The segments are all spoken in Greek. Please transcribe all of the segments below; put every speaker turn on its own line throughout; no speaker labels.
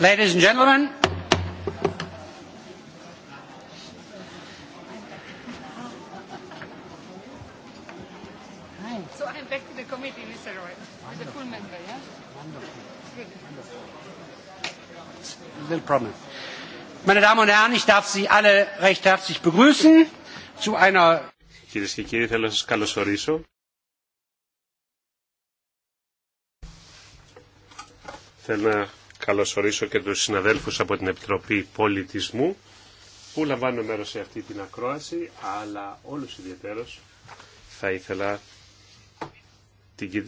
Ladies and gentlemen, So I'm back to the committee, Mr. Roy, as a full member, yeah? Good. Little problem. Meine Damen und Herren, ich darf Sie alle recht herzlich begrüßen zu einer...
Κυρίε και κύριοι, θέλω να σα καλωσορίσω. Θέλω να καλωσορίσω και τους συναδέλφους από την Επιτροπή Πολιτισμού που λαμβάνουν μέρος σε αυτή την ακρόαση, αλλά όλους ιδιαίτερος θα ήθελα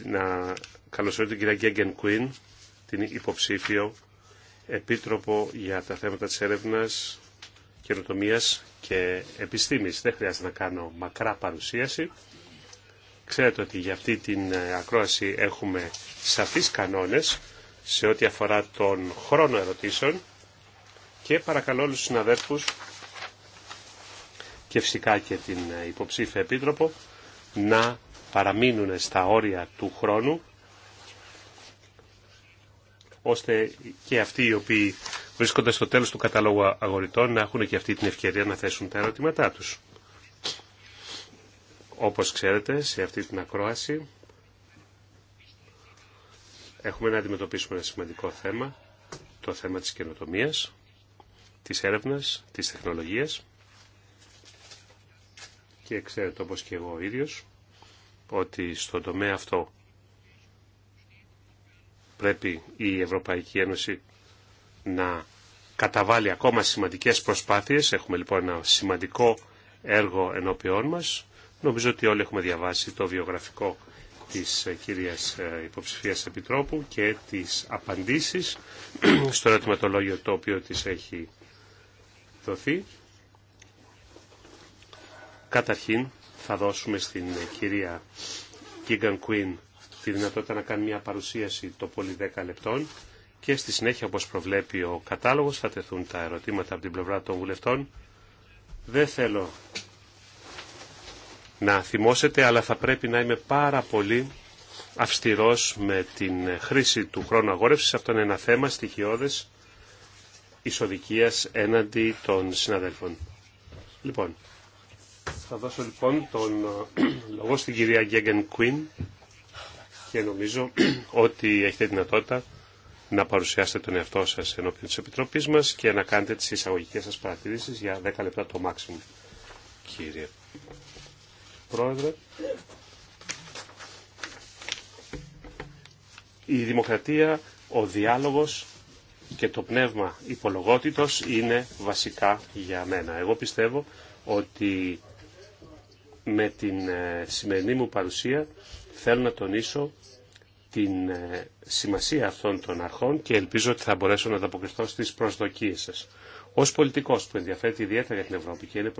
να καλωσορίσω την κυρία Γκέγγεν Κουίν, την υποψήφιο Επίτροπο για τα θέματα της έρευνας, καινοτομίας και επιστήμης. Δεν χρειάζεται να κάνω μακρά παρουσίαση. Ξέρετε ότι για αυτή την ε, ακρόαση έχουμε σαφείς κανόνες σε ό,τι αφορά τον χρόνο ερωτήσεων και παρακαλώ όλους τους συναδέλφους και φυσικά και την ε, υποψήφια επίτροπο να παραμείνουν στα όρια του χρόνου ώστε και αυτοί οι οποίοι βρίσκονται στο τέλος του καταλόγου αγορητών να έχουν και αυτή την ευκαιρία να θέσουν τα ερωτήματά τους. Όπως ξέρετε, σε αυτή την ακρόαση έχουμε να αντιμετωπίσουμε ένα σημαντικό θέμα, το θέμα της καινοτομίας, της έρευνας, της τεχνολογίας και ξέρετε όπως και εγώ ο ίδιος ότι στον τομέα αυτό πρέπει η Ευρωπαϊκή Ένωση να καταβάλει ακόμα σημαντικές προσπάθειες. Έχουμε λοιπόν ένα σημαντικό έργο ενώπιόν μας. Νομίζω ότι όλοι έχουμε διαβάσει το βιογραφικό της ε, κυρίας ε, υποψηφίας Επιτρόπου και τις απαντήσεις στο ερωτηματολόγιο το οποίο της έχει δοθεί. Καταρχήν θα δώσουμε στην ε, κυρία Κίγκαν Κουίν τη δυνατότητα να κάνει μια παρουσίαση το πολύ 10 λεπτών και στη συνέχεια όπως προβλέπει ο κατάλογος θα τεθούν τα ερωτήματα από την πλευρά των βουλευτών. Δεν θέλω να θυμώσετε, αλλά θα πρέπει να είμαι πάρα πολύ αυστηρός με την χρήση του χρόνου αγόρευσης. Αυτό είναι ένα θέμα στοιχειώδες ισοδικίας έναντι των συναδέλφων. Λοιπόν, θα δώσω λοιπόν τον λόγο στην κυρία Γκέγγεν Κουίν και νομίζω ότι έχετε δυνατότητα να παρουσιάσετε τον εαυτό σας ενώπιον της Επιτροπής μας και να κάνετε τις εισαγωγικές σας παρατηρήσεις για 10 λεπτά το μάξιμο. Κύριε Πρόεδρε. Η δημοκρατία, ο διάλογος και το πνεύμα υπολογότητος είναι βασικά για μένα. Εγώ πιστεύω ότι με την ε, σημερινή μου παρουσία θέλω να τονίσω την ε, σημασία αυτών των αρχών και ελπίζω ότι θα μπορέσω να ανταποκριθώ στις προσδοκίες σας. Ω πολιτικό που ενδιαφέρεται ιδιαίτερα για την Ευρώπη και είναι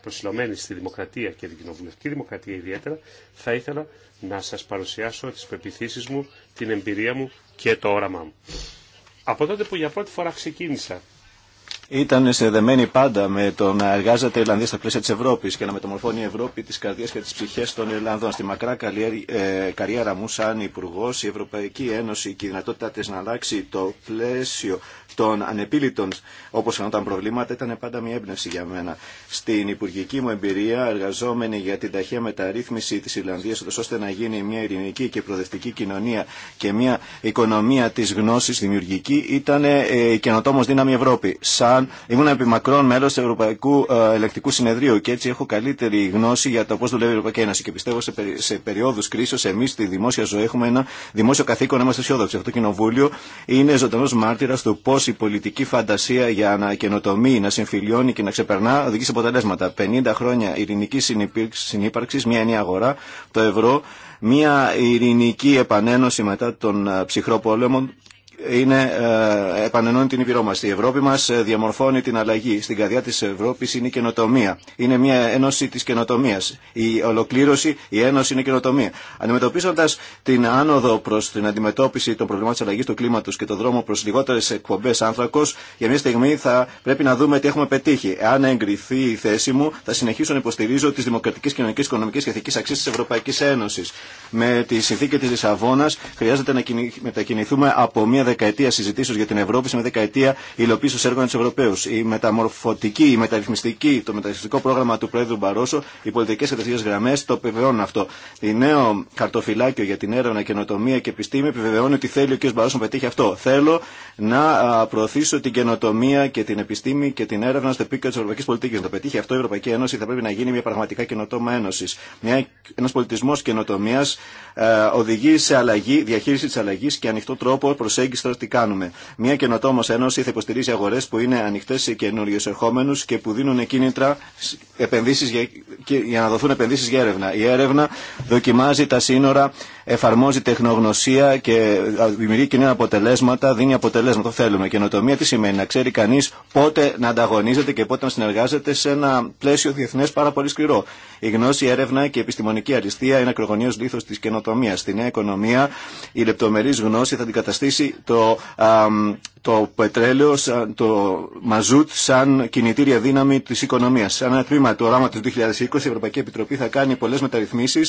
προσιλωμένη στη δημοκρατία και την κοινοβουλευτική δημοκρατία ιδιαίτερα, θα ήθελα να σα παρουσιάσω τι πεπιθήσει μου, την εμπειρία μου και το όραμά μου. Από τότε που για πρώτη φορά ξεκίνησα
ήταν συνδεδεμένη πάντα με το να εργάζεται η Ιρλανδία στα πλαίσια τη Ευρώπη και να μεταμορφώνει η Ευρώπη τι καρδιέ και τι ψυχέ των Ιρλανδών. Στη μακρά ε, καριέρα μου, σαν υπουργό, η Ευρωπαϊκή Ένωση και η δυνατότητά τη να αλλάξει το πλαίσιο των ανεπίλητων, όπω φαινόταν προβλήματα, ήταν πάντα μια έμπνευση για μένα. Στην υπουργική μου εμπειρία, εργαζόμενη για την ταχεία μεταρρύθμιση τη Ιρλανδία, ώστε να γίνει μια ειρηνική και προοδευτική κοινωνία και μια οικονομία τη γνώση δημιουργική, ήταν η ε, καινοτόμο δύναμη Ευρώπη σαν ήμουν μακρόν μέλο του Ευρωπαϊκού ε, Ελεκτικού Συνεδρίου και έτσι έχω καλύτερη γνώση για το πώ δουλεύει η Ευρωπαϊκή Ένωση. Και πιστεύω σε, σε περιόδου κρίσεω εμεί στη δημόσια ζωή έχουμε ένα δημόσιο καθήκον να είμαστε αισιόδοξοι. Αυτό το κοινοβούλιο είναι ζωντανό μάρτυρα του πώ η πολιτική φαντασία για να καινοτομεί, να συμφιλιώνει και να ξεπερνά οδηγεί σε αποτελέσματα. 50 χρόνια ειρηνική συνύπαρξη, μια ενιαία αγορά, το ευρώ, μια ειρηνική επανένωση μετά τον ε, ψυχρό πόλεμο είναι, ε, επανενώνει την ήπειρό μας. Η Ευρώπη μας ε, διαμορφώνει την αλλαγή. Στην καρδιά της Ευρώπης είναι η καινοτομία. Είναι μια ένωση της καινοτομίας. Η ολοκλήρωση, η ένωση είναι η καινοτομία. Αντιμετωπίζοντας την άνοδο προς την αντιμετώπιση των προβλημάτων της αλλαγής του κλίματος και το δρόμο προς λιγότερες εκπομπές άνθρακος, για μια στιγμή θα πρέπει να δούμε τι έχουμε πετύχει. Αν εγκριθεί η θέση μου, θα συνεχίσω να υποστηρίζω τις δημοκρατικές, κοινωνικές, οικονομικές και ηθικές αξίες της Ευρωπαϊκής Ένωσης. Με τη συνθήκη της Λισαβόνας χρειάζεται να μετακινηθούμε από μια δεκαετία συζητήσεω για την Ευρώπη σε μια δεκαετία υλοποίηση έργων τη Ευρωπαίου. Η μεταμορφωτική, η μεταρρυθμιστική, το μεταρρυθμιστικό πρόγραμμα του Πρόεδρου Μπαρόσο, οι πολιτικέ τεχνικέ γραμμέ το επιβεβαιώνουν αυτό. Η νέο χαρτοφυλάκιο για την έρευνα, καινοτομία και επιστήμη επιβεβαιώνει ότι θέλει ο κ. Μπαρόσο να πετύχει αυτό. Θέλω να προωθήσω την καινοτομία και την επιστήμη και την έρευνα στο επίκεντρο τη Ευρωπαϊκή Πολιτική. Να το πετύχει αυτό η Ευρωπαϊκή Ένωση θα πρέπει να γίνει μια πραγματικά καινοτόμα ένωση. Ένα πολιτισμό καινοτομία οδηγεί σε αλλαγή, διαχείριση τη αλλαγή και ανοιχτό τρόπο προσέγγιση τι κάνουμε. Μια καινοτόμω ένωση θα υποστηρίζει αγορέ που είναι ανοιχτέ σε καινούριου ερχόμενου και που δίνουν κίνητρα επενδύσεις για, για να δοθούν επενδύσει για έρευνα. Η έρευνα δοκιμάζει τα σύνορα εφαρμόζει τεχνογνωσία και δημιουργεί κοινά αποτελέσματα, δίνει αποτελέσματα. Το θέλουμε. Καινοτομία τι σημαίνει, να ξέρει κανεί πότε να ανταγωνίζεται και πότε να συνεργάζεται σε ένα πλαίσιο διεθνέ πάρα πολύ σκληρό. Η γνώση, η έρευνα και η επιστημονική αριστεία είναι ακρογωνίω λίθο τη καινοτομία. Στη νέα οικονομία η λεπτομερή γνώση θα αντικαταστήσει το, α, το πετρέλαιο, το μαζούτ σαν κινητήρια δύναμη τη οικονομία. Σαν ένα τμήμα του οράματο 2020 η Ευρωπαϊκή Επιτροπή θα κάνει πολλέ μεταρρυθμίσει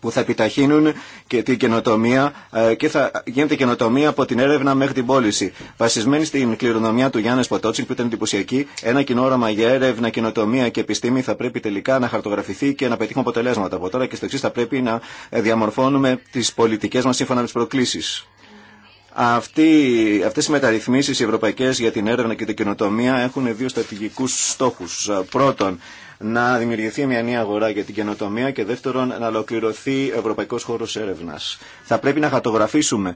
που θα επιταχύνουν και την καινοτομία ε, και θα γίνεται καινοτομία από την έρευνα μέχρι την πώληση. Βασισμένη στην κληρονομιά του Γιάννη Ποτότσινγκ που ήταν εντυπωσιακή, ένα κοινό όραμα για έρευνα, καινοτομία και επιστήμη θα πρέπει τελικά να χαρτογραφηθεί και να πετύχουμε αποτελέσματα. Από τώρα και στο εξή θα πρέπει να ε, διαμορφώνουμε τι πολιτικέ μα σύμφωνα με τι προκλήσει. Αυτή, αυτές οι μεταρρυθμίσεις οι ευρωπαϊκές για την έρευνα και την καινοτομία έχουν δύο στρατηγικούς στόχους. Πρώτον, να δημιουργηθεί μια νέα αγορά για την καινοτομία και δεύτερον να ολοκληρωθεί ο ευρωπαϊκός χώρος έρευνας. Θα πρέπει να χατογραφήσουμε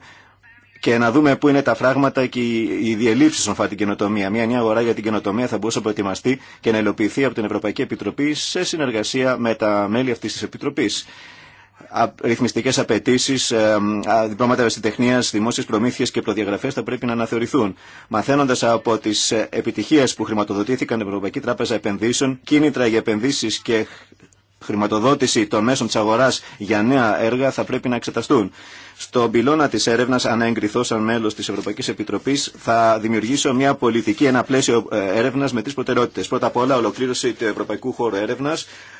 και να δούμε πού είναι τα φράγματα και οι διελήψει όσον αφορά την καινοτομία. Μια νέα αγορά για την καινοτομία θα μπορούσε να προετοιμαστεί και να υλοποιηθεί από την Ευρωπαϊκή Επιτροπή σε συνεργασία με τα μέλη αυτή τη Επιτροπή ρυθμιστικές απαιτήσεις, ε, διπλώματα ευαισθητεχνίας, δημόσιες προμήθειες και προδιαγραφές θα πρέπει να αναθεωρηθούν. Μαθαίνοντας από τις ε, επιτυχίες που χρηματοδοτήθηκαν η Ευρωπαϊκή Τράπεζα Επενδύσεων, κίνητρα για επενδύσεις και χρηματοδότηση των μέσων της αγοράς για νέα έργα θα πρέπει να εξεταστούν. Στον πυλώνα τη έρευνα, αν εγκριθώ σαν μέλο τη Ευρωπαϊκή Επιτροπή, θα δημιουργήσω μια πολιτική, ένα πλαίσιο ε, έρευνα με τρει προτεραιότητε. Πρώτα απ' όλα, ολοκλήρωση του Ευρωπαϊκού Χώρου Έρευνα,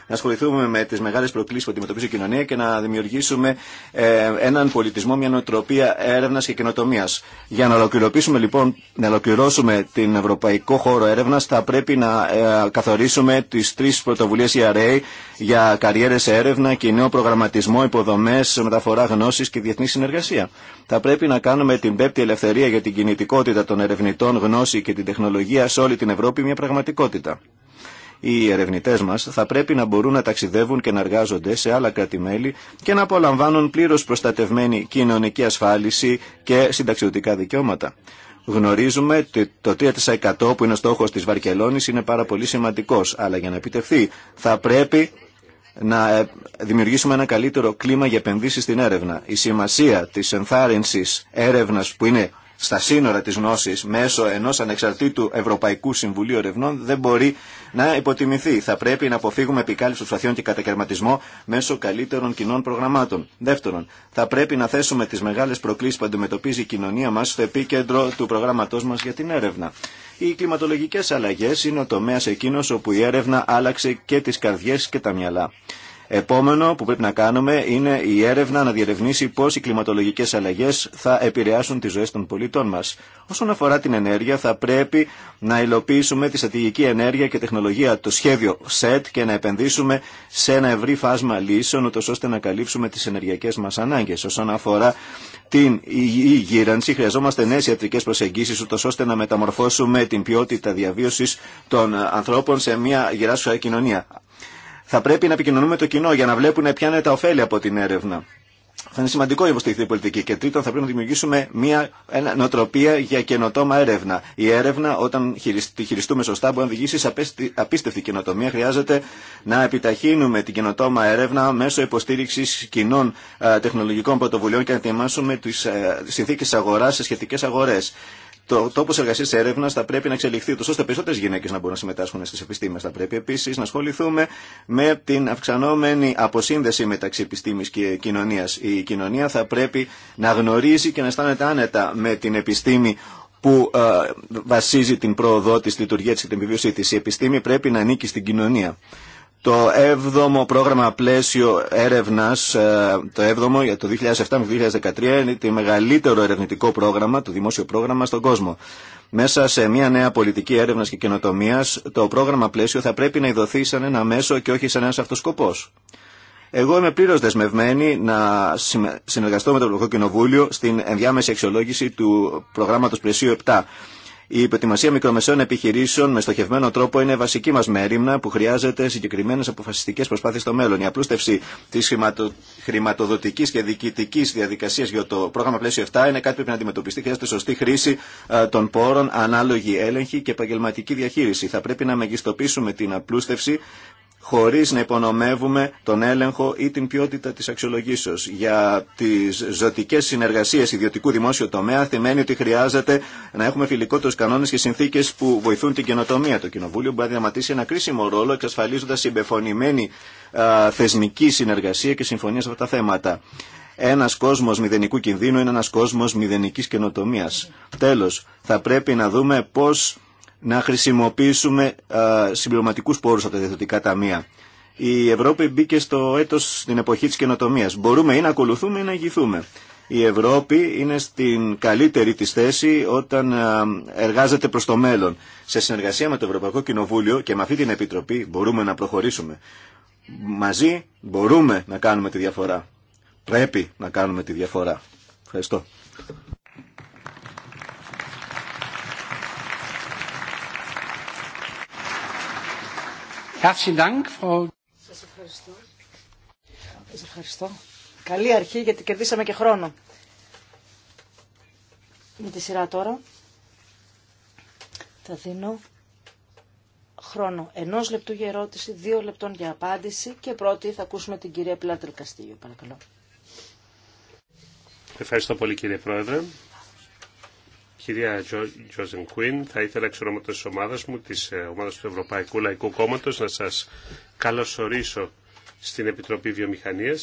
να ασχοληθούμε με τι μεγάλε προκλήσει που αντιμετωπίζει η κοινωνία και να δημιουργήσουμε ε, έναν πολιτισμό, μια νοοτροπία έρευνα και καινοτομία. Για να ολοκληρώσουμε λοιπόν, να ολοκληρώσουμε την Ευρωπαϊκό Χώρο Έρευνα, θα πρέπει να ε, καθορίσουμε τι τρει πρωτοβουλίε ERA για καριέρε έρευνα, νέο προγραμματισμό, υποδομέ, μεταφορά γνώση και διεθνή συνεργασία. Θα πρέπει να κάνουμε την πέπτη ελευθερία για την κινητικότητα των ερευνητών, γνώση και την τεχνολογία σε όλη την Ευρώπη μια πραγματικότητα. Οι ερευνητέ μα θα πρέπει να μπορούν να ταξιδεύουν και να εργάζονται σε άλλα κράτη-μέλη και να απολαμβάνουν πλήρω προστατευμένη κοινωνική ασφάλιση και συνταξιωτικά δικαιώματα. Γνωρίζουμε ότι το 3% που είναι στόχο τη Βαρκελόνη είναι πάρα πολύ σημαντικό, αλλά για να επιτευχθεί θα πρέπει να ε, δημιουργήσουμε ένα καλύτερο κλίμα για επενδύσεις στην έρευνα. Η σημασία της ενθάρρυνσης έρευνας που είναι στα σύνορα της γνώσης μέσω ενός ανεξαρτήτου Ευρωπαϊκού Συμβουλίου Ερευνών δεν μπορεί να υποτιμηθεί. Θα πρέπει να αποφύγουμε επικάλυψη προσπαθειών και κατακαιρματισμό μέσω καλύτερων κοινών προγραμμάτων. Δεύτερον, θα πρέπει να θέσουμε τις μεγάλες προκλήσεις που αντιμετωπίζει η κοινωνία μας στο επίκεντρο του προγράμματός μας για την έρευνα. Οι κλιματολογικές αλλαγές είναι ο τομέας εκείνος όπου η έρευνα άλλαξε και τις καρδιές και τα μυαλά. Επόμενο που πρέπει να κάνουμε είναι η έρευνα να διερευνήσει πώ οι κλιματολογικέ αλλαγέ θα επηρεάσουν τι ζωέ των πολιτών μας. Όσον αφορά την ενέργεια, θα πρέπει να υλοποιήσουμε τη στρατηγική ενέργεια και τεχνολογία, το σχέδιο SET και να επενδύσουμε σε ένα ευρύ φάσμα λύσεων, ούτω ώστε να καλύψουμε τις ενεργειακές μας ανάγκες. Όσον αφορά την υγιή γύρανση, χρειαζόμαστε νέες ιατρικές προσεγγίσεις, ούτω ώστε να μεταμορφώσουμε την ποιότητα διαβίωση των ανθρώπων σε μια γεράσια κοινωνία. Θα πρέπει να επικοινωνούμε το κοινό για να βλέπουν ποια είναι τα ωφέλη από την έρευνα. Θα είναι σημαντικό η υποστηριχτή πολιτική. Και τρίτον, θα πρέπει να δημιουργήσουμε μια ένα, νοοτροπία για καινοτόμα έρευνα. Η έρευνα, όταν τη χειριστούμε σωστά, μπορεί να οδηγήσει σε απίστευτη καινοτομία. Χρειάζεται να επιταχύνουμε την καινοτόμα έρευνα μέσω υποστήριξη κοινών ε, τεχνολογικών πρωτοβουλειών και να ετοιμάσουμε τι ε, συνθήκε αγορά σε σχετικέ αγορέ το τόπο εργασία έρευνα θα πρέπει να εξελιχθεί, ούτω ώστε περισσότερε γυναίκε να μπορούν να συμμετάσχουν στι επιστήμε. Θα πρέπει επίση να ασχοληθούμε με την αυξανόμενη αποσύνδεση μεταξύ επιστήμη και κοινωνία. Η κοινωνία θα πρέπει να γνωρίζει και να αισθάνεται άνετα με την επιστήμη που ε, βασίζει την πρόοδό τη, τη λειτουργία τη και την επιβίωσή τη. Η επιστήμη πρέπει να ανήκει στην κοινωνία το 7ο πρόγραμμα πλαίσιο έρευνας, ε, το 7ο για το 2007-2013 είναι το μεγαλύτερο ερευνητικό πρόγραμμα, το δημόσιο πρόγραμμα στον κόσμο. Μέσα σε μια νέα πολιτική έρευνα και καινοτομία, το πρόγραμμα πλαίσιο θα πρέπει να ειδωθεί σαν ένα μέσο και όχι σαν ένα αυτοσκοπό. Εγώ είμαι πλήρω δεσμευμένη να συνεργαστώ με το Ευρωπαϊκό Κοινοβούλιο στην ενδιάμεση αξιολόγηση του προγράμματο πλαισίου 7 η υποτιμασία μικρομεσαίων επιχειρήσεων με στοχευμένο τρόπο είναι βασική μα μέρημνα που χρειάζεται συγκεκριμένε αποφασιστικέ προσπάθειε στο μέλλον. Η απλούστευση τη χρηματο... χρηματοδοτική και διοικητική διαδικασία για το πρόγραμμα πλαίσιο 7 είναι κάτι που πρέπει να αντιμετωπιστεί. Χρειάζεται σωστή χρήση ε, των πόρων, ανάλογη έλεγχη και επαγγελματική διαχείριση. Θα πρέπει να μεγιστοποιήσουμε την απλούστευση χωρίς να υπονομεύουμε τον έλεγχο ή την ποιότητα της αξιολογήσεως. Για τις ζωτικές συνεργασίες ιδιωτικού δημόσιου τομέα θυμαίνει ότι χρειάζεται να έχουμε φιλικότερους κανόνες και συνθήκες που βοηθούν την καινοτομία. Το Κοινοβούλιο μπορεί να δραματίσει ένα κρίσιμο ρόλο εξασφαλίζοντας συμπεφωνημένη α, θεσμική συνεργασία και συμφωνία σε αυτά τα θέματα. Ένα κόσμο μηδενικού κινδύνου είναι ένα κόσμο μηδενική καινοτομία. Τέλο, θα πρέπει να δούμε πώ να χρησιμοποιήσουμε συμπληρωματικούς πόρους από τα διεθνωτικά ταμεία. Η Ευρώπη μπήκε στο έτος στην εποχή της καινοτομίας. Μπορούμε ή να ακολουθούμε ή να ηγηθούμε. Η Ευρώπη είναι στην καλύτερη της θέση όταν εργάζεται προς το μέλλον. Σε συνεργασία με το Ευρωπαϊκό Κοινοβούλιο και με αυτή την Επιτροπή μπορούμε να προχωρήσουμε. Μαζί μπορούμε να κάνουμε τη διαφορά. Πρέπει να κάνουμε τη διαφορά. Ευχαριστώ.
Σας ευχαριστώ. Σας ευχαριστώ. Καλή
αρχή γιατί κερδίσαμε και χρόνο. Με τη σειρά τώρα θα δίνω χρόνο ενός λεπτού για ερώτηση, δύο λεπτών για απάντηση και πρώτη θα ακούσουμε την κυρία Πλάτρελ Καστίγιο. Παρακαλώ.
Ευχαριστώ πολύ κύριε Πρόεδρε κυρία Τζόζεν Κουίν. Θα ήθελα εξ ονόματο τη ομάδα μου, τη ε, ομάδα του Ευρωπαϊκού Λαϊκού Κόμματο, να σα καλωσορίσω στην Επιτροπή Βιομηχανία.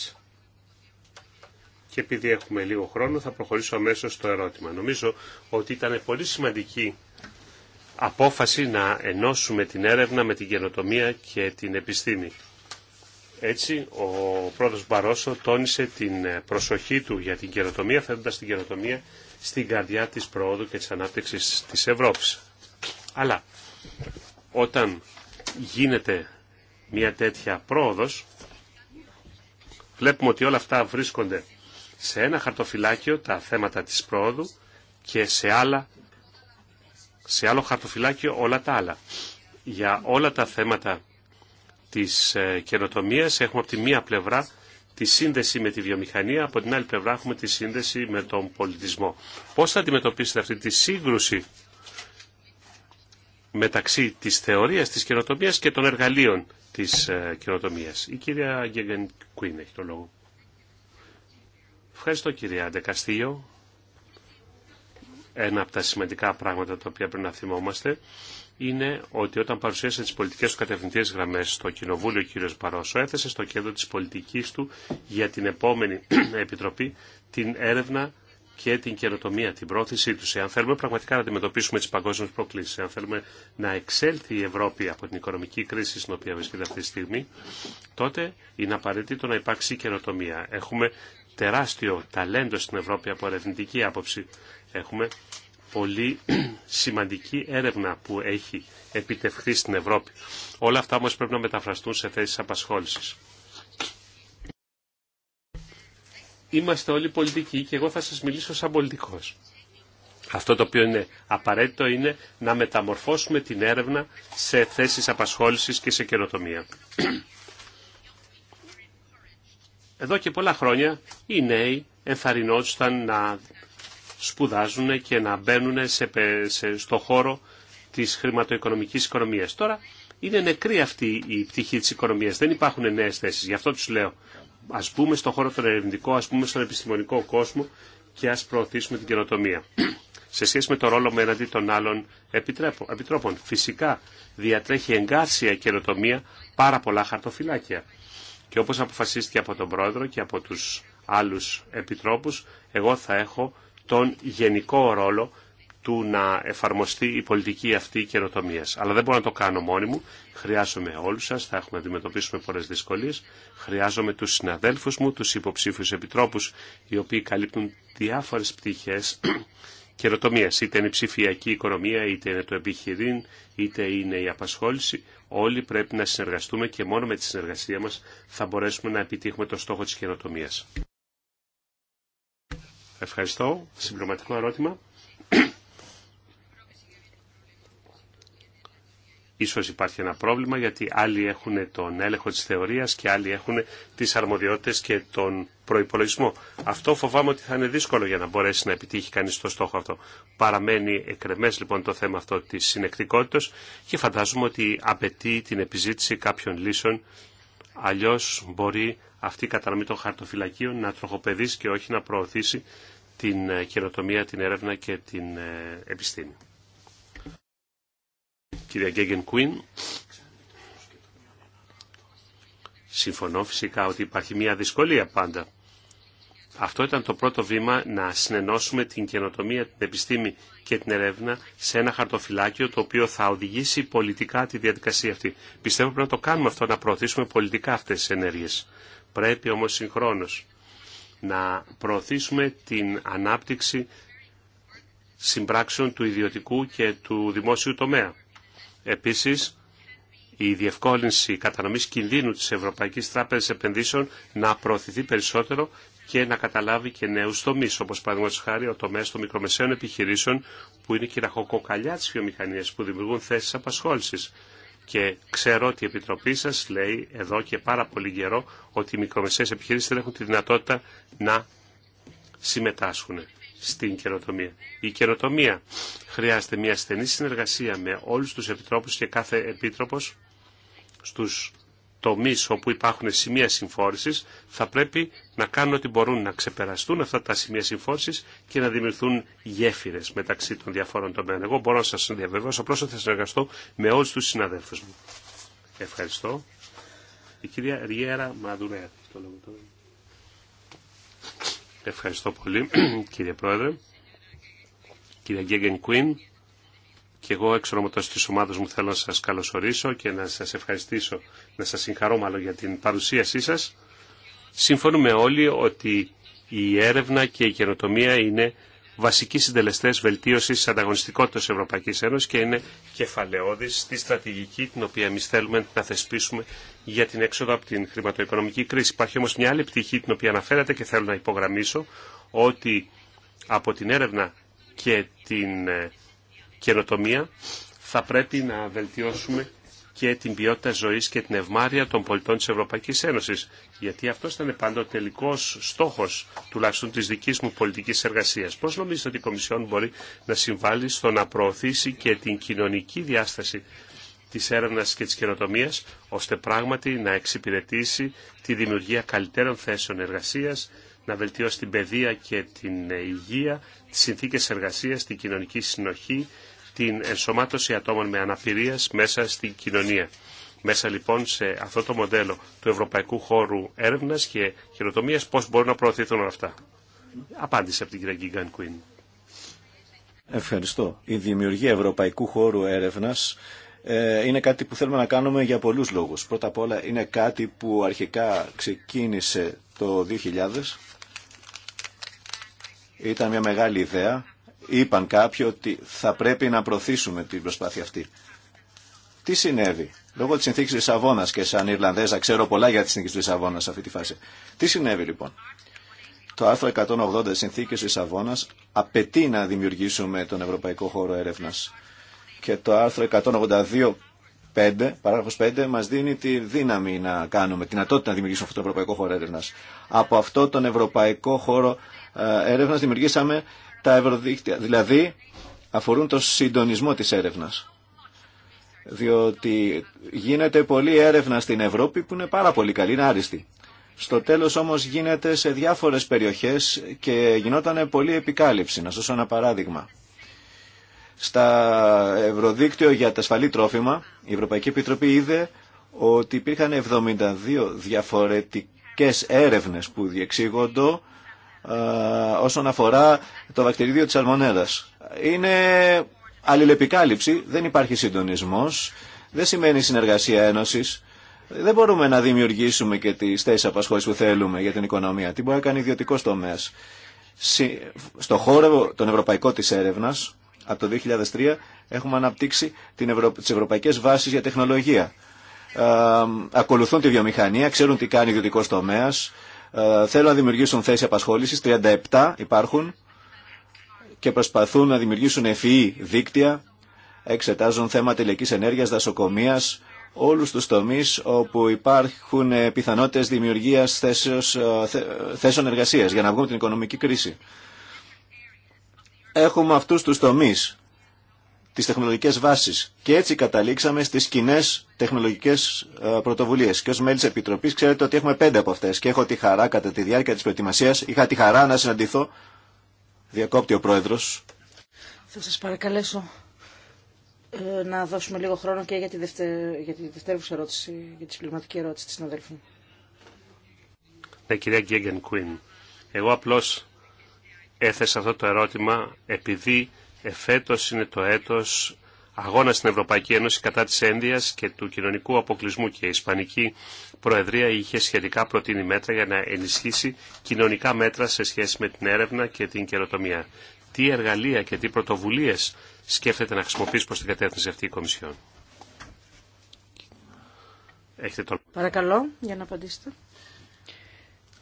Και επειδή έχουμε λίγο χρόνο, θα προχωρήσω αμέσω στο ερώτημα. Νομίζω ότι ήταν πολύ σημαντική απόφαση να ενώσουμε την έρευνα με την καινοτομία και την επιστήμη. Έτσι, ο πρόεδρος Μπαρόσο τόνισε την προσοχή του για την καινοτομία, φέρνοντας την καινοτομία στην καρδιά της προόδου και της ανάπτυξης της Ευρώπης. Αλλά όταν γίνεται μια τέτοια πρόοδος, βλέπουμε ότι όλα αυτά βρίσκονται σε ένα χαρτοφυλάκιο, τα θέματα της πρόοδου, και σε, άλλα, σε άλλο χαρτοφυλάκιο όλα τα άλλα. Για όλα τα θέματα της ε, καινοτομίας έχουμε από τη μία πλευρά τη σύνδεση με τη βιομηχανία, από την άλλη πλευρά έχουμε τη σύνδεση με τον πολιτισμό. Πώς θα αντιμετωπίσετε αυτή τη σύγκρουση μεταξύ της θεωρίας της καινοτομία και των εργαλείων της ε, καινοτομία. Η κυρία Γκέγεν Κουίν έχει το λόγο. Ευχαριστώ κυρία Αντεκαστήλιο. Ένα από τα σημαντικά πράγματα τα οποία πρέπει να θυμόμαστε είναι ότι όταν παρουσίασε τι πολιτικέ του κατευθυντήρες γραμμέ στο Κοινοβούλιο ο κ. Παρόσο έθεσε στο κέντρο τη πολιτική του για την επόμενη επιτροπή την έρευνα και την καινοτομία, την πρόθεσή του. Εάν θέλουμε πραγματικά να αντιμετωπίσουμε τι παγκόσμιε προκλήσει, αν θέλουμε να εξέλθει η Ευρώπη από την οικονομική κρίση στην οποία βρίσκεται αυτή τη στιγμή, τότε είναι απαραίτητο να υπάρξει καινοτομία. Έχουμε τεράστιο ταλέντο στην Ευρώπη από ερευνητική άποψη. Έχουμε πολύ σημαντική έρευνα που έχει επιτευχθεί στην Ευρώπη. Όλα αυτά όμως πρέπει να μεταφραστούν σε θέσεις απασχόλησης. Είμαστε όλοι πολιτικοί και εγώ θα σας μιλήσω σαν πολιτικός. Αυτό το οποίο είναι απαραίτητο είναι να μεταμορφώσουμε την έρευνα σε θέσεις απασχόλησης και σε καινοτομία. Εδώ και πολλά χρόνια οι νέοι ενθαρρυνόντουσαν να σπουδάζουν και να μπαίνουν σε, στο χώρο της χρηματοοικονομικής οικονομίας. Τώρα είναι νεκρή αυτή η πτυχή της οικονομίας, δεν υπάρχουν νέες θέσεις. Γι' αυτό τους λέω, ας πούμε στον χώρο τον ερευνητικό, ας πούμε στον επιστημονικό κόσμο και ας προωθήσουμε την καινοτομία. σε σχέση με το ρόλο μου έναντι των άλλων επιτρόπων. Φυσικά διατρέχει εγκάρσια καινοτομία πάρα πολλά χαρτοφυλάκια. Και όπως αποφασίστηκε από τον Πρόεδρο και από τους άλλους επιτρόπους, εγώ θα έχω τον γενικό ρόλο του να εφαρμοστεί η πολιτική αυτή καινοτομία. Αλλά δεν μπορώ να το κάνω μόνοι μου. Χρειάζομαι όλου σα, θα έχουμε να αντιμετωπίσουμε πολλέ δυσκολίε. Χρειάζομαι του συναδέλφου μου, του υποψήφιου επιτρόπου, οι οποίοι καλύπτουν διάφορε πτυχέ καινοτομία. Είτε είναι η ψηφιακή οικονομία, είτε είναι το επιχειρήν, είτε είναι η απασχόληση. Όλοι πρέπει να συνεργαστούμε και μόνο με τη συνεργασία μα θα μπορέσουμε να επιτύχουμε το στόχο τη καινοτομία. Ευχαριστώ. Συμπληρωματικό ερώτημα. Ίσως υπάρχει ένα πρόβλημα γιατί άλλοι έχουν τον έλεγχο της θεωρίας και άλλοι έχουν τις αρμοδιότητες και τον προϋπολογισμό. Αυτό φοβάμαι ότι θα είναι δύσκολο για να μπορέσει να επιτύχει κανείς το στόχο αυτό. Παραμένει εκρεμές λοιπόν το θέμα αυτό της συνεκτικότητας και φαντάζομαι ότι απαιτεί την επιζήτηση κάποιων λύσεων Αλλιώς μπορεί αυτή η κατανομή των χαρτοφυλακίων να τροχοπεδίσει και όχι να προωθήσει την ε, καινοτομία, την έρευνα και την ε, επιστήμη. Κυρία Γκέγεν Κουίν, συμφωνώ φυσικά ότι υπάρχει μια δυσκολία πάντα αυτό ήταν το πρώτο βήμα να συνενώσουμε την καινοτομία, την επιστήμη και την ερεύνα σε ένα χαρτοφυλάκιο το οποίο θα οδηγήσει πολιτικά τη διαδικασία αυτή. Πιστεύω πρέπει να το κάνουμε αυτό, να προωθήσουμε πολιτικά αυτές τις ενέργειες. Πρέπει όμως συγχρόνως να προωθήσουμε την ανάπτυξη συμπράξεων του ιδιωτικού και του δημόσιου τομέα. Επίσης, η διευκόλυνση κατανομής κινδύνου της Ευρωπαϊκής Τράπεζας Επενδύσεων να προωθηθεί περισσότερο και να καταλάβει και νέους τομείς, όπως παραδείγματος χάρη ο τομέας των μικρομεσαίων επιχειρήσεων που είναι κυραχοκοκαλιά της βιομηχανίας που δημιουργούν θέσεις απασχόλησης. Και ξέρω ότι η Επιτροπή σας λέει εδώ και πάρα πολύ καιρό ότι οι μικρομεσαίες επιχειρήσεις δεν έχουν τη δυνατότητα να συμμετάσχουν στην καινοτομία. Η καινοτομία χρειάζεται μια στενή συνεργασία με όλους τους επιτρόπους και κάθε επίτροπος στους τομείς όπου υπάρχουν σημεία συμφόρησης, θα πρέπει να κάνουν ότι μπορούν να ξεπεραστούν αυτά τα σημεία συμφόρησης και να δημιουργηθούν γέφυρες μεταξύ των διαφόρων τομέων. Εγώ μπορώ να σας διαβεβαιώσω, απλώς θα συνεργαστώ με όλους τους συναδέλφους μου. Ευχαριστώ. Η κυρία Ριέρα Μαδουρέα. Ευχαριστώ πολύ, κύριε Πρόεδρε. Κυρία Γκέγγεν Κουίν. Και εγώ εξ ονόματος της ομάδας μου θέλω να σας καλωσορίσω και να σας ευχαριστήσω, να σας συγχαρώ μάλλον για την παρουσίασή σας. Συμφωνούμε όλοι ότι η έρευνα και η καινοτομία είναι βασικοί συντελεστέ βελτίωση τη ανταγωνιστικότητα τη Ευρωπαϊκή Ένωση και είναι κεφαλαιώδη στη στρατηγική την οποία εμεί θέλουμε να θεσπίσουμε για την έξοδο από την χρηματοοικονομική κρίση. Υπάρχει όμω μια άλλη πτυχή την οποία αναφέρατε και θέλω να υπογραμμίσω ότι από την έρευνα και την ε, καινοτομία θα πρέπει να βελτιώσουμε και την ποιότητα ζωής και την ευμάρεια των πολιτών της Ευρωπαϊκής Ένωσης. Γιατί αυτό ήταν πάντα ο τελικός στόχος τουλάχιστον της δικής μου πολιτικής εργασίας. Πώς νομίζετε ότι η Κομισιόν μπορεί να συμβάλλει στο να προωθήσει και την κοινωνική διάσταση της έρευνας και της καινοτομία, ώστε πράγματι να εξυπηρετήσει τη δημιουργία καλύτερων θέσεων εργασίας, να βελτιώσει την παιδεία και την υγεία, τις συνθήκες εργασίας, την κοινωνική συνοχή, την ενσωμάτωση ατόμων με αναπηρίας μέσα στην κοινωνία. Μέσα λοιπόν σε αυτό το μοντέλο του Ευρωπαϊκού Χώρου Έρευνας και Χειροτομίας πώς μπορούν να προωθηθούν όλα αυτά. Απάντησε από την κυρία Γκίγκαν Κουίν.
Ευχαριστώ. Η δημιουργία Ευρωπαϊκού Χώρου Έρευνας ε, είναι κάτι που θέλουμε να κάνουμε για πολλούς λόγους. Πρώτα απ' όλα είναι κάτι που αρχικά ξεκίνησε το 2000 ήταν μια μεγάλη ιδέα. Είπαν κάποιοι ότι θα πρέπει να προωθήσουμε την προσπάθεια αυτή. Τι συνέβη. Λόγω τη συνθήκη τη Λισαβόνα και σαν Ιρλανδέζα ξέρω πολλά για τη συνθήκη τη Λισαβόνα σε αυτή τη φάση. Τι συνέβη λοιπόν. Το άρθρο 180 τη συνθήκη Λισαβόνα απαιτεί να δημιουργήσουμε τον Ευρωπαϊκό Χώρο Έρευνα. Και το άρθρο 182 5, 5, μα δίνει τη δύναμη να κάνουμε, τη δυνατότητα να δημιουργήσουμε αυτόν τον Ευρωπαϊκό Χώρο Έρευνα. Από αυτό τον Ευρωπαϊκό Χώρο ε, έρευνας δημιουργήσαμε τα ευρωδίκτυα. Δηλαδή αφορούν το συντονισμό της έρευνας. Διότι γίνεται πολλή έρευνα στην Ευρώπη που είναι πάρα πολύ καλή, είναι άριστη. Στο τέλος όμως γίνεται σε διάφορες περιοχές και γινόταν πολλή επικάλυψη. Να σας ένα παράδειγμα. Στα Ευρωδίκτυο για τα ασφαλή τρόφιμα, η Ευρωπαϊκή Επιτροπή είδε ότι υπήρχαν 72 διαφορετικές έρευνες που διεξήγονται ε, όσον αφορά το βακτηρίδιο της αλμονέδας. Είναι αλληλεπικάλυψη, δεν υπάρχει συντονισμός, δεν σημαίνει συνεργασία ένωσης. Δεν μπορούμε να δημιουργήσουμε και τις θέσεις απασχόλησης που θέλουμε για την οικονομία. Τι μπορεί να κάνει ιδιωτικό τομέα. Στο χώρο των ευρωπαϊκό της έρευνας, από το 2003, έχουμε αναπτύξει την Ευρω... τις ευρωπαϊκές βάσεις για τεχνολογία. Ε, ακολουθούν τη βιομηχανία, ξέρουν τι κάνει ο ιδιωτικό τομέα, ε, θέλουν να δημιουργήσουν θέσει απασχόλησης, 37 υπάρχουν και προσπαθούν να δημιουργήσουν ευφυή δίκτυα, εξετάζουν θέματα ηλικής ενέργειας, δασοκομείας, όλους τους τομείς όπου υπάρχουν πιθανότητες δημιουργίας ε, θέσεων εργασίας για να βγούμε την οικονομική κρίση. Έχουμε αυτούς τους τομείς τις τεχνολογικές βάσεις. Και έτσι καταλήξαμε στις κοινέ τεχνολογικές ε, πρωτοβουλίες. Και ως μέλη της Επιτροπής ξέρετε ότι έχουμε πέντε από αυτές. Και έχω τη χαρά κατά τη διάρκεια της προετοιμασίας, είχα τη χαρά να συναντηθώ, διακόπτει ο Πρόεδρος.
Θα σας παρακαλέσω ε, να δώσουμε λίγο χρόνο και για τη, δευτε... για τη δευτερεύουσα ερώτηση, για τη συμπληρωματική ερώτηση της συναδέλφου.
Ναι, κυρία Γκέγγεν Κουίν. Εγώ απλώς έθεσα αυτό το ερώτημα επειδή εφέτος είναι το έτος αγώνα στην Ευρωπαϊκή Ένωση κατά της ένδυας και του κοινωνικού αποκλεισμού και η Ισπανική Προεδρία είχε σχετικά προτείνει μέτρα για να ενισχύσει κοινωνικά μέτρα σε σχέση με την έρευνα και την καιροτομία. Τι εργαλεία και τι πρωτοβουλίες σκέφτεται να χρησιμοποιήσει προς την κατεύθυνση αυτή η Κομισιόν. Έχετε
Παρακαλώ για να απαντήσετε.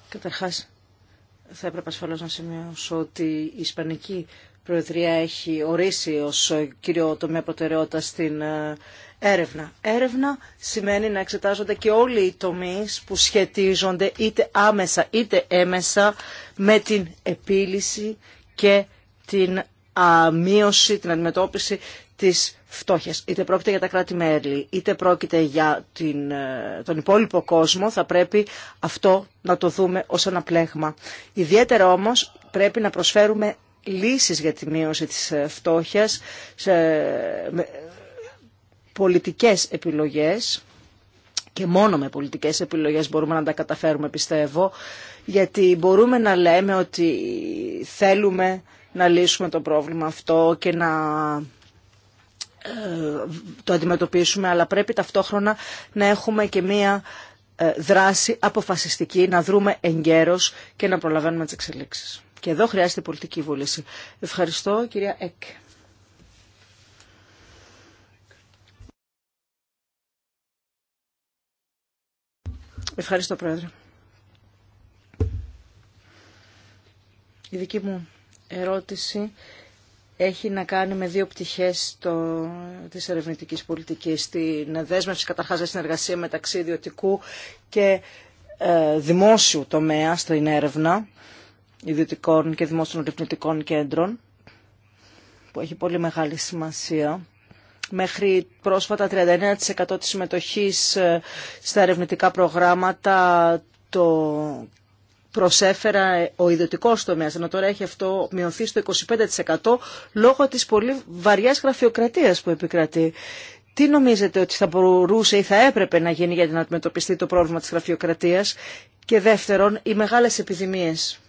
Καταρχάς, θα έπρεπε ασφαλώς να σημειώσω ότι η Ισπανική Προεδρία έχει ορίσει ως ε, κύριο τομέα προτεραιότητα στην ε, έρευνα. Έρευνα σημαίνει να εξετάζονται και όλοι οι τομείς που σχετίζονται είτε άμεσα είτε έμεσα με την επίλυση και την αμείωση, την αντιμετώπιση της φτώχειας. Είτε πρόκειται για τα κράτη-μέλη, είτε πρόκειται για την, ε, τον υπόλοιπο κόσμο, θα πρέπει αυτό να το δούμε ως ένα πλέγμα. Ιδιαίτερα όμως πρέπει να προσφέρουμε λύσεις για τη μείωση της ε, φτώχειας, σε πολιτικές επιλογές και μόνο με πολιτικές επιλογές μπορούμε να τα καταφέρουμε πιστεύω, γιατί μπορούμε να λέμε ότι θέλουμε να λύσουμε το πρόβλημα αυτό και να ε, το αντιμετωπίσουμε, αλλά πρέπει ταυτόχρονα να έχουμε και μία ε, δράση αποφασιστική, να δρούμε εγκαίρως και να προλαβαίνουμε τις εξελίξεις. Και εδώ χρειάζεται πολιτική βούληση. Ευχαριστώ, κυρία Εκ. Ευχαριστώ, Πρόεδρε. Η δική μου ερώτηση έχει να κάνει με δύο πτυχές το, της ερευνητικής πολιτικής. Την δέσμευση καταρχάς για συνεργασία μεταξύ ιδιωτικού και ε, δημόσιου τομέα στην έρευνα ιδιωτικών και δημόσιων ερευνητικών κέντρων, που έχει πολύ μεγάλη σημασία. Μέχρι πρόσφατα 39% της συμμετοχής ε, στα ερευνητικά προγράμματα το προσέφερα ε, ο ιδιωτικό τομέα, ενώ τώρα έχει αυτό μειωθεί στο 25% λόγω της πολύ βαριάς γραφειοκρατίας που επικρατεί. Τι νομίζετε ότι θα μπορούσε ή θα έπρεπε να γίνει για να αντιμετωπιστεί το πρόβλημα της γραφειοκρατίας και δεύτερον οι μεγάλες επιδημίες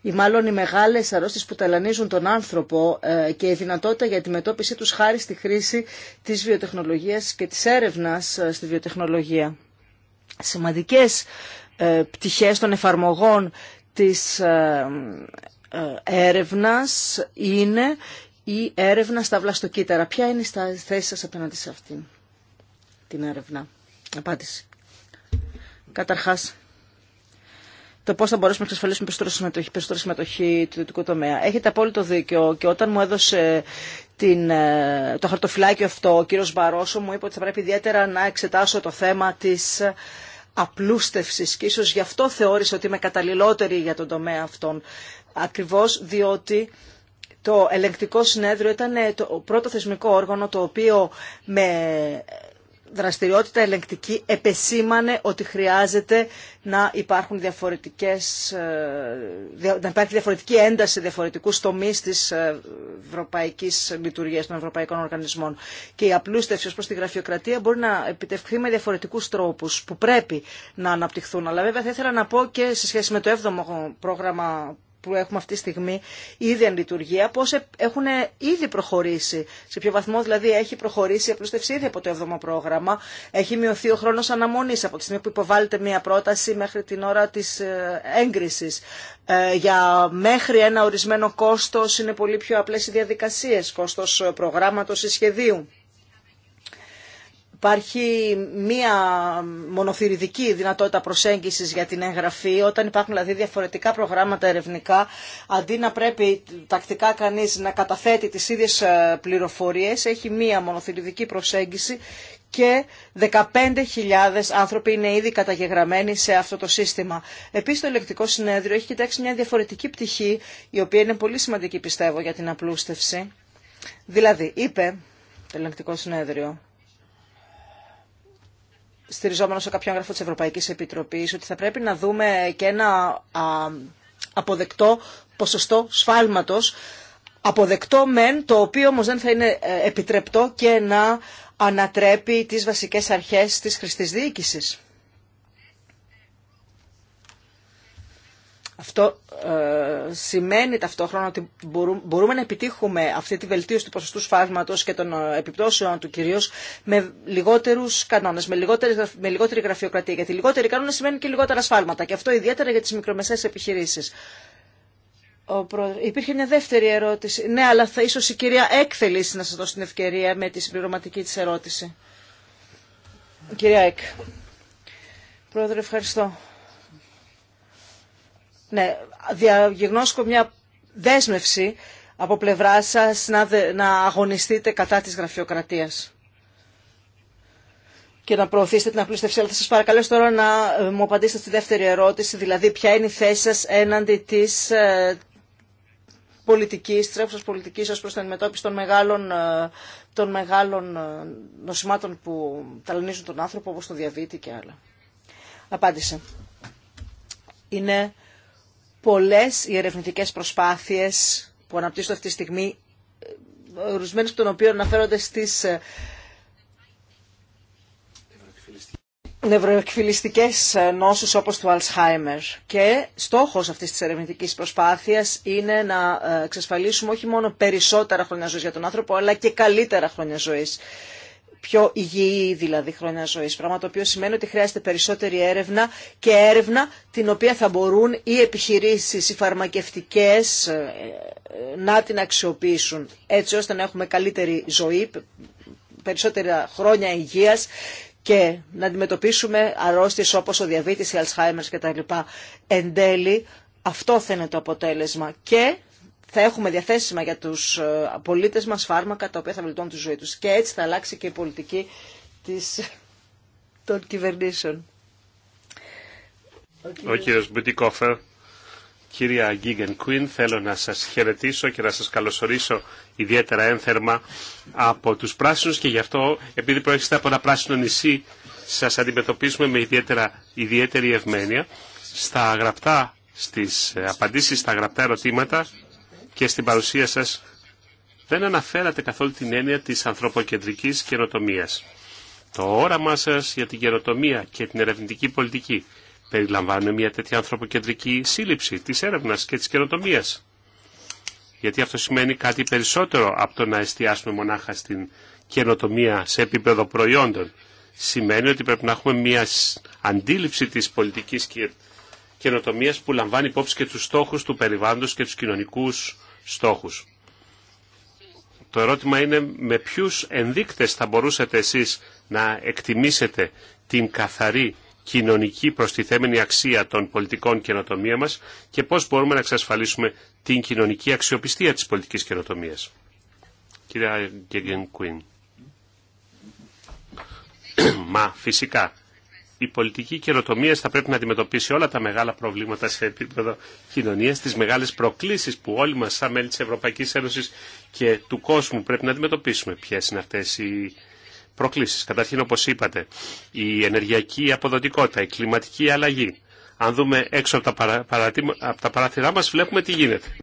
ή μάλλον οι μεγάλες αρρώστιες που ταλανίζουν τον άνθρωπο ε, και η δυνατότητα για τη μετώπιση τους χάρη στη χρήση της βιοτεχνολογίας και της έρευνας ε, στη βιοτεχνολογία. Σημαντικές ε, πτυχές των εφαρμογών της έρευνας είναι η έρευνα στα βλαστοκύτταρα. Ποια είναι η θέση σας απέναντι σε αυτήν την έρευνα. Απάντηση. Καταρχάς, το πώ θα μπορέσουμε να εξασφαλίσουμε περισσότερη συμμετοχή, περισσότερη συμμετοχή του ιδιωτικού τομέα. Έχετε απόλυτο δίκιο και όταν μου έδωσε την, ε, το χαρτοφυλάκιο αυτό ο κύριο Μπαρόσο μου είπε ότι θα πρέπει ιδιαίτερα να εξετάσω το θέμα τη απλούστευση. και ίσω γι' αυτό θεώρησε ότι είμαι καταλληλότερη για τον τομέα αυτόν. ακριβώ, διότι το ελεγκτικό συνέδριο ήταν το πρώτο θεσμικό όργανο το οποίο με δραστηριότητα ελεγκτική επεσήμανε ότι χρειάζεται να, υπάρχουν διαφορετικές, ε, να υπάρχει διαφορετική ένταση διαφορετικού τομεί τη ε, ευρωπαϊκή λειτουργία των ευρωπαϊκών οργανισμών. Και η απλούστευση ω προ τη γραφειοκρατία μπορεί να επιτευχθεί με διαφορετικού τρόπου που πρέπει να αναπτυχθούν. Αλλά βέβαια θα ήθελα να πω και σε σχέση με το 7ο πρόγραμμα που έχουμε αυτή τη στιγμή ήδη εν λειτουργία, πώ ε, έχουν ήδη προχωρήσει. Σε ποιο βαθμό δηλαδή έχει προχωρήσει η απλούστευση ήδη από το 7ο πρόγραμμα. Έχει μειωθεί ο χρόνο αναμονή από τη στιγμή που υποβάλλεται μία πρόταση μέχρι την ώρα τη ε, έγκριση. Ε, για μέχρι ένα ορισμένο κόστο είναι πολύ πιο απλέ οι διαδικασίε. Κόστο προγράμματο ή σχεδίου. Υπάρχει μία μονοθυριδική δυνατότητα προσέγγισης για την εγγραφή, όταν υπάρχουν δηλαδή διαφορετικά προγράμματα ερευνικά, αντί να πρέπει τακτικά κανείς να καταθέτει τις ίδιες ε, πληροφορίες, έχει μία μονοθυριδική προσέγγιση και 15.000 άνθρωποι είναι ήδη καταγεγραμμένοι σε αυτό το σύστημα. Επίσης το ελεκτικό συνέδριο έχει κοιτάξει μια διαφορετική πτυχή, η οποία είναι πολύ σημαντική πιστεύω για την απλούστευση. Δηλαδή, είπε το ελεκτικό συνέδριο, στηριζόμενο σε κάποιο έγγραφο της Ευρωπαϊκής Επιτροπής, ότι θα πρέπει να δούμε και ένα αποδεκτό ποσοστό σφάλματος, αποδεκτό μεν, το οποίο όμως δεν θα είναι ε, επιτρεπτό και να ανατρέπει τις βασικές αρχές της χρηστής διοίκησης. Αυτό ε, σημαίνει ταυτόχρονα ότι μπορούμε, μπορούμε να επιτύχουμε αυτή τη βελτίωση του ποσοστού σφάλματος και των ε, επιπτώσεων του κυρίως με λιγότερους κανόνες, με λιγότερη, με λιγότερη γραφειοκρατία. Γιατί λιγότεροι κανόνες σημαίνουν και λιγότερα σφάλματα και αυτό ιδιαίτερα για τις μικρομεσαίες επιχειρήσεις. Υπήρχε μια δεύτερη ερώτηση. Ναι, αλλά θα ίσως η κυρία Εκ να σας δώσει την ευκαιρία με τη συμπληρωματική της ερώτηση. Κυρία Εκ. Πρόεδρε, ευχαριστώ ναι, διαγνώσκω μια δέσμευση από πλευρά σας να, να αγωνιστείτε κατά της γραφειοκρατίας και να προωθήσετε την απλούστευση. Αλλά θα σας παρακαλέσω τώρα να ε, μου απαντήσετε στη δεύτερη ερώτηση, δηλαδή ποια είναι η θέση σας έναντι της ε, πολιτικής, τρέχουσας πολιτικής σας προς την αντιμετώπιση των μεγάλων, ε, των μεγάλων νοσημάτων που ταλανίζουν τον άνθρωπο, όπως το διαβήτη και άλλα. Απάντησε. Είναι πολλές οι ερευνητικές προσπάθειες που αναπτύσσονται αυτή τη στιγμή, ορισμένες των οποίων αναφέρονται στις ε, νευροεκφυλιστικές ε, νόσους όπως του Αλσχάιμερ. Και στόχος αυτής της ερευνητικής προσπάθειας είναι να ε, εξασφαλίσουμε όχι μόνο περισσότερα χρόνια ζωής για τον άνθρωπο, αλλά και καλύτερα χρόνια ζωής πιο υγιή δηλαδή χρόνια ζωής, πράγμα το οποίο σημαίνει ότι χρειάζεται περισσότερη έρευνα και έρευνα την οποία θα μπορούν οι επιχειρήσεις, οι φαρμακευτικές ε, ε, να την αξιοποιήσουν έτσι ώστε να έχουμε καλύτερη ζωή, περισσότερα χρόνια υγείας και να αντιμετωπίσουμε αρρώστιες όπως ο διαβήτης, η Αλσχάιμερς κτλ. Εν τέλει αυτό θα είναι το αποτέλεσμα και θα έχουμε διαθέσιμα για τους ε, πολίτες μας φάρμακα τα οποία θα βελτιώνουν τη ζωή τους. Και έτσι θα αλλάξει και η πολιτική της, των κυβερνήσεων. Ο κύριος,
Μπουτικόφερ, κυρία Γκίγκεν Κουίν, θέλω να σας χαιρετήσω και να σας καλωσορίσω ιδιαίτερα ένθερμα από τους πράσινους και γι' αυτό, επειδή προέρχεστε από ένα πράσινο νησί, σας αντιμετωπίζουμε με ιδιαίτερα, ιδιαίτερη ευμένεια. Στα γραπτά, στις ε, απαντήσεις στα γραπτά ερωτήματα, και στην παρουσία σας δεν αναφέρατε καθόλου την έννοια της ανθρωποκεντρικής καινοτομία. Το όραμά σας για την καινοτομία και την ερευνητική πολιτική περιλαμβάνει μια τέτοια ανθρωποκεντρική σύλληψη της έρευνας και της καινοτομία. Γιατί αυτό σημαίνει κάτι περισσότερο από το να εστιάσουμε μονάχα στην καινοτομία σε επίπεδο προϊόντων. Σημαίνει ότι πρέπει να έχουμε μια αντίληψη της πολιτικής καινοτομία που λαμβάνει υπόψη και τους στόχους του περιβάλλοντος και τους κοινωνικούς στόχους. Το ερώτημα είναι με ποιους ενδείκτες θα μπορούσατε εσείς να εκτιμήσετε την καθαρή κοινωνική προστιθέμενη αξία των πολιτικών καινοτομία μας και πώς μπορούμε να εξασφαλίσουμε την κοινωνική αξιοπιστία της πολιτικής καινοτομία. Κυρία Κουίν. Μα φυσικά η πολιτική καινοτομία θα πρέπει να αντιμετωπίσει όλα τα μεγάλα προβλήματα σε επίπεδο κοινωνία, τι μεγάλε προκλήσει που όλοι μα, σαν μέλη τη Ευρωπαϊκή Ένωση και του κόσμου, πρέπει να αντιμετωπίσουμε. Ποιε είναι αυτέ οι προκλήσει. Καταρχήν, όπω είπατε, η ενεργειακή αποδοτικότητα, η κλιματική αλλαγή. Αν δούμε έξω από τα, από τα παράθυρά μα, βλέπουμε τι γίνεται.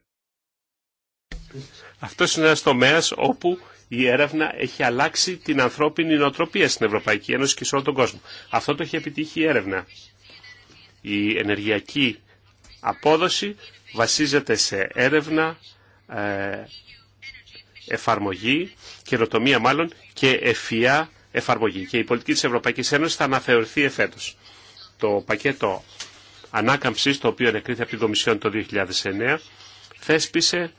Αυτό είναι ένα τομέα όπου η έρευνα έχει αλλάξει την ανθρώπινη νοοτροπία στην Ευρωπαϊκή Ένωση και σε όλο τον κόσμο. Αυτό το έχει επιτύχει η έρευνα. Η ενεργειακή απόδοση βασίζεται σε έρευνα, ε, εφαρμογή, καινοτομία μάλλον και εφιά εφαρμογή. Και η πολιτική της Ευρωπαϊκής Ένωσης θα αναθεωρηθεί εφέτος. Το πακέτο ανάκαμψης, το οποίο ανεκρίθηκε από την Κομισιόν το 2009, θέσπισε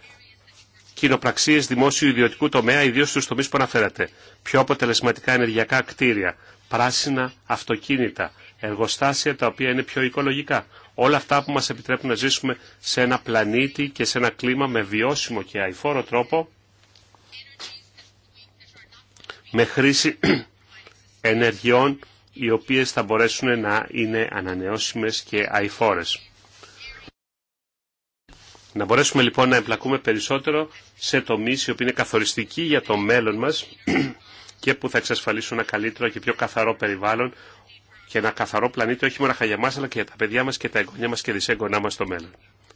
κοινοπραξίε δημόσιου ιδιωτικού τομέα, ιδίω στου τομεί που αναφέρατε. Πιο αποτελεσματικά ενεργειακά κτίρια, πράσινα αυτοκίνητα, εργοστάσια τα οποία είναι πιο οικολογικά. Όλα αυτά που μα επιτρέπουν να ζήσουμε σε ένα πλανήτη και σε ένα κλίμα με βιώσιμο και αηφόρο τρόπο, με χρήση ενεργειών οι οποίες θα μπορέσουν να είναι ανανεώσιμες και αηφόρες. Να μπορέσουμε λοιπόν να εμπλακούμε περισσότερο σε τομείς οι οποίοι είναι καθοριστικοί για το μέλλον μας και που θα εξασφαλίσουν ένα καλύτερο και πιο καθαρό περιβάλλον και ένα καθαρό πλανήτη όχι μόνο για εμάς αλλά και για τα παιδιά μας και τα εγγονιά μας και δυσέγγονά μας στο μέλλον.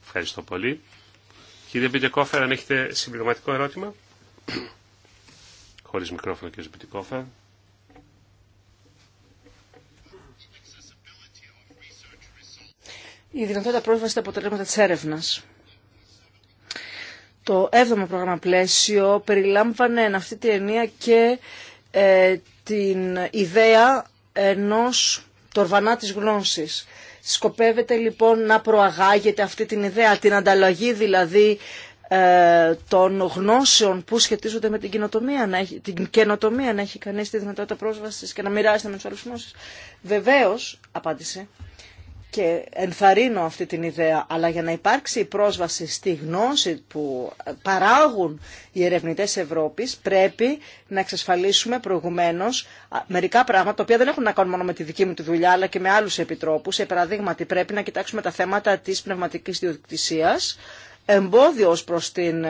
Ευχαριστώ πολύ. Κύριε Μπιτεκόφερ, αν έχετε συμπληρωματικό ερώτημα. Χωρίς μικρόφωνο κύριε Μπιτεκόφερ.
Η δυνατότητα πρόσβαση στα αποτελέσματα τη έρευνα. Το έβδομο πρόγραμμα πλαίσιο περιλάμβανε εν αυτή τη ενία και ε, την ιδέα ενός τορβανά της γνώσης. Σκοπεύεται λοιπόν να προαγάγεται αυτή την ιδέα, την ανταλλαγή δηλαδή ε, των γνώσεων που σχετίζονται με την, να την καινοτομία, να έχει κανείς τη δυνατότητα πρόσβασης και να μοιράζεται με τους άλλους γνώσεις. Βεβαίως, απάντησε, και ενθαρρύνω αυτή την ιδέα, αλλά για να υπάρξει η πρόσβαση στη γνώση που παράγουν οι ερευνητές Ευρώπης, πρέπει να εξασφαλίσουμε προηγουμένως μερικά πράγματα, τα οποία δεν έχουν να κάνουν μόνο με τη δική μου τη δουλειά, αλλά και με άλλους επιτρόπους. Σε παραδείγματι, πρέπει να κοιτάξουμε τα θέματα της πνευματικής διοκτησίας, εμπόδιο προς την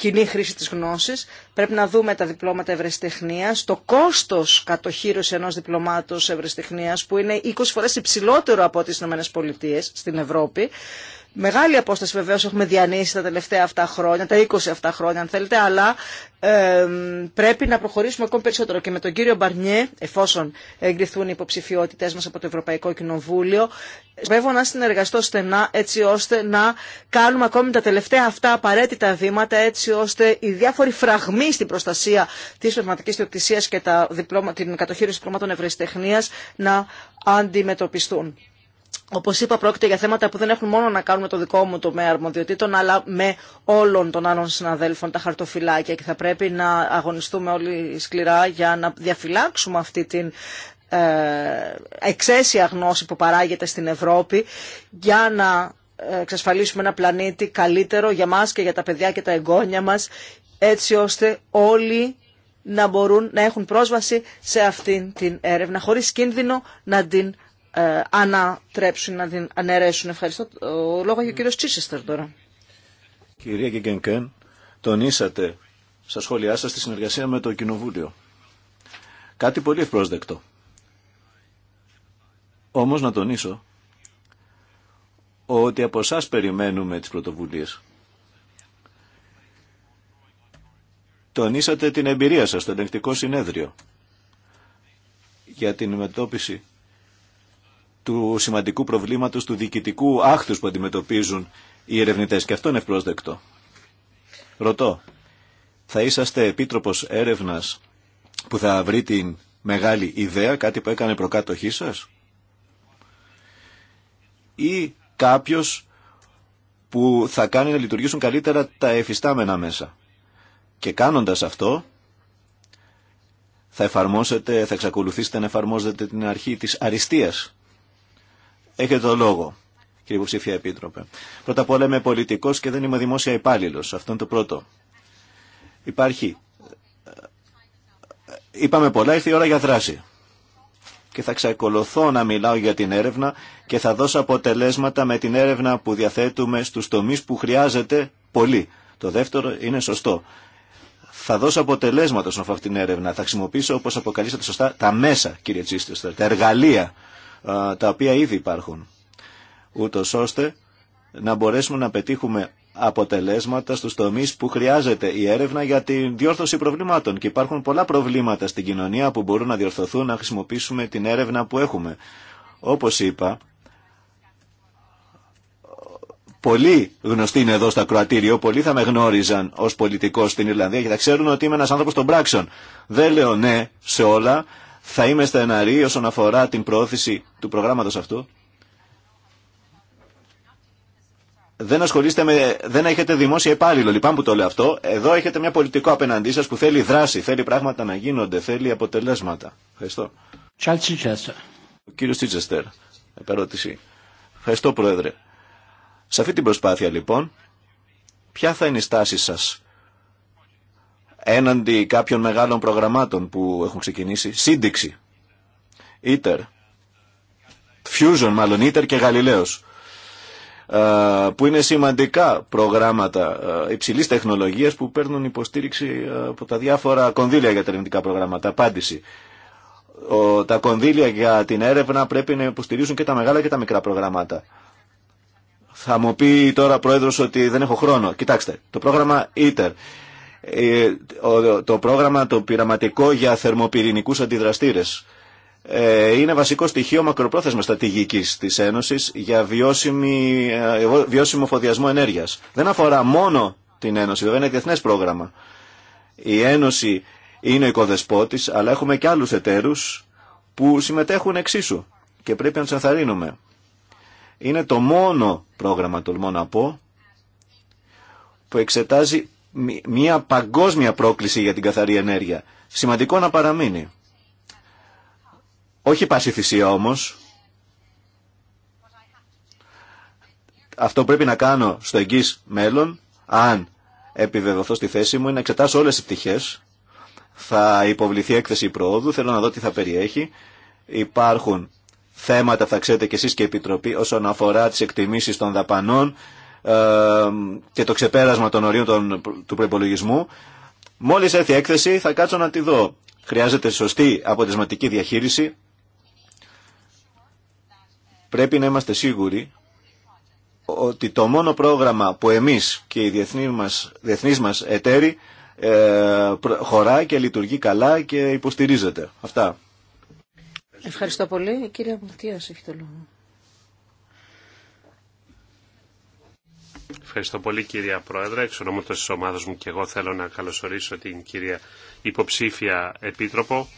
κοινή χρήση της γνώσης. Πρέπει να δούμε τα διπλώματα ευρεσιτεχνίας, το κόστος κατοχήρωση ενός διπλωμάτος ευρεσιτεχνίας που είναι 20 φορές υψηλότερο από τις ΗΠΑ στην Ευρώπη. Μεγάλη απόσταση βεβαίω έχουμε διανύσει τα τελευταία αυτά χρόνια, τα 20 αυτά χρόνια αν θέλετε, αλλά ε, πρέπει να προχωρήσουμε ακόμη περισσότερο. Και με τον κύριο Μπαρνιέ, εφόσον εγκριθούν οι υποψηφιότητε μα από το Ευρωπαϊκό Κοινοβούλιο, σπεύω να συνεργαστώ στενά έτσι ώστε να κάνουμε ακόμη τα τελευταία αυτά απαραίτητα βήματα, έτσι ώστε οι διάφοροι φραγμοί στην προστασία τη πνευματική διοκτησία και τα διπλώμα, την κατοχήρωση διπλώματων ευρεσιτεχνία να αντιμετωπιστούν. Όπως είπα, πρόκειται για θέματα που δεν έχουν μόνο να κάνουν με το δικό μου τομέα αρμοδιοτήτων, αλλά με όλων των άλλων συναδέλφων τα χαρτοφυλάκια και θα πρέπει να αγωνιστούμε όλοι σκληρά για να διαφυλάξουμε αυτή την ε, εξαίσια γνώση που παράγεται στην Ευρώπη για να εξασφαλίσουμε ένα πλανήτη καλύτερο για μας και για τα παιδιά και τα εγγόνια μας έτσι ώστε όλοι να μπορούν να έχουν πρόσβαση σε αυτήν την έρευνα χωρίς κίνδυνο να την ε, ανατρέψουν, να την αναιρέσουν. Ευχαριστώ. Ο λόγο για ο κύριος Τσίσεστερ τώρα.
Κυρία Γκέγκεν, τονίσατε στα σχόλιά σας τη συνεργασία με το Κοινοβούλιο. Κάτι πολύ ευπρόσδεκτο. Όμως να τονίσω ότι από εσά περιμένουμε τις πρωτοβουλίες. Τονίσατε την εμπειρία σας στο ελεγκτικό συνέδριο για την μετώπιση του σημαντικού προβλήματος του διοικητικού άχθους που αντιμετωπίζουν οι ερευνητές και αυτό είναι ευπρόσδεκτο. Ρωτώ, θα είσαστε επίτροπος έρευνας που θα βρει την μεγάλη ιδέα, κάτι που έκανε προκάτοχή σας ή κάποιος που θα κάνει να λειτουργήσουν καλύτερα τα εφιστάμενα μέσα. Και κάνοντας αυτό, θα εφαρμόσετε, θα εξακολουθήσετε να εφαρμόζετε την αρχή της αριστείας Έχετε το λόγο, κύριε Υποψήφια Επίτροπε. Πρώτα απ' όλα είμαι πολιτικός και δεν είμαι δημόσια υπάλληλο. Αυτό είναι το πρώτο. Υπάρχει. Ε, ε, είπαμε πολλά, ήρθε η ώρα για δράση. Και θα ξεκολουθώ να μιλάω για την έρευνα και θα δώσω αποτελέσματα με την έρευνα που διαθέτουμε στους τομείς που χρειάζεται πολύ. Το δεύτερο είναι σωστό. Θα δώσω αποτελέσματα σε αυτήν την έρευνα. Θα χρησιμοποιήσω, όπως αποκαλύψατε σωστά, τα μέσα, κύριε Τσίστερ, τα εργαλεία τα οποία ήδη υπάρχουν, ούτω ώστε να μπορέσουμε να πετύχουμε αποτελέσματα στους τομείς που χρειάζεται η έρευνα για τη διόρθωση προβλημάτων και υπάρχουν πολλά προβλήματα στην κοινωνία που μπορούν να διορθωθούν να χρησιμοποιήσουμε την έρευνα που έχουμε. Όπως είπα, πολλοί γνωστοί είναι εδώ στα Κροατήριο, πολλοί θα με γνώριζαν ω πολιτικό στην Ιρλανδία και θα ξέρουν ότι είμαι ένα άνθρωπος των πράξεων. Δεν λέω ναι σε όλα, θα είμαι στεναρή όσον αφορά την προώθηση του προγράμματος αυτού. Δεν ασχολείστε με, δεν έχετε δημόσια υπάλληλο, λυπάμαι που το λέω αυτό. Εδώ έχετε μια πολιτικό απέναντί σας που θέλει δράση, θέλει πράγματα να γίνονται, θέλει αποτελέσματα. Ευχαριστώ. Ο κύριος Τίτσεστερ, επερώτηση. Ευχαριστώ Πρόεδρε. Σε αυτή την προσπάθεια λοιπόν, ποια θα είναι η στάση σας έναντι κάποιων μεγάλων προγραμμάτων που έχουν ξεκινήσει. Σύνδεξη. Ίτερ. Fusion μάλλον, Ίτερ και Γαλιλαίος ε, που είναι σημαντικά προγράμματα ε, υψηλής τεχνολογίας που παίρνουν υποστήριξη ε, από τα διάφορα κονδύλια για τα ερευνητικά προγράμματα. Απάντηση. Τα κονδύλια για την έρευνα πρέπει να υποστηρίζουν και τα μεγάλα και τα μικρά προγράμματα. Θα μου πει τώρα ο Πρόεδρος ότι δεν έχω χρόνο. Κοιτάξτε, το πρόγραμμα ITER ε, το πρόγραμμα το πειραματικό για θερμοπυρηνικούς αντιδραστήρες. Ε, είναι βασικό στοιχείο μακροπρόθεσμα στρατηγικής της Ένωσης για βιώσιμη, ε, βιώσιμο φοδιασμό ενέργειας. Δεν αφορά μόνο την Ένωση, βέβαια είναι διεθνές πρόγραμμα. Η Ένωση είναι ο οικοδεσπότης, αλλά έχουμε και άλλους εταίρους που συμμετέχουν εξίσου και πρέπει να του ενθαρρύνουμε. Είναι το μόνο πρόγραμμα, τολμώ να πω, που εξετάζει μια παγκόσμια πρόκληση για την καθαρή ενέργεια. Σημαντικό να παραμείνει. Όχι πάση θυσία όμως. Αυτό πρέπει να κάνω στο εγγύς μέλλον, αν επιβεβαιωθώ στη θέση μου, είναι να εξετάσω όλες τις πτυχές. Θα υποβληθεί έκθεση προόδου, θέλω να δω τι θα περιέχει. Υπάρχουν θέματα, θα ξέρετε και εσείς και η Επιτροπή, όσον αφορά τις εκτιμήσεις των δαπανών, και το ξεπέρασμα των ορίων του προπολογισμού. Μόλις έρθει η έκθεση θα κάτσω να τη δω. Χρειάζεται σωστή αποτελεσματική διαχείριση. Πρέπει να είμαστε σίγουροι ότι το μόνο πρόγραμμα που εμείς και οι διεθνείς μας, μας εταίροι ε, χωράει και λειτουργεί καλά και υποστηρίζεται. Αυτά.
Ευχαριστώ πολύ. Η κυρία έχει το λόγο.
Ευχαριστώ πολύ κυρία Πρόεδρε. Εξ της ομάδας μου και εγώ θέλω να καλωσορίσω την κυρία υποψήφια Επίτροπο.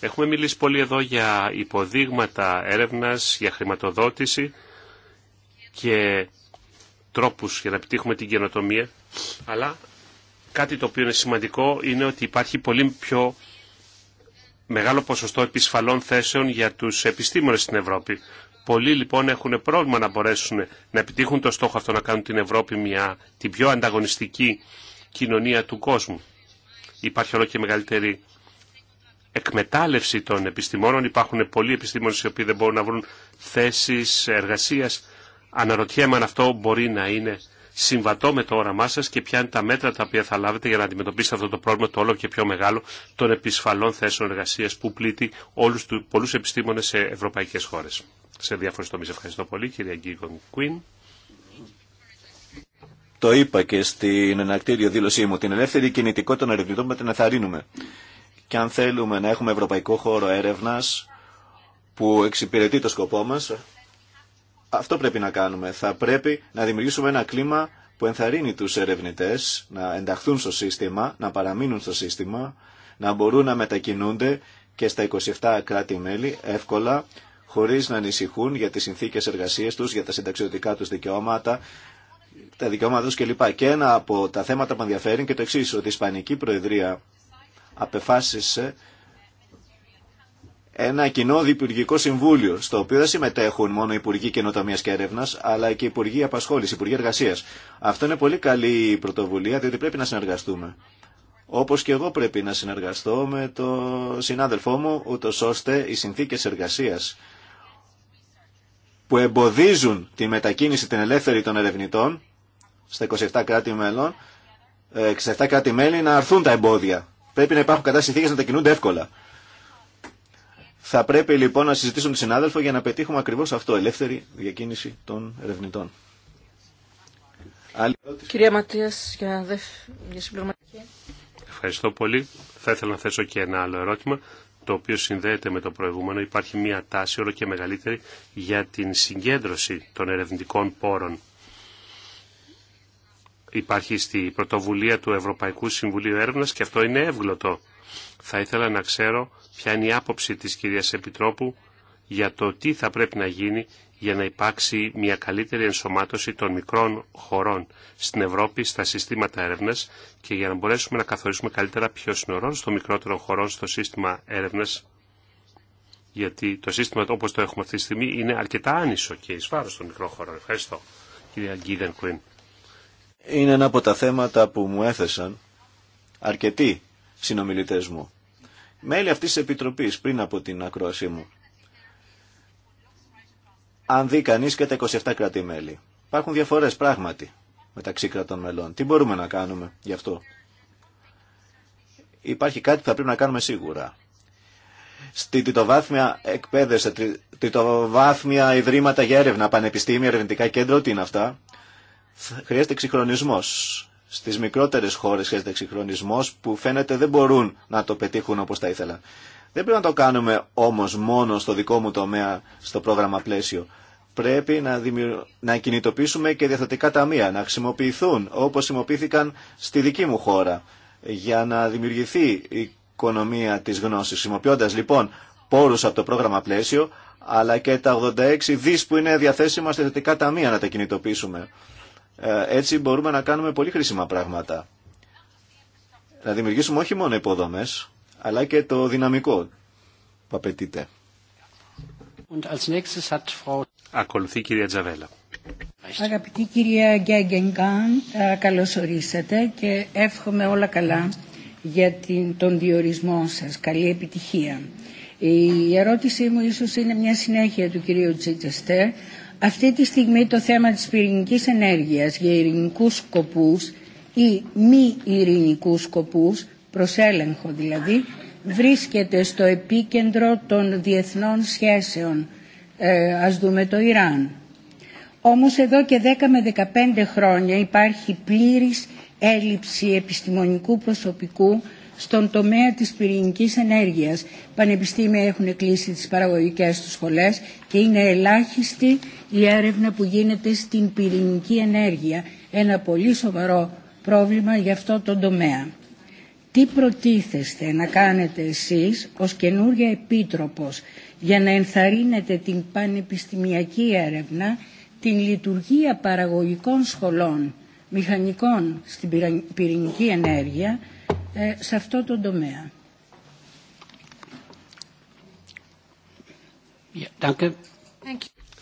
Έχουμε μιλήσει πολύ εδώ για υποδείγματα έρευνας, για χρηματοδότηση και τρόπους για να επιτύχουμε την καινοτομία. Αλλά κάτι το οποίο είναι σημαντικό είναι ότι υπάρχει πολύ πιο μεγάλο ποσοστό επισφαλών θέσεων για τους επιστήμονες στην Ευρώπη. Πολλοί λοιπόν έχουν πρόβλημα να μπορέσουν να επιτύχουν το στόχο αυτό να κάνουν την Ευρώπη μια, την πιο ανταγωνιστική κοινωνία του κόσμου. Υπάρχει όλο και μεγαλύτερη εκμετάλλευση των επιστημόνων. Υπάρχουν πολλοί επιστήμονες οι οποίοι δεν μπορούν να βρουν θέσεις εργασίας. Αναρωτιέμαι αν αυτό μπορεί να είναι συμβατό με το όραμά σας και ποια είναι τα μέτρα τα οποία θα λάβετε για να αντιμετωπίσετε αυτό το πρόβλημα το όλο και πιο μεγάλο των επισφαλών θέσεων εργασίας που πλήττει όλους του, πολλούς επιστήμονες σε ευρωπαϊκές χώρες. Σε διάφορε τομείς. Ευχαριστώ πολύ κυρία Γκίγκον Κουίν.
Το είπα και στην ενακτήριο δήλωσή μου. Την ελεύθερη κινητικότητα των ερευνητών με την εθαρρύνουμε. Και αν θέλουμε να έχουμε ευρωπαϊκό χώρο έρευνα που εξυπηρετεί το σκοπό μας, αυτό πρέπει να κάνουμε. Θα πρέπει να δημιουργήσουμε ένα κλίμα που ενθαρρύνει τους ερευνητές να ενταχθούν στο σύστημα, να παραμείνουν στο σύστημα, να μπορούν να μετακινούνται και στα 27 κράτη-μέλη εύκολα, χωρίς να ανησυχούν για τις συνθήκες εργασίας τους, για τα συνταξιωτικά τους δικαιώματα, τα δικαιώματα τους κλπ. Και ένα από τα θέματα που ενδιαφέρει και το εξή ότι η Ισπανική Προεδρία απεφάσισε ένα κοινό διπουργικό συμβούλιο, στο οποίο δεν συμμετέχουν μόνο οι Υπουργοί Καινοτομία και Έρευνα, αλλά και οι Υπουργοί Απασχόληση, Υπουργοί Εργασία. Αυτό είναι πολύ καλή πρωτοβουλία, διότι πρέπει να συνεργαστούμε. Όπω και εγώ πρέπει να συνεργαστώ με τον συνάδελφό μου, ούτω ώστε οι συνθήκε εργασία που εμποδίζουν τη μετακίνηση την ελεύθερη των ερευνητών στα 27 κράτη μέλων, 67 ε, κράτη μέλη να αρθούν τα εμπόδια. Πρέπει να υπάρχουν κατά συνθήκε να τα κινούνται εύκολα. Θα πρέπει λοιπόν να συζητήσουμε τον συνάδελφο για να πετύχουμε ακριβώς αυτό, ελεύθερη διακίνηση των ερευνητών.
Κυρία Ματίας, για, για συμπληρωματική.
Ευχαριστώ πολύ. Θα ήθελα να θέσω και ένα άλλο ερώτημα, το οποίο συνδέεται με το προηγούμενο. Υπάρχει μια τάση όλο και μεγαλύτερη για την συγκέντρωση των ερευνητικών πόρων υπάρχει στη πρωτοβουλία του Ευρωπαϊκού Συμβουλίου Έρευνας και αυτό είναι εύγλωτο. Θα ήθελα να ξέρω ποια είναι η άποψη της κυρίας Επιτρόπου για το τι θα πρέπει να γίνει για να υπάρξει μια καλύτερη ενσωμάτωση των μικρών χωρών στην Ευρώπη στα συστήματα έρευνα και για να μπορέσουμε να καθορίσουμε καλύτερα ποιο είναι ο ρόλο των μικρότερων χωρών στο σύστημα έρευνα. Γιατί το σύστημα όπω το έχουμε αυτή τη στιγμή είναι αρκετά άνισο και ει βάρο των μικρών χωρών. Ευχαριστώ, κυρία Γκίδεν
είναι ένα από τα θέματα που μου έθεσαν αρκετοί συνομιλητές μου. Μέλη αυτής της Επιτροπής πριν από την ακρόασή μου. Αν δει κανείς και τα 27 κράτη-μέλη. Υπάρχουν διαφορές πράγματι μεταξύ κρατών μελών. Τι μπορούμε να κάνουμε γι' αυτό. Υπάρχει κάτι που θα πρέπει να κάνουμε σίγουρα. Στη τριτοβάθμια εκπαίδευση, τριτοβάθμια ιδρύματα για έρευνα, πανεπιστήμια, ερευνητικά κέντρα, ό,τι είναι αυτά, χρειάζεται εξυγχρονισμό. Στι μικρότερε χώρε χρειάζεται εξυγχρονισμό που φαίνεται δεν μπορούν να το πετύχουν όπω τα ήθελα. Δεν πρέπει να το κάνουμε όμω μόνο στο δικό μου τομέα, στο πρόγραμμα πλαίσιο. Πρέπει να, δημιου... να κινητοποιήσουμε και διαθετικά ταμεία, να χρησιμοποιηθούν όπω χρησιμοποιήθηκαν στη δική μου χώρα για να δημιουργηθεί η οικονομία της γνώσης. Χρησιμοποιώντα λοιπόν πόρους από το πρόγραμμα πλαίσιο, αλλά και τα 86 δις που είναι διαθέσιμα στα θετικά ταμεία να τα κινητοποιήσουμε. Ε, έτσι μπορούμε να κάνουμε πολύ χρήσιμα πράγματα. Να δημιουργήσουμε όχι μόνο υποδομές, αλλά και το δυναμικό που απαιτείται.
Ακολουθεί η κυρία Τζαβέλα.
Αγαπητή κυρία Γκέγγενγκάν, καλώς ορίσατε και εύχομαι όλα καλά για την, τον διορισμό σας. Καλή επιτυχία. Η ερώτησή μου ίσως είναι μια συνέχεια του κυρίου Τσίτσεστερ, αυτή τη στιγμή το θέμα της πυρηνικής ενέργειας για ειρηνικούς σκοπούς ή μη ειρηνικούς σκοπούς, προσέλεγχο δηλαδή, βρίσκεται στο επίκεντρο των διεθνών σχέσεων. Ε, ας δούμε το Ιράν. Όμως εδώ και 10 με 15 χρόνια υπάρχει πλήρης έλλειψη επιστημονικού προσωπικού στον τομέα της πυρηνικής ενέργειας. Πανεπιστήμια έχουν κλείσει τις παραγωγικές τους σχολές και είναι ελάχιστη η έρευνα που γίνεται στην πυρηνική ενέργεια. Ένα πολύ σοβαρό πρόβλημα για αυτό τον τομέα. Τι προτίθεστε να κάνετε εσείς ως καινούργια επίτροπος για να ενθαρρύνετε την πανεπιστημιακή έρευνα, την λειτουργία παραγωγικών σχολών μηχανικών στην πυρηνική ενέργεια ε, σε αυτό το τομέα.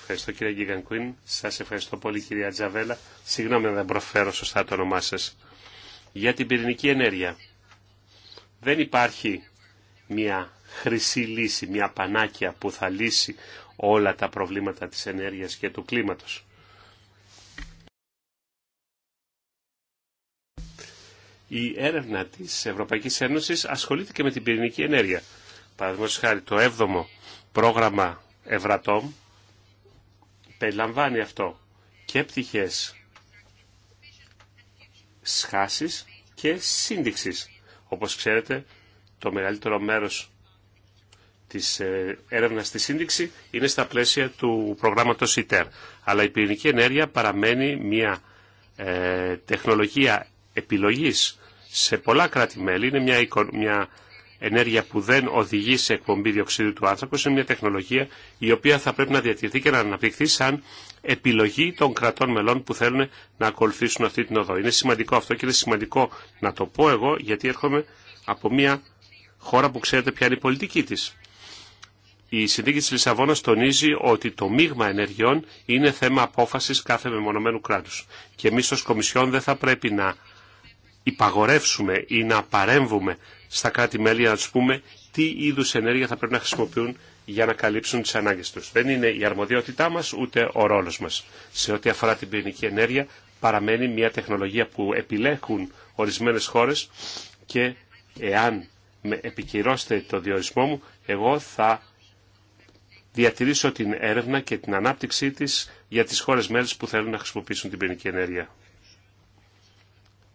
Ευχαριστώ κύριε Γκίγαν Κουίν. Σας ευχαριστώ πολύ κυρία Τζαβέλα. Συγγνώμη να δεν προφέρω σωστά το όνομά σας. Για την πυρηνική ενέργεια. Δεν υπάρχει μια χρυσή λύση, μια πανάκια που θα λύσει όλα τα προβλήματα της ενέργειας και του κλίματος. η έρευνα της Ευρωπαϊκής Ένωσης ασχολείται και με την πυρηνική ενέργεια. Παραδείγματο χάρη το 7ο πρόγραμμα Ευρατόμ περιλαμβάνει αυτό και πτυχέ σχάση και σύνδεξη. Όπως ξέρετε, το μεγαλύτερο μέρος της ε, έρευνας στη σύνδεξη είναι στα πλαίσια του προγράμματος ITER. Αλλά η πυρηνική ενέργεια παραμένει μια ε, τεχνολογία επιλογής σε πολλά κράτη-μέλη. Είναι μια, μια ενέργεια που δεν οδηγεί σε εκπομπή διοξίδου του άνθρωπου, Είναι μια τεχνολογία η οποία θα πρέπει να διατηρηθεί και να αναπτυχθεί σαν επιλογή των κρατών μελών που θέλουν να ακολουθήσουν αυτή την οδό. Είναι σημαντικό αυτό και είναι σημαντικό να το πω εγώ γιατί έρχομαι από μια χώρα που ξέρετε ποια είναι η πολιτική της. Η συνθήκη της Λισαβόνας τονίζει ότι το μείγμα ενεργειών είναι θέμα απόφασης κάθε μεμονωμένου κράτους. Και εμείς ως Κομισιόν δεν θα πρέπει να υπαγορεύσουμε ή να παρέμβουμε στα κράτη-μέλη να του πούμε τι είδους ενέργεια θα πρέπει να χρησιμοποιούν για να καλύψουν τις ανάγκες τους. Δεν είναι η αρμοδιότητά μας ούτε ο ρόλος μας. Σε ό,τι αφορά την πυρηνική ενέργεια παραμένει μια τεχνολογία που επιλέγουν ορισμένες χώρες και εάν με επικυρώσετε το διορισμό μου, εγώ θα διατηρήσω την έρευνα και την ανάπτυξή της για τις χώρες μέλες που θέλουν να χρησιμοποιήσουν την πυρηνική ενέργεια.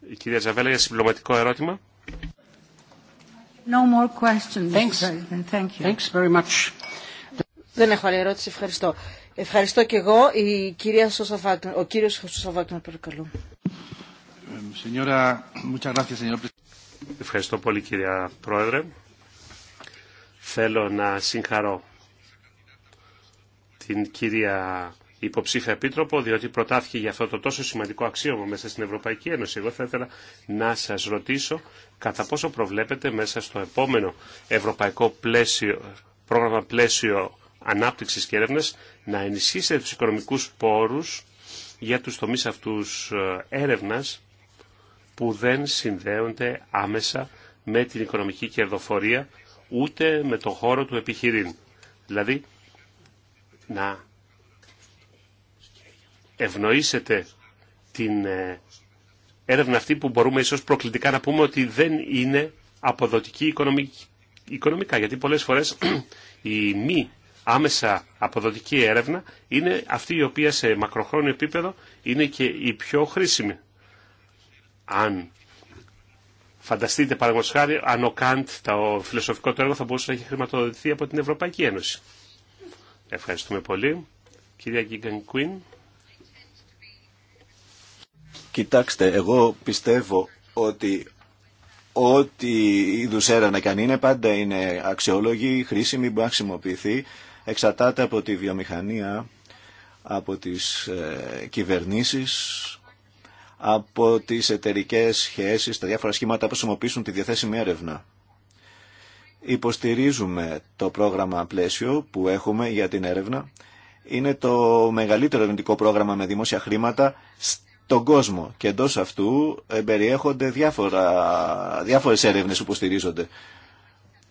Η κυρία Τζαβέλα για συμπληρωματικό ερώτημα.
No more questions. Thanks. Thank you. Thanks very much.
Δεν έχω άλλη ερώτηση. Ευχαριστώ. Ευχαριστώ και εγώ. Η κυρία Σωσαβάκνα, ο κύριος Σωσαβάκνα, παρακαλώ.
Ε, Ευχαριστώ πολύ κυρία Πρόεδρε. Θέλω να συγχαρώ την κυρία υποψήφια επίτροπο, διότι προτάθηκε για αυτό το τόσο σημαντικό αξίωμα μέσα στην Ευρωπαϊκή Ένωση. Εγώ θα ήθελα να σας ρωτήσω κατά πόσο προβλέπετε μέσα στο επόμενο ευρωπαϊκό πλαίσιο, πρόγραμμα πλαίσιο ανάπτυξης και έρευνα, να ενισχύσετε του οικονομικού πόρους για τους τομείς αυτούς ε, έρευνας που δεν συνδέονται άμεσα με την οικονομική κερδοφορία ούτε με τον χώρο του επιχειρήν. Δηλαδή, να ευνοήσετε την ε, έρευνα αυτή που μπορούμε ίσως προκλητικά να πούμε ότι δεν είναι αποδοτική οικονομικά, γιατί πολλές φορές η μη άμεσα αποδοτική έρευνα είναι αυτή η οποία σε μακροχρόνιο επίπεδο είναι και η πιο χρήσιμη. Αν φανταστείτε παραγωγός αν ο Καντ, το φιλοσοφικό του έργο θα μπορούσε να έχει χρηματοδοτηθεί από την Ευρωπαϊκή Ένωση. Ευχαριστούμε πολύ. Κυρία Γκίγκαν
Κοιτάξτε, εγώ πιστεύω ότι ό,τι είδου έρευνα και αν είναι πάντα είναι αξιόλογη, χρήσιμη, μπορεί να χρησιμοποιηθεί. Εξαρτάται από τη βιομηχανία, από τις ε, κυβερνήσεις, από τις εταιρικέ σχέσεις, τα διάφορα σχήματα που χρησιμοποιήσουν τη διαθέσιμη έρευνα. Υποστηρίζουμε το πρόγραμμα πλαίσιο που έχουμε για την έρευνα. Είναι το μεγαλύτερο ερευνητικό πρόγραμμα με δημόσια χρήματα τον κόσμο. Και εντό αυτού ε, περιέχονται διάφορα, διάφορες έρευνες που στηρίζονται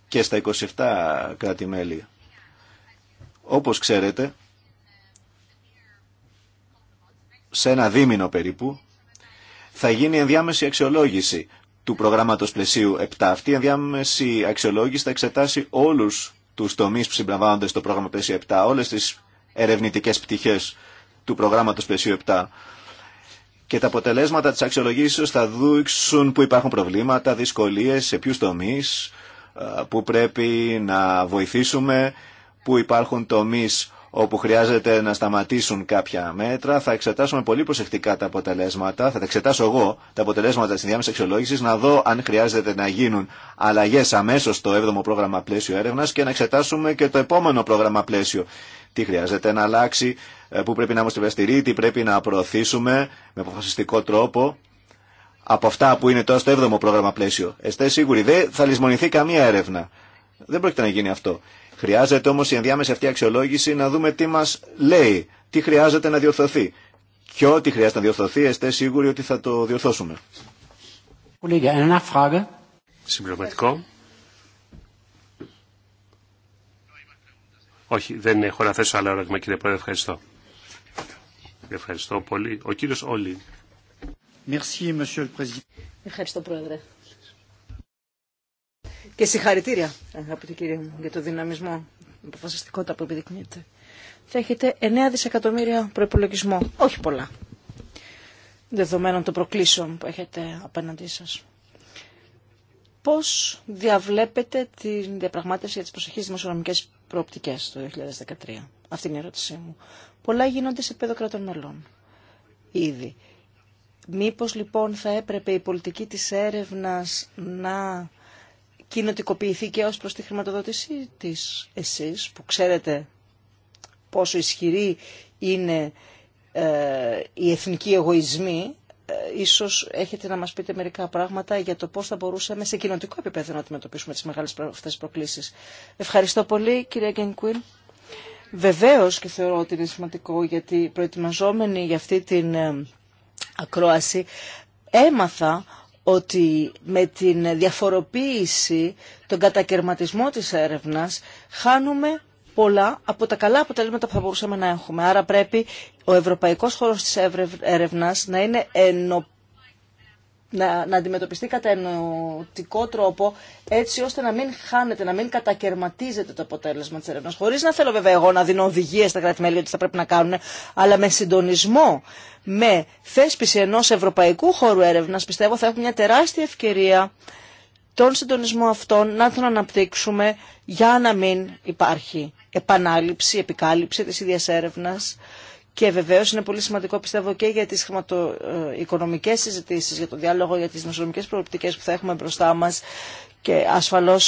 και στα 27 κράτη-μέλη. Όπως ξέρετε, σε ένα δίμηνο περίπου, θα γίνει ενδιάμεση αξιολόγηση του προγράμματος πλαισίου 7. Αυτή η ενδιάμεση αξιολόγηση θα εξετάσει όλους τους τομείς που συμπλαμβάνονται στο πρόγραμμα πλαισίου 7, όλες τις ερευνητικές πτυχές του προγράμματος πλαισίου 7 και τα αποτελέσματα της αξιολογήσεως θα δείξουν που υπάρχουν προβλήματα, δυσκολίες, σε ποιους τομείς, που πρέπει να βοηθήσουμε, που υπάρχουν τομείς όπου χρειάζεται να σταματήσουν κάποια μέτρα. Θα εξετάσουμε πολύ προσεκτικά τα αποτελέσματα. Θα τα εξετάσω εγώ τα αποτελέσματα τη διάμεση αξιολόγηση, να δω αν χρειάζεται να γίνουν αλλαγέ αμέσω στο 7ο πρόγραμμα πλαίσιο έρευνα και να εξετάσουμε και το επόμενο πρόγραμμα πλαίσιο. Τι χρειάζεται να αλλάξει ε, που πρέπει να είμαστε ευαισθηροί, τι πρέπει να προωθήσουμε με αποφασιστικό τρόπο από αυτά που είναι τώρα στο 7ο πρόγραμμα πλαίσιο. Εστέ σίγουροι, δεν θα λησμονηθεί καμία έρευνα. Δεν πρόκειται να γίνει αυτό. Χρειάζεται όμω η ενδιάμεση αυτή αξιολόγηση να δούμε τι μα λέει, τι χρειάζεται να διορθωθεί. Και ό,τι χρειάζεται να διορθωθεί, εστέ σίγουροι ότι θα το διορθώσουμε.
Συμπληρωματικό. Όχι, δεν έχω να θέσω άλλο ερώτημα κύριε Πρόεδρε, ευχαριστώ. Ευχαριστώ πολύ. Ο κύριος Όλη.
Ευχαριστώ, Πρόεδρε. Και συγχαρητήρια, αγαπητή κύριε μου, για το δυναμισμό, την αποφασιστικότητα που επιδεικνύεται. Θα έχετε 9 δισεκατομμύρια προπολογισμό. Όχι πολλά. Δεδομένων των προκλήσεων που έχετε απέναντί σα. Πώς διαβλέπετε την διαπραγμάτευση για τις προσεχείς δημοσιονομικές προοπτικές το 2013. Αυτή είναι η ερώτησή μου. Πολλά γίνονται σε επίπεδο κρατών μελών. Ήδη. Μήπως λοιπόν θα έπρεπε η πολιτική της έρευνας να κοινοτικοποιηθεί και ως προς τη χρηματοδότησή της εσείς που ξέρετε πόσο ισχυρή είναι ε, οι εθνικοί εγωισμοί, ε, ίσως έχετε να μας πείτε μερικά πράγματα για το πώς θα μπορούσαμε σε κοινοτικό επίπεδο να αντιμετωπίσουμε τις μεγάλες αυτές προκλήσεις. Ευχαριστώ πολύ κυρία Γκενκουίν. Βεβαίω και θεωρώ ότι είναι σημαντικό γιατί προετοιμαζόμενοι για αυτή την ε, ακρόαση έμαθα ότι με την διαφοροποίηση, τον κατακαιρματισμό της έρευνας χάνουμε πολλά από τα καλά αποτελέσματα που θα μπορούσαμε να έχουμε. Άρα πρέπει ο ευρωπαϊκός χώρος της έρευνας να είναι ενωπιστικός να, να αντιμετωπιστεί κατά ενωτικό τρόπο έτσι ώστε να μην χάνεται, να μην κατακαιρματίζεται το αποτέλεσμα τη έρευνα. Χωρί να θέλω βέβαια εγώ να δίνω οδηγίε στα κράτη-μέλη ότι θα πρέπει να κάνουν, αλλά με συντονισμό, με θέσπιση ενό ευρωπαϊκού χώρου έρευνα, πιστεύω θα έχουμε μια τεράστια ευκαιρία τον συντονισμό αυτόν να τον αναπτύξουμε για να μην υπάρχει επανάληψη, επικάλυψη της ίδιας έρευνας και βεβαίω είναι πολύ σημαντικό, πιστεύω, και για τι χρηματοοικονομικέ συζητήσει, για το διάλογο για τι μεσονομικέ προοπτικέ που θα έχουμε μπροστά μα. Και ασφαλώ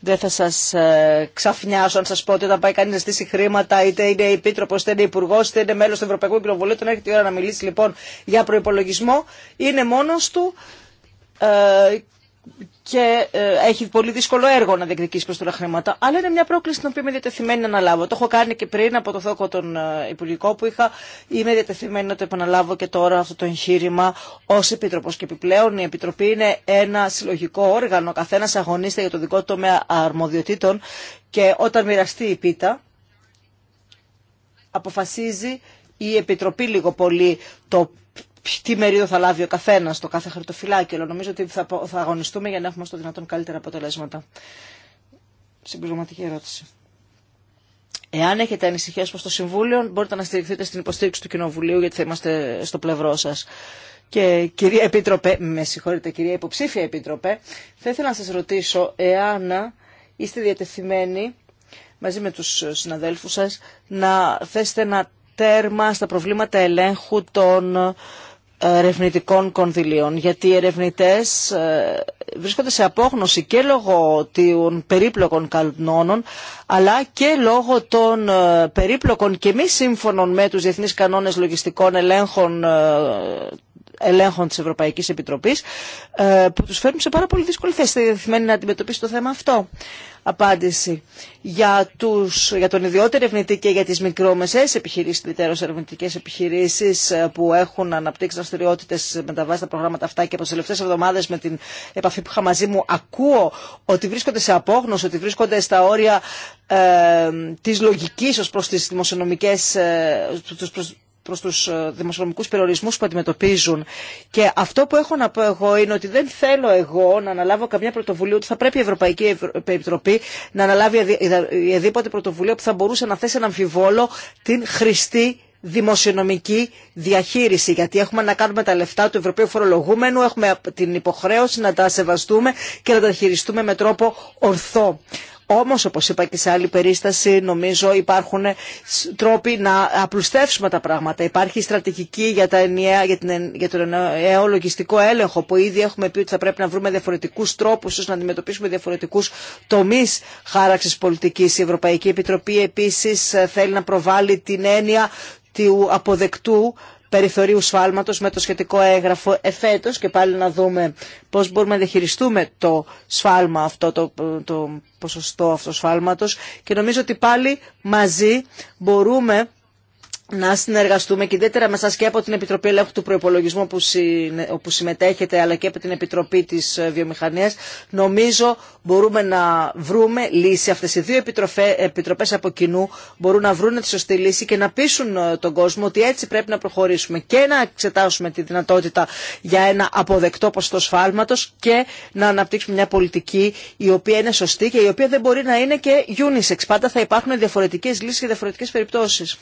Δεν θα σας ε, ξαφνιάσω αν σας πω ότι όταν πάει κανείς να στήσει χρήματα, είτε είναι επίτροπος, είτε είναι υπουργό, είτε είναι μέλος του Ευρωπαϊκού Κοινοβουλίου, όταν έρχεται η ώρα να μιλήσει λοιπόν για προϋπολογισμό, είναι μόνος του ε, και ε, έχει πολύ δύσκολο έργο να διεκδικήσει προ τώρα χρήματα. Αλλά είναι μια πρόκληση την οποία είμαι διατεθειμένη να αναλάβω. Το έχω κάνει και πριν από το θόκο τον ε, υπουργικό που είχα. Είμαι διατεθειμένη να το επαναλάβω και τώρα αυτό το εγχείρημα ω επίτροπο. Και επιπλέον η Επιτροπή είναι ένα συλλογικό όργανο. Καθένα αγωνίστε για το δικό του τομέα αρμοδιοτήτων και όταν μοιραστεί η πίτα αποφασίζει η Επιτροπή λίγο πολύ το τι μερίδο θα λάβει ο καθένα στο κάθε χαρτοφυλάκιο. νομίζω ότι θα, θα αγωνιστούμε για να έχουμε στο δυνατόν καλύτερα αποτελέσματα. Συμπληρωματική ερώτηση. Εάν έχετε ανησυχίε προ το Συμβούλιο, μπορείτε να στηριχθείτε στην υποστήριξη του Κοινοβουλίου, γιατί θα είμαστε στο πλευρό σα. Και κυρία Επίτροπε, με συγχωρείτε, κυρία Υποψήφια Επίτροπε, θα ήθελα να σα ρωτήσω εάν είστε διατεθειμένοι μαζί με τους συναδέλφους σας να θέσετε ένα τέρμα στα προβλήματα ελέγχου των ερευνητικών κονδυλίων, γιατί οι ερευνητές ε, βρίσκονται σε απόγνωση και λόγω των περίπλοκων κανόνων, αλλά και λόγω των ε, περίπλοκων και μη σύμφωνων με τους διεθνείς κανόνες λογιστικών ελέγχων ε, ελέγχων της Ευρωπαϊκής Επιτροπής ε, που τους φέρνουν σε πάρα πολύ δύσκολη θέση. Είστε διεθυμένοι να αντιμετωπίσει το θέμα αυτό. Απάντηση. Για, τους, για τον ιδιότερο ερευνητή και για τις μικρόμεσαίες επιχειρήσεις, ιδιαίτερως ερευνητικές επιχειρήσεις ε, που έχουν αναπτύξει δραστηριότητε με τα βάση τα προγράμματα αυτά και από τις τελευταίες εβδομάδες με την επαφή που είχα μαζί μου ακούω ότι βρίσκονται σε απόγνωση, ότι βρίσκονται στα όρια ε, της λογικής ως προς τις δημοσιονομικές, ε, προς τους ε, δημοσιονομικούς περιορισμούς που αντιμετωπίζουν. Και αυτό που έχω να πω εγώ είναι ότι δεν θέλω εγώ να αναλάβω καμιά πρωτοβουλία ότι θα πρέπει η Ευρωπαϊκή Επιτροπή να αναλάβει οποιαδήποτε πρωτοβουλία που θα μπορούσε να θέσει ένα αμφιβόλο την χρηστή δημοσιονομική διαχείριση. Γιατί έχουμε να κάνουμε τα λεφτά του Ευρωπαίου Φορολογούμενου, έχουμε την υποχρέωση να τα σεβαστούμε και να τα χειριστούμε με τρόπο ορθό. Όμως, όπως είπα και σε άλλη περίσταση, νομίζω υπάρχουν τρόποι να απλουστεύσουμε τα πράγματα. Υπάρχει στρατηγική για, τα ενιαία, για, την, για τον ενιαίο λογιστικό έλεγχο που ήδη έχουμε πει ότι θα πρέπει να βρούμε διαφορετικούς τρόπους ώστε να αντιμετωπίσουμε διαφορετικούς τομείς χάραξης πολιτικής. Η Ευρωπαϊκή Επιτροπή επίσης ε, θέλει να προβάλλει την έννοια του αποδεκτού περιθωρίου σφάλματος με το σχετικό έγγραφο εφέτος και πάλι να δούμε πώς μπορούμε να διαχειριστούμε το σφάλμα αυτό, το, το ποσοστό αυτό σφάλματος και νομίζω ότι πάλι μαζί μπορούμε να συνεργαστούμε και ιδιαίτερα με εσά και από την Επιτροπή Ελέγχου του Προπολογισμού που συμμετέχετε αλλά και από την Επιτροπή της ε, Βιομηχανίας νομίζω μπορούμε να βρούμε λύση. Αυτές οι δύο επιτροπές από κοινού μπορούν να βρουν τη σωστή λύση και να πείσουν ε, τον κόσμο ότι έτσι πρέπει να προχωρήσουμε και να εξετάσουμε τη δυνατότητα για ένα αποδεκτό ποσοστό σφάλματος και να αναπτύξουμε μια πολιτική η οποία είναι σωστή και η οποία δεν μπορεί να είναι και unisex. Πάντα θα υπάρχουν διαφορετικές λύσεις και διαφορετικές περιπτώσεις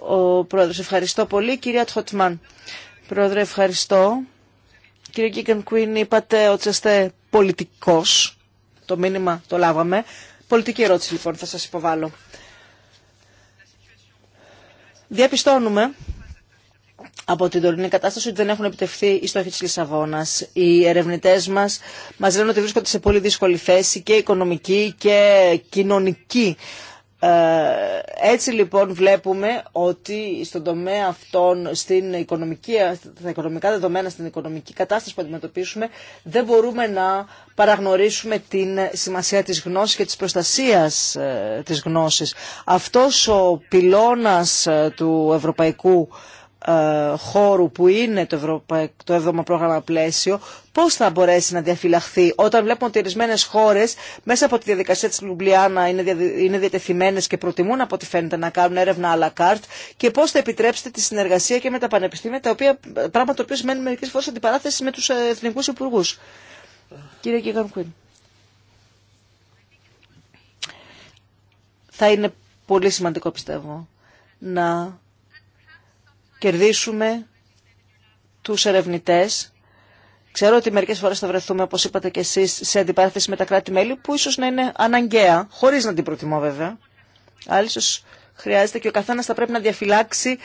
ο Πρόεδρος. Ευχαριστώ πολύ. Κυρία Τχοτμάν. Πρόεδρε, ευχαριστώ. Κύριε Κίκεν Κουίν, είπατε ότι είστε πολιτικός. Το μήνυμα το λάβαμε. Πολιτική ερώτηση λοιπόν θα σας υποβάλω. Διαπιστώνουμε από την τωρινή κατάσταση ότι δεν έχουν επιτευχθεί οι στόχοι τη Λισαβόνα. Οι ερευνητές μας μας λένε ότι βρίσκονται σε πολύ δύσκολη θέση και οικονομική και κοινωνική ε, έτσι λοιπόν βλέπουμε ότι στον τομέα αυτών, στην οικονομική, τα οικονομικά δεδομένα, στην οικονομική κατάσταση που αντιμετωπίσουμε, δεν μπορούμε να παραγνωρίσουμε την σημασία της γνώσης και της προστασίας ε, της γνώσης. Αυτός ο πυλώνας ε, του ευρωπαϊκού ε, χώρου που είναι το, 7ο πρόγραμμα πλαίσιο, πώς θα μπορέσει να διαφυλαχθεί όταν βλέπουμε ότι ορισμένε χώρες μέσα από τη διαδικασία της Λουμπλιάνα είναι, είναι διατεθειμένες και προτιμούν από ό,τι φαίνεται να κάνουν έρευνα à la carte και πώς θα επιτρέψετε τη συνεργασία και με τα πανεπιστήμια, τα οποία, πράγμα το οποίο σημαίνει μερικές φορές αντιπαράθεση με τους ε, εθνικούς υπουργούς. Κύριε Κίγαν Κουίν. Θα είναι πολύ σημαντικό πιστεύω να κερδίσουμε τους ερευνητές. Ξέρω ότι μερικές φορές θα βρεθούμε, όπως είπατε και εσείς, σε αντιπαράθεση με τα κράτη-μέλη, που ίσως να είναι αναγκαία, χωρίς να την προτιμώ βέβαια. Αλλά ίσως χρειάζεται και ο καθένας θα πρέπει να διαφυλάξει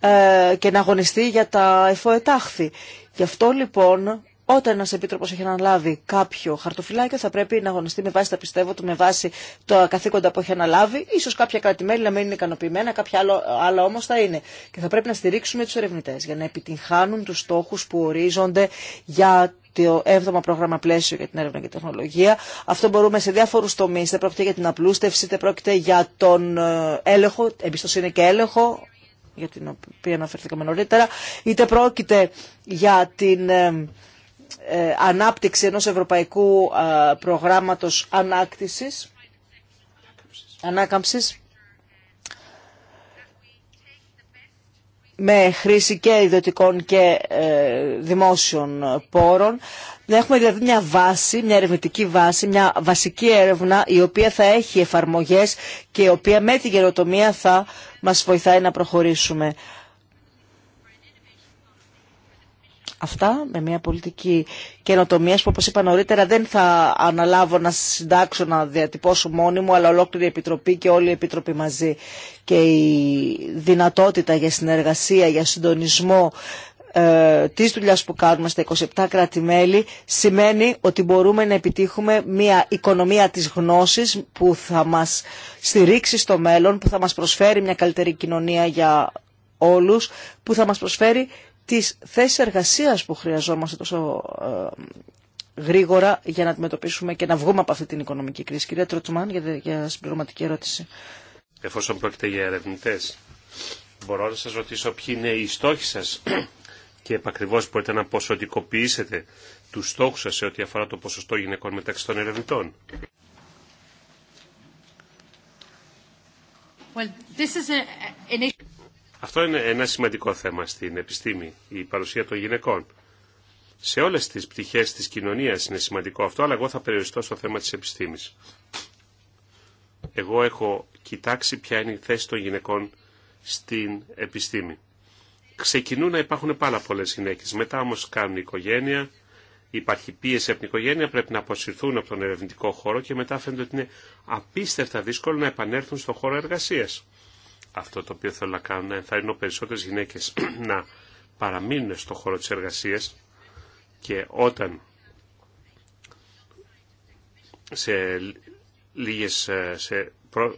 ε, και να αγωνιστεί για τα εφοετάχθη. Γι' αυτό λοιπόν όταν ένα επίτροπο έχει αναλάβει κάποιο χαρτοφυλάκιο, θα πρέπει να αγωνιστεί με βάση τα πιστεύω του, με βάση τα καθήκοντα που έχει αναλάβει. σω κάποια κράτη-μέλη να μην είναι ικανοποιημένα, κάποια άλλο, άλλα όμω θα είναι. Και θα πρέπει να στηρίξουμε του ερευνητέ για να επιτυγχάνουν του στόχου που ορίζονται για το 7ο πρόγραμμα πλαίσιο για την έρευνα και τεχνολογία. Αυτό μπορούμε σε διάφορου τομεί. Δεν πρόκειται για την απλούστευση, δεν πρόκειται για τον ε, έλεγχο, εμπιστοσύνη και έλεγχο, για την οποία αναφερθήκαμε νωρίτερα, είτε πρόκειται για την ε, ε, ανάπτυξη ενός ευρωπαϊκού προγράμματος ανάκτησης, ανάκαμψης με χρήση και ιδιωτικών και ε, δημόσιων πόρων. Να έχουμε δηλαδή μια βάση, μια ερευνητική βάση, μια βασική έρευνα η οποία θα έχει εφαρμογές και η οποία με την γεροτομία θα μας βοηθάει να προχωρήσουμε. αυτά με μια πολιτική καινοτομία που όπως είπα νωρίτερα δεν θα αναλάβω να συντάξω να διατυπώσω μόνη μου αλλά ολόκληρη η Επιτροπή και όλη η Επιτροπή μαζί και η δυνατότητα για συνεργασία, για συντονισμό ε, τη δουλειά που κάνουμε στα 27 κράτη-μέλη σημαίνει ότι μπορούμε να επιτύχουμε μια οικονομία της γνώσης που θα μας στηρίξει στο μέλλον, που θα μας προσφέρει μια καλύτερη κοινωνία για όλους, που θα μας προσφέρει τις θέσεις εργασίας που χρειαζόμαστε τόσο ε, γρήγορα για να αντιμετωπίσουμε και να βγούμε από αυτή την οικονομική κρίση. Κυρία Τροτσμάν, για συμπληρωματική ερώτηση.
Εφόσον πρόκειται για ερευνητέ, μπορώ να σας ρωτήσω ποιοι είναι οι στόχοι σας και επακριβώς μπορείτε να ποσοτικοποιήσετε τους στόχους σας σε ό,τι αφορά το ποσοστό γυναικών μεταξύ των ερευνητών. Αυτό είναι ένα σημαντικό θέμα στην επιστήμη, η παρουσία των γυναικών. Σε όλες τις πτυχές της κοινωνίας είναι σημαντικό αυτό, αλλά εγώ θα περιοριστώ στο θέμα της επιστήμης. Εγώ έχω κοιτάξει ποια είναι η θέση των γυναικών στην επιστήμη. Ξεκινούν να υπάρχουν πάρα πολλέ γυναίκε. Μετά όμω κάνουν οικογένεια, υπάρχει πίεση από την οικογένεια, πρέπει να αποσυρθούν από τον ερευνητικό χώρο και μετά φαίνεται ότι είναι απίστευτα δύσκολο να επανέλθουν στον χώρο εργασία αυτό το οποίο θέλω να κάνω, να ενθαρρύνω περισσότερες γυναίκες να παραμείνουν στο χώρο της εργασίας και όταν σε, λίγες, ε, σε, προ,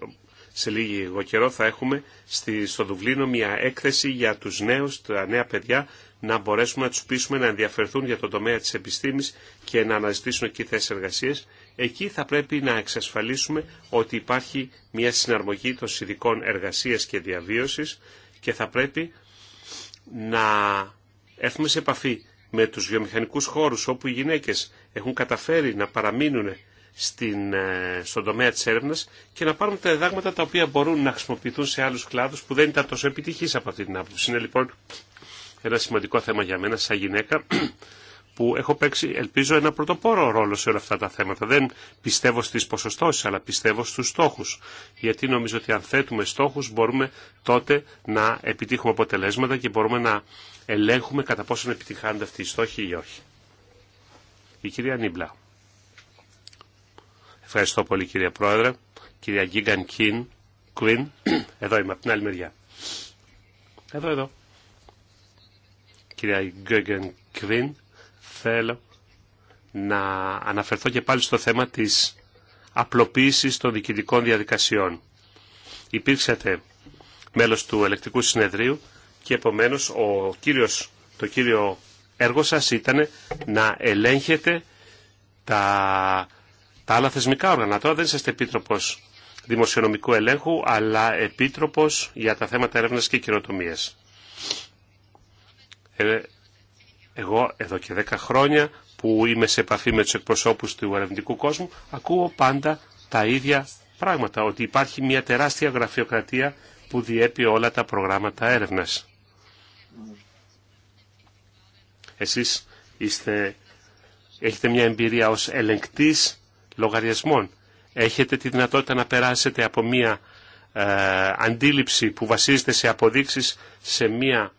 σε λίγη καιρό θα έχουμε στη, στο Δουβλίνο μια έκθεση για τους νέους, τα νέα παιδιά, να μπορέσουμε να τους πείσουμε να ενδιαφερθούν για το τομέα της επιστήμης και να αναζητήσουν εκεί θέσεις εργασίες εκεί θα πρέπει να εξασφαλίσουμε ότι υπάρχει μια συναρμογή των συνδικών εργασίας και διαβίωσης και θα πρέπει να έρθουμε σε επαφή με τους βιομηχανικούς χώρους όπου οι γυναίκες έχουν καταφέρει να παραμείνουν στην, ε, στον τομέα της έρευνας και να πάρουν τα διδάγματα τα οποία μπορούν να χρησιμοποιηθούν σε άλλους κλάδους που δεν ήταν τόσο επιτυχείς από αυτή την άποψη. Είναι λοιπόν ένα σημαντικό θέμα για μένα σαν γυναίκα που έχω παίξει, ελπίζω, ένα πρωτοπόρο ρόλο σε όλα αυτά τα θέματα. Δεν πιστεύω στις ποσοστώσεις, αλλά πιστεύω στους στόχους. Γιατί νομίζω ότι αν θέτουμε στόχους μπορούμε τότε να επιτύχουμε αποτελέσματα και μπορούμε να ελέγχουμε κατά πόσον επιτυχάνονται αυτοί οι στόχοι ή όχι. Η κυρία Νίμπλα. Ευχαριστώ πολύ κυρία Πρόεδρε. Κυρία Γιγκαν Κιν, Κουίν, εδώ είμαι από την άλλη μεριά. Εδώ, εδώ. Κυρία Γίγκαν Κουίν, θέλω να αναφερθώ και πάλι στο θέμα της απλοποίησης των διοικητικών διαδικασιών. Υπήρξατε μέλος του ελεκτικού συνεδρίου και επομένως ο κύριος, το κύριο έργο σας ήταν να ελέγχετε τα, τα άλλα θεσμικά όργανα. Τώρα δεν είσαστε επίτροπος δημοσιονομικού ελέγχου, αλλά επίτροπος για τα θέματα έρευνας και κοινοτομίας. Ε, εγώ εδώ και 10 χρόνια που είμαι σε επαφή με τους εκπροσώπους του ερευνητικού κόσμου ακούω πάντα τα ίδια πράγματα, ότι υπάρχει μια τεράστια γραφειοκρατία που διέπει όλα τα προγράμματα έρευνας. Εσείς είστε, έχετε μια εμπειρία ως ελεγκτής λογαριασμών. Έχετε τη δυνατότητα να περάσετε από μια ε, αντίληψη που βασίζεται σε αποδείξεις σε μια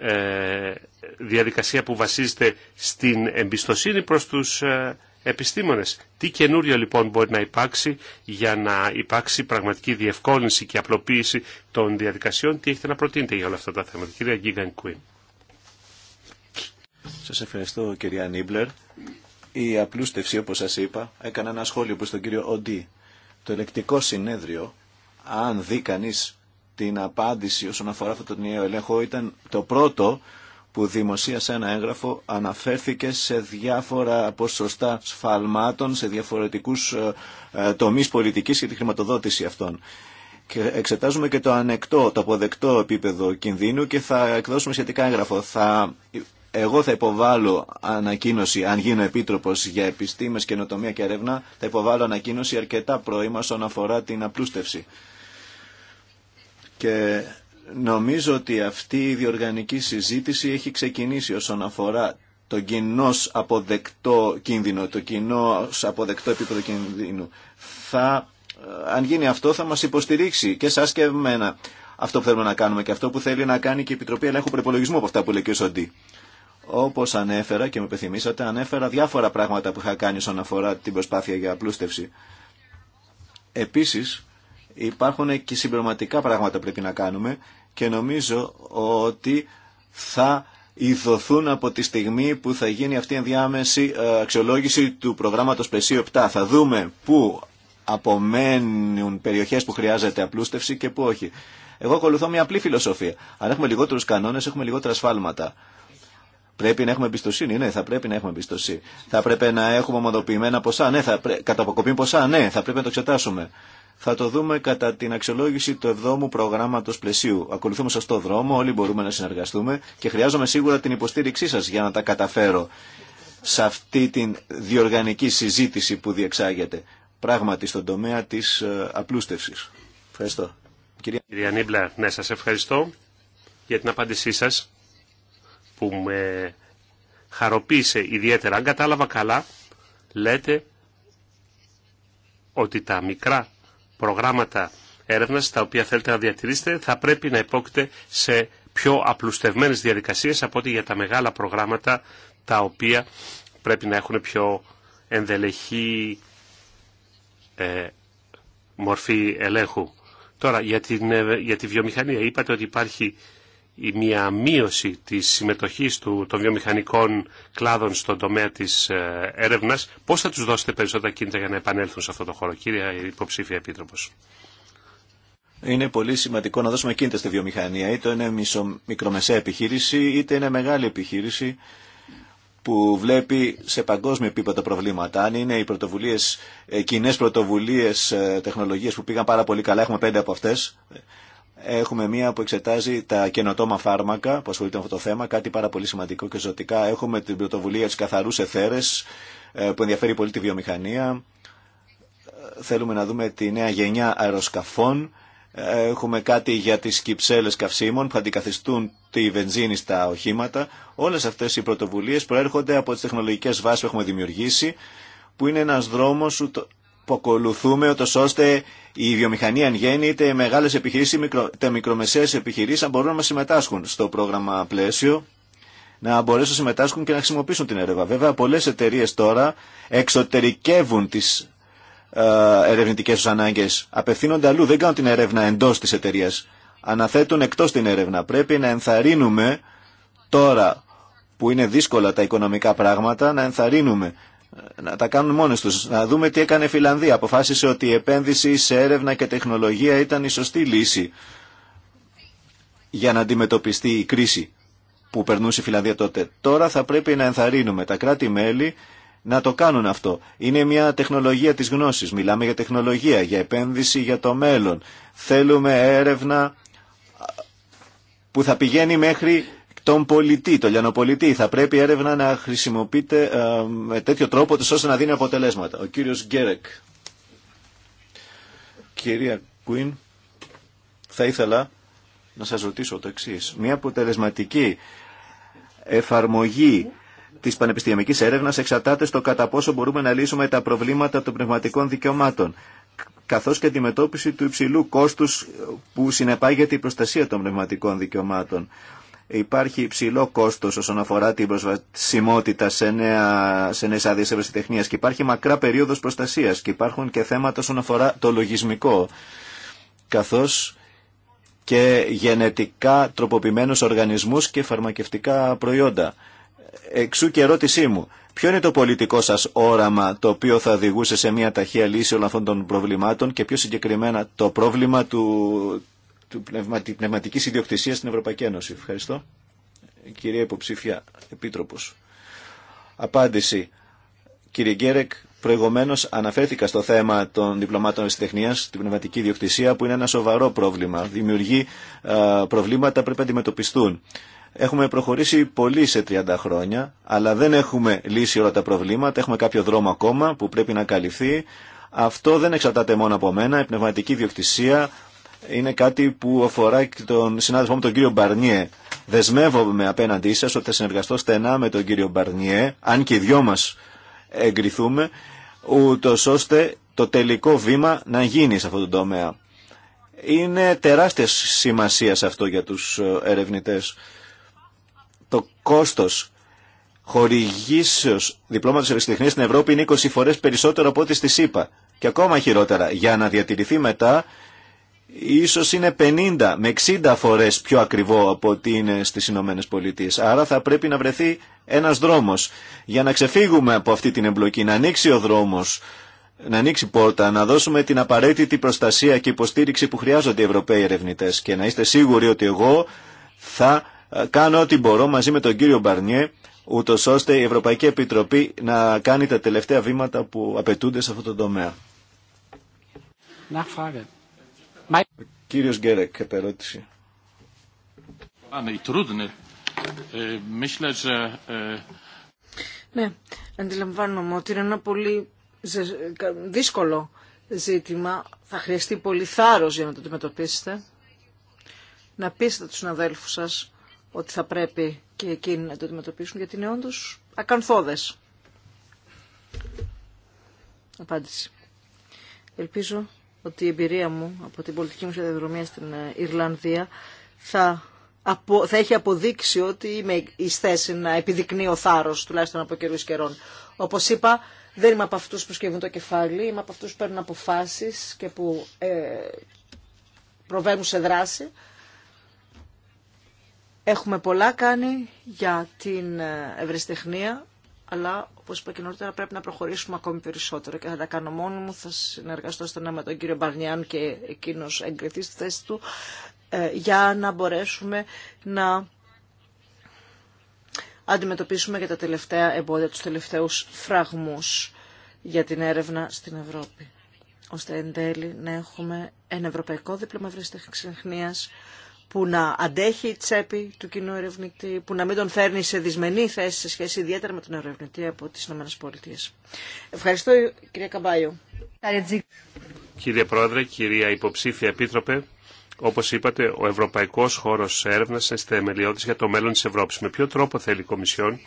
ε, διαδικασία που βασίζεται στην εμπιστοσύνη προς τους ε, επιστήμονες. Τι καινούριο λοιπόν μπορεί να υπάρξει για να υπάρξει πραγματική διευκόλυνση και απλοποίηση των διαδικασιών. Τι έχετε να προτείνετε για όλα αυτά τα θέματα. Κυρία Γκίγαν Κουίν. Σας
ευχαριστώ κυρία Νίμπλερ. Η απλούστευση όπως σας είπα έκανα ένα σχόλιο προς τον κύριο Οντί. Το ελεκτικό συνέδριο, αν δει κανείς την απάντηση όσον αφορά αυτό το νέο ελέγχο, ήταν το πρώτο που δημοσίασε ένα έγγραφο αναφέρθηκε σε διάφορα ποσοστά σφαλμάτων σε διαφορετικούς ε, ε, τομείς πολιτικής και τη χρηματοδότηση αυτών. Και εξετάζουμε και το ανεκτό, το αποδεκτό επίπεδο κινδύνου και θα εκδώσουμε σχετικά έγγραφο. Θα, εγώ θα υποβάλω ανακοίνωση, αν γίνω επίτροπος για επιστήμες, καινοτομία και έρευνα, θα υποβάλω ανακοίνωση αρκετά πρωί όσον αφορά την απλούστευση. Και Νομίζω ότι αυτή η διοργανική συζήτηση έχει ξεκινήσει όσον αφορά το κοινό αποδεκτό κίνδυνο, το κοινό αποδεκτό επίπεδο κίνδυνου. Θα, ε, αν γίνει αυτό θα μας υποστηρίξει και σας και εμένα αυτό που θέλουμε να κάνουμε και αυτό που θέλει να κάνει και η Επιτροπή Ελέγχου Προπολογισμού από αυτά που λέει και ο Σοντή. Όπω ανέφερα και με επιθυμήσατε, ανέφερα διάφορα πράγματα που είχα κάνει όσον αφορά την προσπάθεια για απλούστευση. Επίση, υπάρχουν και συμπληρωματικά πράγματα πρέπει να κάνουμε και νομίζω ότι θα ιδωθούν από τη στιγμή που θα γίνει αυτή η ενδιάμεση ε, αξιολόγηση του προγράμματος Πλαισίου 7. Θα δούμε πού απομένουν περιοχές που χρειάζεται απλούστευση και πού όχι. Εγώ ακολουθώ μια απλή φιλοσοφία. Αν έχουμε λιγότερους κανόνες, έχουμε λιγότερα σφάλματα. Πρέπει να έχουμε εμπιστοσύνη, ναι, θα πρέπει να έχουμε εμπιστοσύνη. Θα πρέπει να έχουμε ομοδοποιημένα ποσά, ναι, θα πρέ... ποσά, ναι, θα πρέπει να το εξετάσουμε. Θα το δούμε κατά την αξιολόγηση του εβδόμου προγράμματος προγράμματο πλαισίου. Ακολουθούμε σωστό δρόμο, όλοι μπορούμε να συνεργαστούμε και χρειάζομαι σίγουρα την υποστήριξή σα για να τα καταφέρω σε αυτή την διοργανική συζήτηση που διεξάγεται πράγματι στον τομέα τη
ε, απλούστευση. Ευχαριστώ. Κυρία Νίμπλα, ναι, σα ευχαριστώ για την απάντησή σα που με χαροποίησε ιδιαίτερα. Αν κατάλαβα καλά, λέτε ότι τα μικρά προγράμματα έρευνας τα οποία θέλετε να διατηρήσετε θα πρέπει να υπόκειται σε πιο απλουστευμένες διαδικασίες από ό,τι για τα μεγάλα προγράμματα τα οποία πρέπει να έχουν πιο ενδελεχή ε, μορφή ελέγχου. Τώρα για, την, ε, για τη βιομηχανία είπατε ότι υπάρχει η μια μείωση της συμμετοχής του, των βιομηχανικών κλάδων στον τομέα της ε, έρευνας, πώς θα τους δώσετε περισσότερα κίνητρα για να επανέλθουν σε αυτό το χώρο, κύριε υποψήφια Επίτροπος.
Είναι πολύ σημαντικό να δώσουμε κίνητρα στη βιομηχανία, είτε είναι μισο, μικρομεσαία επιχείρηση, είτε είναι μεγάλη επιχείρηση που βλέπει σε παγκόσμιο επίπεδο προβλήματα. Αν είναι οι πρωτοβουλίες, ε, κοινέ πρωτοβουλίε ε, τεχνολογίε που πήγαν πάρα πολύ καλά, έχουμε πέντε από αυτές, Έχουμε μία που εξετάζει τα καινοτόμα φάρμακα που ασχολείται με αυτό το θέμα, κάτι πάρα πολύ σημαντικό και ζωτικά. Έχουμε την πρωτοβουλία τη καθαρού εθέρε ε, που ενδιαφέρει πολύ τη βιομηχανία. Ε, θέλουμε να δούμε τη νέα γενιά αεροσκαφών. Ε, έχουμε κάτι για τις κυψέλες καυσίμων που αντικαθιστούν τη βενζίνη στα οχήματα. Όλες αυτές οι πρωτοβουλίες προέρχονται από τις τεχνολογικές βάσεις που έχουμε δημιουργήσει, που είναι ένας δρόμος που ακολουθούμε, ώστε η βιομηχανία εν γέννη, είτε οι μεγάλε επιχειρήσει, τα μικρομεσαίε επιχειρήσει να μπορούν να συμμετάσχουν στο πρόγραμμα πλαίσιο, να μπορέσουν να συμμετάσχουν και να χρησιμοποιήσουν την έρευνα. Βέβαια, πολλές εταιρείε τώρα εξωτερικεύουν τι ε, ερευνητικές τους ανάγκες, Απευθύνονται αλλού, δεν κάνουν την έρευνα εντός της εταιρεία. Αναθέτουν εκτός την έρευνα. Πρέπει να ενθαρρύνουμε τώρα που είναι δύσκολα τα οικονομικά πράγματα, να ενθαρρύνουμε να τα κάνουν μόνες τους. Να δούμε τι έκανε η Φιλανδία. Αποφάσισε ότι η επένδυση σε έρευνα και τεχνολογία ήταν η σωστή λύση για να αντιμετωπιστεί η κρίση που περνούσε η Φιλανδία τότε. Τώρα θα πρέπει να ενθαρρύνουμε τα κράτη-μέλη να το κάνουν αυτό. Είναι μια τεχνολογία της γνώσης. Μιλάμε για τεχνολογία, για επένδυση για το μέλλον. Θέλουμε έρευνα που θα πηγαίνει μέχρι τον πολιτή, τον λιανοπολιτή. Θα πρέπει η έρευνα να χρησιμοποιείται ε, με τέτοιο τρόπο ώστε να δίνει αποτελέσματα. Ο κύριος Γκέρεκ. Κυρία Κουίν, θα ήθελα να σας ρωτήσω το εξή: Μια αποτελεσματική εφαρμογή τη πανεπιστημιακή έρευνα εξαρτάται στο κατά πόσο μπορούμε να λύσουμε τα προβλήματα των πνευματικών δικαιωμάτων, καθώς και αντιμετώπιση του υψηλού κόστου που συνεπάγεται η προστασία των πνευματικών δικαιωμάτων. Υπάρχει υψηλό κόστο όσον αφορά την προσβασιμότητα σε, νέα, σε νέε άδειε ευρεσιτεχνία και υπάρχει μακρά περίοδο προστασία και υπάρχουν και θέματα όσον αφορά το λογισμικό. Καθώ και γενετικά τροποποιημένους οργανισμούς και φαρμακευτικά προϊόντα. Εξού και ερώτησή μου, ποιο είναι το πολιτικό σας όραμα το οποίο θα οδηγούσε σε μια ταχεία λύση όλων αυτών των προβλημάτων και πιο συγκεκριμένα το πρόβλημα του, του πνευματική πνευματικής ιδιοκτησίας στην Ευρωπαϊκή Ένωση. Ευχαριστώ. Κυρία Υποψήφια Επίτροπος. Απάντηση. Κύριε Γκέρεκ, προηγουμένω αναφέρθηκα στο θέμα των διπλωμάτων ευσυτεχνία, την πνευματική ιδιοκτησία, που είναι ένα σοβαρό πρόβλημα. Δημιουργεί προβλήματα, πρέπει να αντιμετωπιστούν. Έχουμε προχωρήσει πολύ σε 30 χρόνια, αλλά δεν έχουμε λύσει όλα τα προβλήματα. Έχουμε κάποιο δρόμο ακόμα που πρέπει να καλυφθεί. Αυτό δεν εξαρτάται μόνο από μένα. Η πνευματική ιδιοκτησία είναι κάτι που αφορά και τον συνάδελφό μου τον κύριο Μπαρνιέ. Δεσμεύομαι απέναντί σα ότι θα συνεργαστώ στενά με τον κύριο Μπαρνιέ, αν και οι δυο μα εγκριθούμε, ούτω ώστε το τελικό βήμα να γίνει σε αυτό το τομέα. Είναι τεράστια σημασία σε αυτό για του ερευνητέ. Το κόστος χορηγήσεως διπλώματο ερευνητή στην Ευρώπη είναι 20 φορέ περισσότερο από ό,τι στη ΣΥΠΑ. Και ακόμα χειρότερα, για να διατηρηθεί μετά ίσως είναι 50 με 60 φορές πιο ακριβό από ότι είναι στις Ηνωμένε Πολιτείε. Άρα θα πρέπει να βρεθεί ένας δρόμος για να ξεφύγουμε από αυτή την εμπλοκή, να ανοίξει ο δρόμος, να ανοίξει πόρτα, να δώσουμε την απαραίτητη προστασία και υποστήριξη που χρειάζονται οι Ευρωπαίοι ερευνητέ και να είστε σίγουροι ότι εγώ θα ε, κάνω ό,τι μπορώ μαζί με τον κύριο Μπαρνιέ ούτω ώστε η Ευρωπαϊκή Επιτροπή να κάνει τα τελευταία βήματα που απαιτούνται σε αυτό το τομέα. Κύριος Γκέρεκ, κατά ερώτηση.
Ε, ε,
ναι,
αντιλαμβάνομαι ότι είναι ένα πολύ δύσκολο ζήτημα. Θα χρειαστεί πολύ θάρρος για να το αντιμετωπίσετε. Να πείσετε τους συναδέλφους σας ότι θα πρέπει και εκείνοι να το αντιμετωπίσουν, γιατί είναι όντως ακανθώδες. Απάντηση. Ελπίζω ότι η εμπειρία μου από την πολιτική μου σταδιοδρομία στην ε, Ιρλανδία θα, θα έχει αποδείξει ότι είμαι η θέση να ο θάρρος, τουλάχιστον από καιρούς καιρών. Όπως είπα, δεν είμαι από αυτούς που σκεύουν το κεφάλι, είμαι από αυτούς που παίρνουν αποφάσεις και που ε, προβαίνουν σε δράση. Έχουμε πολλά κάνει για την ε, ευρεσιτεχνία, αλλά όπως είπα και νωρίτερα, πρέπει να προχωρήσουμε ακόμη περισσότερο και θα τα κάνω μόνο μου. Θα συνεργαστώ στενά με τον κύριο Μπαρνιάν και εκείνος εγκριθεί στη θέση του ε, για να μπορέσουμε να αντιμετωπίσουμε και τα τελευταία εμπόδια, τους τελευταίους φραγμούς για την έρευνα στην Ευρώπη, ώστε εν τέλει να έχουμε ένα ευρωπαϊκό δίπλωμα ευρεσιτεχνίας που να αντέχει η τσέπη του κοινού ερευνητή, που να μην τον φέρνει σε δυσμενή θέση σε σχέση ιδιαίτερα με τον ερευνητή από τις ΗΠΑ. Ευχαριστώ κυρία Καμπάιο.
Κύριε Πρόεδρε, κυρία Υποψήφια Επίτροπε, όπως είπατε, ο ευρωπαϊκός χώρος έρευνας είναι θεμελιώδης για το μέλλον της Ευρώπης. Με ποιο τρόπο θέλει η Κομισιόν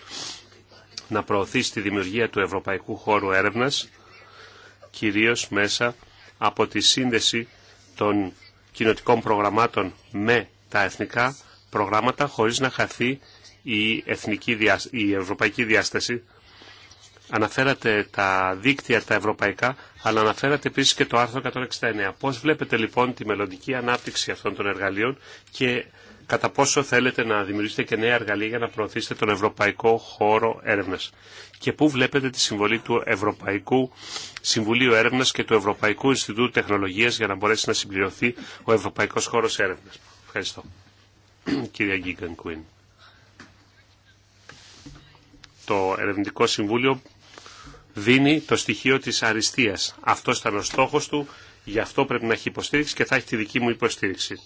να προωθήσει τη δημιουργία του ευρωπαϊκού χώρου έρευνας, κυρίω μέσα από τη σύνδεση των κοινοτικών προγραμμάτων με τα εθνικά προγράμματα χωρίς να χαθεί η, εθνική, η ευρωπαϊκή διάσταση. Αναφέρατε τα δίκτυα τα ευρωπαϊκά, αλλά αναφέρατε επίσης και το άρθρο 169. Πώς βλέπετε λοιπόν τη μελλοντική ανάπτυξη αυτών των εργαλείων και κατά πόσο θέλετε να δημιουργήσετε και νέα εργαλεία για να προωθήσετε τον ευρωπαϊκό χώρο έρευνας. Και πού βλέπετε τη συμβολή του Ευρωπαϊκού Συμβουλίου Έρευνας και του Ευρωπαϊκού Ινστιτούτου Τεχνολογίας για να μπορέσει να συμπληρωθεί ο ευρωπαϊκός χώρος έρευνας. Ευχαριστώ. Κυρία Κουίν. Το Ερευνητικό Συμβούλιο δίνει το στοιχείο της αριστείας. Αυτό ήταν ο στόχος του, γι' αυτό πρέπει να έχει υποστήριξη και θα έχει τη δική μου υποστήριξη.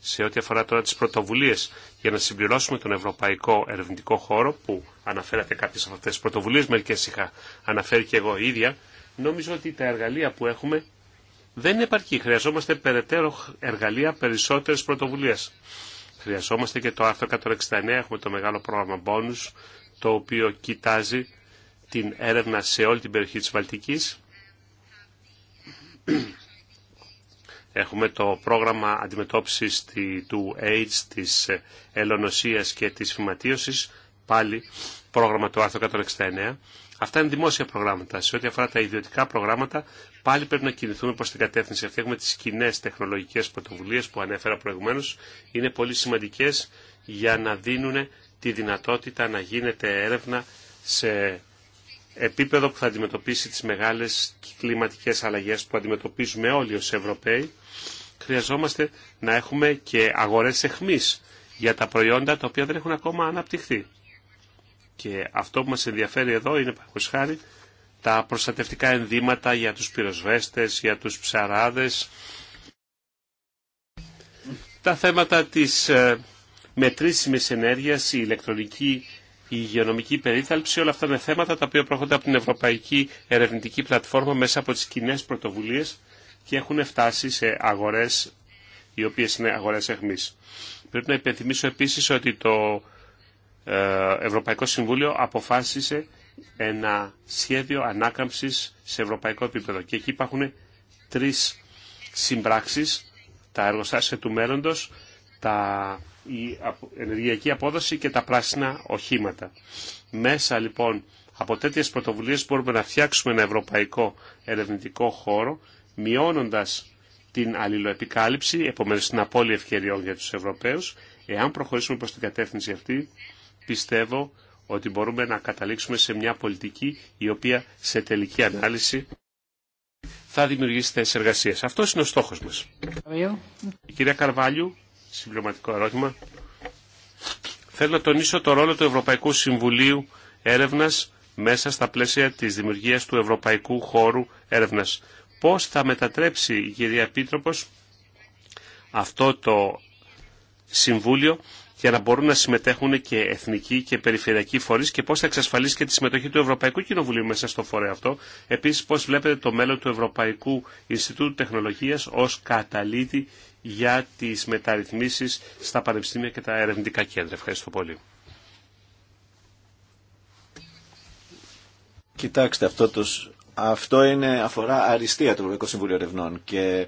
Σε ό,τι αφορά τώρα τις πρωτοβουλίες για να συμπληρώσουμε τον ευρωπαϊκό ερευνητικό χώρο που αναφέρατε κάποιες από αυτές τις πρωτοβουλίες, μερικές είχα αναφέρει και εγώ ίδια, νομίζω ότι τα εργαλεία που έχουμε δεν επαρκή. Χρειαζόμαστε περαιτέρω εργαλεία περισσότερες πρωτοβουλίες. Χρειαζόμαστε και το άρθρο 169, έχουμε το μεγάλο πρόγραμμα bonus, το οποίο κοιτάζει την έρευνα σε όλη την περιοχή της Βαλτικής. Έχουμε το πρόγραμμα αντιμετώπισης του AIDS, της ελονοσίας και της φυματίωσης, πάλι πρόγραμμα του άρθρου 169. Αυτά είναι δημόσια προγράμματα. Σε ό,τι αφορά τα ιδιωτικά προγράμματα πάλι πρέπει να κινηθούμε προ την κατεύθυνση αυτή. Έχουμε τι κοινέ τεχνολογικέ πρωτοβουλίε που ανέφερα προηγουμένω, Είναι πολύ σημαντικέ για να δίνουν τη δυνατότητα να γίνεται έρευνα σε επίπεδο που θα αντιμετωπίσει τις μεγάλες κλιματικές αλλαγές που αντιμετωπίζουμε όλοι ως Ευρωπαίοι. Χρειαζόμαστε να έχουμε και αγορές εχμής για τα προϊόντα τα οποία δεν έχουν ακόμα αναπτυχθεί. Και αυτό που μας ενδιαφέρει εδώ είναι, παραγωγή χάρη, τα προστατευτικά ενδύματα για τους πυροσβέστες, για τους ψαράδες. Τα θέματα της ε, μετρήσιμης ενέργειας, η ηλεκτρονική η υγειονομική περίθαλψη, όλα αυτά είναι θέματα τα οποία προχωρούνται από την Ευρωπαϊκή Ερευνητική Πλατφόρμα μέσα από τις κοινέ πρωτοβουλίες και έχουν φτάσει σε αγορές οι οποίες είναι αγορές εχμής. Πρέπει να υπενθυμίσω επίσης ότι το ε, Ευρωπαϊκό Συμβούλιο αποφάσισε ένα σχέδιο ανάκαμψης σε ευρωπαϊκό επίπεδο. Και εκεί υπάρχουν τρεις συμπράξεις, τα εργοστάσια του μέλλοντος, τα, η ενεργειακή απόδοση και τα πράσινα οχήματα. Μέσα λοιπόν από τέτοιες πρωτοβουλίες μπορούμε να φτιάξουμε ένα ευρωπαϊκό ερευνητικό χώρο, μειώνοντας την αλληλοεπικάλυψη, επομένως την απώλεια ευκαιριών για τους Ευρωπαίους. Εάν προχωρήσουμε προς την κατεύθυνση αυτή, πιστεύω ότι μπορούμε να καταλήξουμε σε μια πολιτική η οποία σε τελική ανάλυση θα δημιουργήσει θέσει εργασία. Αυτό είναι ο στόχο μα. κυρία Καρβάλιου, συμπληρωματικό ερώτημα. Θέλω να τονίσω το ρόλο του Ευρωπαϊκού Συμβουλίου Έρευνα μέσα στα πλαίσια τη δημιουργία του Ευρωπαϊκού Χώρου Έρευνα. Πώ θα μετατρέψει η κυρία Επίτροπο αυτό το Συμβούλιο για να μπορούν να συμμετέχουν και εθνικοί και περιφερειακοί φορεί και πώ θα εξασφαλίσει και τη συμμετοχή του Ευρωπαϊκού Κοινοβουλίου μέσα στο φορέα αυτό. Επίση, πώ βλέπετε το μέλλον του Ευρωπαϊκού Ινστιτούτου Τεχνολογία ω καταλήτη για τι μεταρρυθμίσει στα πανεπιστήμια και τα ερευνητικά κέντρα. Ευχαριστώ πολύ.
Κοιτάξτε, αυτό, το, αυτό είναι, αφορά αριστεία του Ευρωπαϊκού Συμβουλίου Ερευνών και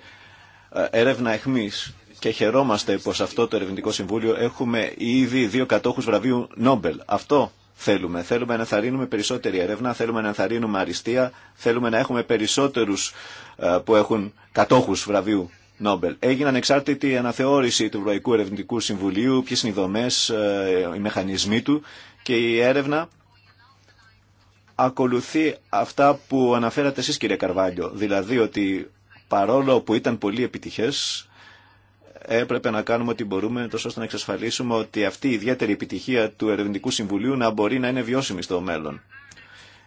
ε, έρευνα εχμής και χαιρόμαστε πως αυτό το Ερευνητικό Συμβούλιο έχουμε ήδη δύο κατόχους βραβείου Νόμπελ. Αυτό θέλουμε. Θέλουμε να θαρρύνουμε περισσότερη έρευνα, θέλουμε να θαρρύνουμε αριστεία, θέλουμε να έχουμε περισσότερους ε, που έχουν κατόχους βραβείου Νόμπελ. Έγινε ανεξάρτητη αναθεώρηση του Ευρωπαϊκού Ερευνητικού Συμβουλίου, ποιε είναι οι δομέ, ε, οι μηχανισμοί του και η έρευνα ακολουθεί αυτά που αναφέρατε εσείς κύριε Καρβάλιο. Δηλαδή ότι παρόλο που ήταν πολύ επιτυχές έπρεπε να κάνουμε ό,τι μπορούμε τόσο ώστε να εξασφαλίσουμε ότι αυτή η ιδιαίτερη επιτυχία του Ερευνητικού Συμβουλίου να μπορεί να είναι βιώσιμη στο μέλλον.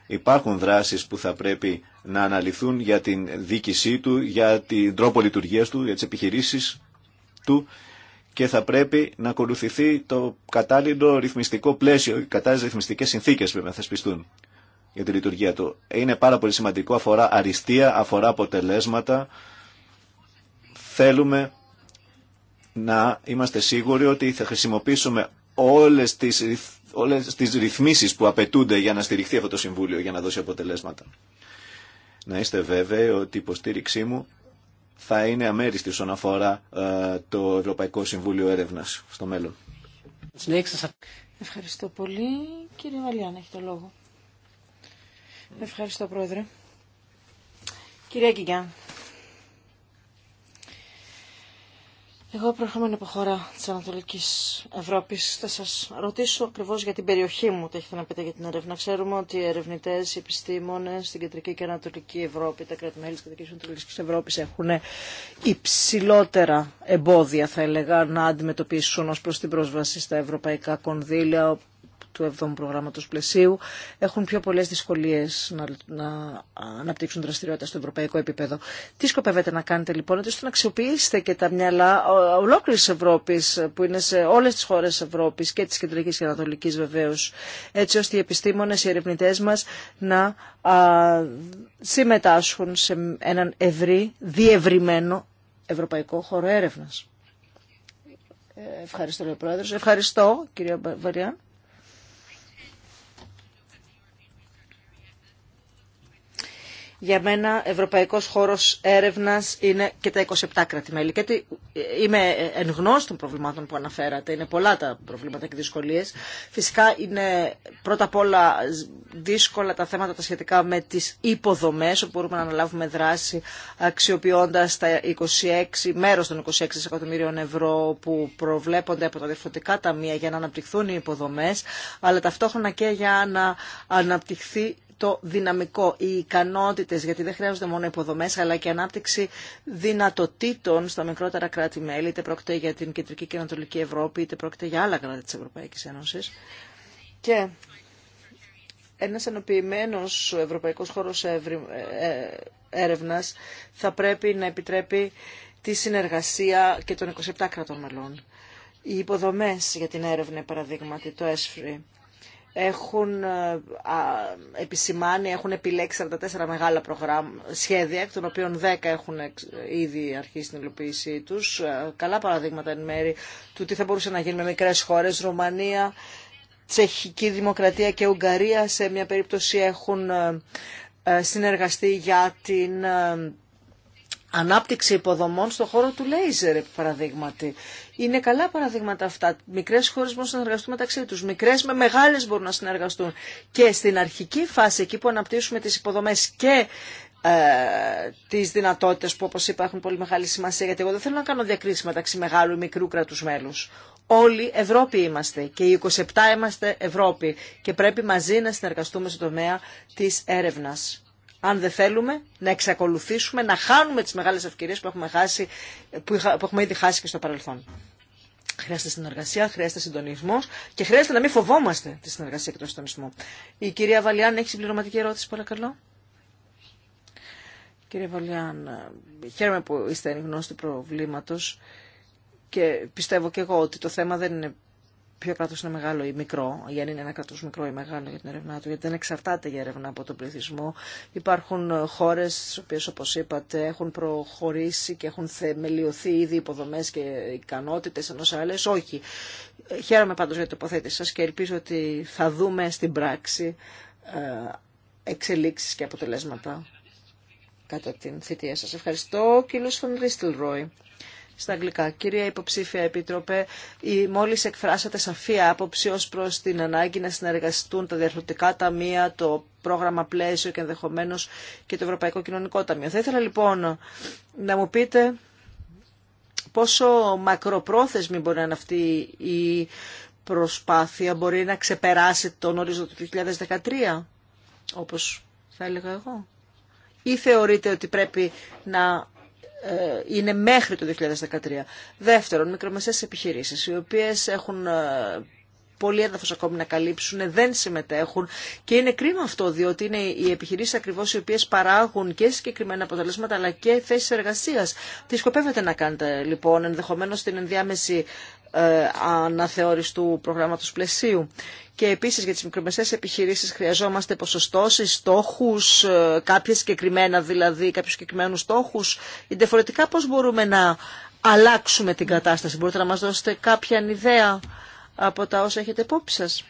Υπάρχουν δράσεις που θα πρέπει να αναλυθούν για την δίκησή του, για την τρόπο λειτουργίας του, για τις επιχειρήσεις του και θα πρέπει να ακολουθηθεί το κατάλληλο ρυθμιστικό πλαίσιο, οι κατάλληλες ρυθμιστικές συνθήκες που θα θεσπιστούν για τη λειτουργία του. Είναι πάρα πολύ σημαντικό, αφορά αριστεία, αφορά αποτελέσματα. Θέλουμε να είμαστε σίγουροι ότι θα χρησιμοποιήσουμε όλες τις, όλες τις ρυθμίσεις που απαιτούνται για να στηριχθεί αυτό το Συμβούλιο, για να δώσει αποτελέσματα. Να είστε βέβαιοι ότι η υποστήριξή μου θα είναι αμέριστη όσον αφορά ε, το Ευρωπαϊκό Συμβούλιο Έρευνας στο μέλλον.
Ευχαριστώ πολύ. Κύριε Βαλιάν, έχει το λόγο. Ευχαριστώ, Πρόεδρε. Κυρία Κιγκιάν. Εγώ προερχόμενη από χώρα τη Ανατολική Ευρώπη, θα σα ρωτήσω ακριβώ για την περιοχή μου τι έχετε να πείτε για την έρευνα. Ξέρουμε ότι οι ερευνητέ, οι επιστήμονε στην Κεντρική και Ανατολική Ευρώπη, τα κράτη-μέλη της Κεντρικής και ανατολική Ευρώπη έχουν υψηλότερα εμπόδια θα έλεγα να αντιμετωπίσουν ω προ την πρόσβαση στα ευρωπαϊκά κονδύλια του 7ου προγράμματο πλαισίου έχουν πιο πολλέ δυσκολίε να, να αναπτύξουν δραστηριότητα στο ευρωπαϊκό επίπεδο. Τι σκοπεύετε να κάνετε λοιπόν, ώστε να αξιοποιήσετε και τα μυαλά ολόκληρη Ευρώπη, που είναι σε όλες τις χώρες Ευρώπη και τη Κεντρική και Ανατολική βεβαίως, έτσι ώστε οι επιστήμονε οι ερευνητέ μα να α, συμμετάσχουν σε έναν ευρύ, διευρυμένο ευρωπαϊκό χώρο έρευνα. Ε, ευχαριστώ, κύριε Ευχαριστώ, κυρία Βαριάν. για μένα Ευρωπαϊκό χώρος έρευνας είναι και τα 27 κράτη-μέλη. Γιατί είμαι εν γνώση των προβλημάτων που αναφέρατε, είναι πολλά τα προβλήματα και δυσκολίες. Φυσικά είναι πρώτα απ' όλα δύσκολα τα θέματα τα σχετικά με τις υποδομές, όπου μπορούμε να αναλάβουμε δράση αξιοποιώντα τα 26, μέρος των 26 εκατομμύριων ευρώ που προβλέπονται από τα διαφορετικά ταμεία για να αναπτυχθούν οι υποδομέ, αλλά ταυτόχρονα και για να αναπτυχθεί το δυναμικό, οι ικανότητες, γιατί δεν χρειάζονται μόνο υποδομές, αλλά και ανάπτυξη δυνατοτήτων στα μικρότερα κράτη-μέλη, είτε πρόκειται για την Κεντρική και Ανατολική Ευρώπη, είτε πρόκειται για άλλα κράτη της Ευρωπαϊκής Ένωσης. Και ένας ενοποιημένος ευρωπαϊκός χώρος ε, έρευνας θα πρέπει να επιτρέπει τη συνεργασία και των 27 κρατών μελών. Οι υποδομές για την έρευνα, παραδείγματι, το ΕΣΦΡΙ, έχουν ε, επισημάνει, έχουν επιλέξει 44 μεγάλα σχέδια, εκ των οποίων 10 έχουν ήδη αρχίσει την υλοποίησή τους. Ε, καλά παραδείγματα εν μέρη του τι θα μπορούσε να γίνει με μικρές χώρες, Ρουμανία, Τσεχική Δημοκρατία και Ουγγαρία σε μια περίπτωση έχουν ε, συνεργαστεί για την ανάπτυξη υποδομών στον χώρο του λέιζερ, παραδείγματι. Είναι καλά παραδείγματα αυτά. Μικρέ χώρε μπορούν να συνεργαστούν μεταξύ του. Μικρέ με μεγάλε μπορούν να συνεργαστούν. Και στην αρχική φάση, εκεί που αναπτύσσουμε τι υποδομέ και ε, τι δυνατότητε που, όπω είπα, έχουν πολύ μεγάλη σημασία, γιατί εγώ δεν θέλω να κάνω διακρίσει μεταξύ μεγάλου ή μικρού κράτου μέλου. Όλοι Ευρώπη είμαστε και οι 27 είμαστε Ευρώπη και πρέπει μαζί να συνεργαστούμε στον τομέα της έρευνα αν δεν θέλουμε να εξακολουθήσουμε να χάνουμε τις μεγάλες ευκαιρίες που έχουμε, χάσει, που έχουμε ήδη χάσει και στο παρελθόν. Χρειάζεται συνεργασία, χρειάζεται συντονισμό και χρειάζεται να μην φοβόμαστε τη συνεργασία και τον συντονισμό. Η κυρία Βαλιάν έχει συμπληρωματική ερώτηση, παρακαλώ. Κύριε Βαλιάν, χαίρομαι που είστε εν γνώση του προβλήματος και πιστεύω και εγώ ότι το θέμα δεν είναι ποιο κράτο είναι μεγάλο ή μικρό, ή αν είναι ένα κράτο μικρό ή μεγάλο για την έρευνά του, γιατί δεν εξαρτάται η έρευνα από τον πληθυσμό. Υπάρχουν χώρε, τι οποίε, όπω είπατε, έχουν προχωρήσει και έχουν θεμελιωθεί ήδη υποδομέ και ικανότητε, ενώ σε άλλε όχι. Χαίρομαι πάντω για την τοποθέτηση σα και ελπίζω ότι θα δούμε στην πράξη ε, εξελίξει και αποτελέσματα κατά την θητεία σας. Ευχαριστώ, κύριος Φαν Ρόι στα αγγλικά. Κυρία Υποψήφια Επίτροπε, μόλι εκφράσατε σαφή άποψη ω προ την ανάγκη να συνεργαστούν τα διαρθρωτικά ταμεία, το πρόγραμμα πλαίσιο και ενδεχομένω και το Ευρωπαϊκό Κοινωνικό Ταμείο. Θα ήθελα λοιπόν να μου πείτε πόσο μακροπρόθεσμη μπορεί να είναι αυτή η προσπάθεια, μπορεί να ξεπεράσει τον ορίζοντα του 2013, όπως θα έλεγα εγώ. Ή θεωρείτε ότι πρέπει να ε, είναι μέχρι το 2013. Δεύτερον, μικρομεσαίες επιχειρήσεις, οι οποίες έχουν ε, πολύ έδαφος ακόμη να καλύψουν, δεν συμμετέχουν και είναι κρίμα αυτό διότι είναι οι επιχειρήσεις ακριβώς οι οποίες παράγουν και συγκεκριμένα αποτελέσματα αλλά και θέσεις εργασίας. Τι σκοπεύετε να κάνετε λοιπόν ενδεχομένως στην ενδιάμεση ε, αναθεώρηση του προγράμματος πλαισίου. Και επίσης για τις μικρομεσαίες επιχειρήσεις χρειαζόμαστε ποσοστώσεις, στόχους, ε, κάποια συγκεκριμένα δηλαδή, κάποιους συγκεκριμένους στόχους. Διαφορετικά πώς μπορούμε να αλλάξουμε την κατάσταση. Μπορείτε να μας δώσετε κάποια ιδέα από τα όσα έχετε υπόψη σας.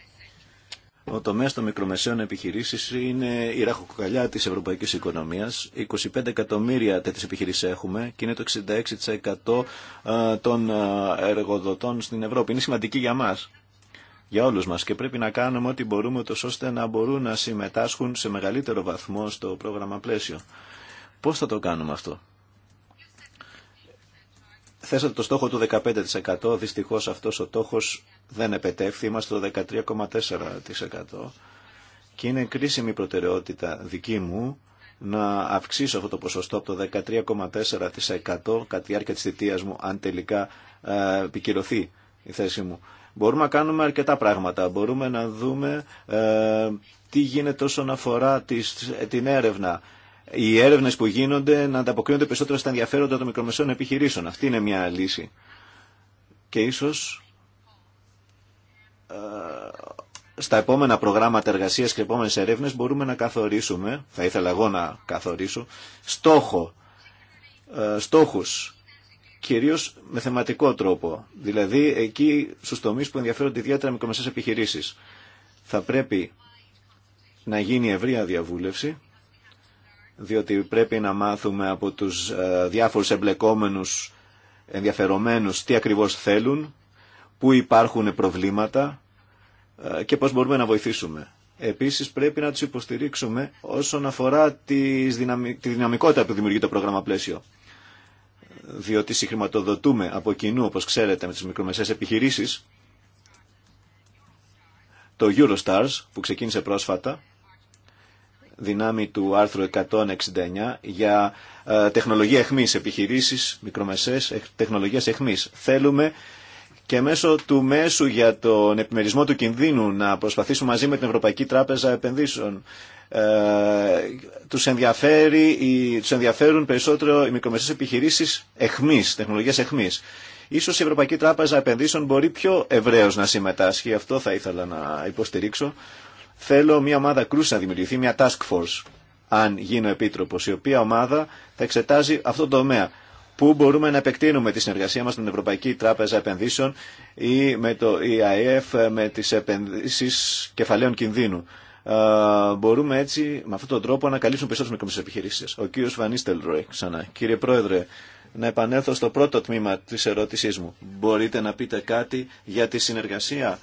Ο τομέα των μικρομεσαίων επιχειρήσεων είναι η ράχοκοκαλιά τη ευρωπαϊκή οικονομία. 25 εκατομμύρια τέτοιε επιχειρήσει έχουμε και είναι το 66% των εργοδοτών στην Ευρώπη. Είναι σημαντική για μα, για όλου μα και πρέπει να κάνουμε ό,τι μπορούμε τόσο ώστε να μπορούν να συμμετάσχουν σε μεγαλύτερο βαθμό στο πρόγραμμα πλαίσιο. Πώ θα το κάνουμε αυτό θέσατε το στόχο του 15%. Δυστυχώ αυτός ο στόχο δεν επετεύχθη. Είμαστε το 13,4%. Και είναι κρίσιμη προτεραιότητα δική μου να αυξήσω αυτό το ποσοστό από το 13,4% κατά τη διάρκεια της θητείας μου, αν τελικά ε, επικυρωθεί η θέση μου. Μπορούμε να κάνουμε αρκετά πράγματα. Μπορούμε να δούμε ε, τι γίνεται όσον αφορά τις, την έρευνα οι έρευνε που γίνονται να ανταποκρίνονται περισσότερο στα ενδιαφέροντα των μικρομεσαίων επιχειρήσεων. Αυτή είναι μια λύση. Και ίσω ε, στα επόμενα προγράμματα εργασία και επόμενες ερεύνες μπορούμε να καθορίσουμε, θα ήθελα εγώ να καθορίσω, στόχο, ε, στόχους, κυρίως με θεματικό τρόπο, δηλαδή εκεί στους τομείς που ενδιαφέρονται ιδιαίτερα μικρομεσαίες επιχειρήσεις. Θα πρέπει να γίνει ευρεία διαβούλευση διότι πρέπει να μάθουμε από τους ε, διάφορους εμπλεκόμενους ενδιαφερομένους τι ακριβώς θέλουν, πού υπάρχουν προβλήματα ε, και πώς μπορούμε να βοηθήσουμε. Επίσης πρέπει να τους υποστηρίξουμε όσον αφορά τη δυναμικότητα που δημιουργεί το πρόγραμμα πλαίσιο. Διότι συγχρηματοδοτούμε από κοινού, όπως ξέρετε, με τις μικρομεσαίες επιχειρήσεις, το Eurostars που ξεκίνησε πρόσφατα δυνάμει του άρθρου 169 για ε, τεχνολογία εχμής, επιχειρήσεις μικρομεσαίες τεχνολογίας εχμής. Θέλουμε και μέσω του μέσου για τον επιμερισμό του κινδύνου να προσπαθήσουμε μαζί με την Ευρωπαϊκή Τράπεζα Επενδύσεων. Ε, τους, ενδιαφέρει, τους ενδιαφέρουν περισσότερο οι μικρομεσαίες επιχειρήσεις εχμής, τεχνολογίας εχμής. Ίσως η Ευρωπαϊκή Τράπεζα Επενδύσεων μπορεί πιο ευρέως να συμμετάσχει, αυτό θα ήθελα να υποστηρίξω. Θέλω μια ομάδα κρούση να δημιουργηθεί, μια task force, αν γίνω επίτροπο, η οποία ομάδα θα εξετάζει αυτό το τομέα. Πού μπορούμε να επεκτείνουμε τη συνεργασία μα με την Ευρωπαϊκή Τράπεζα Επενδύσεων ή με το EIF, με τι επενδύσει κεφαλαίων κινδύνου. Uh, μπορούμε έτσι με αυτόν τον τρόπο να καλύψουμε περισσότερε μικρομεσαίε επιχειρήσει. Ο κύριο Βανίστελ Ρόι, ξανά. Κύριε Πρόεδρε, να επανέλθω στο πρώτο τμήμα τη ερώτησή μου. Μπορείτε να πείτε κάτι για τη συνεργασία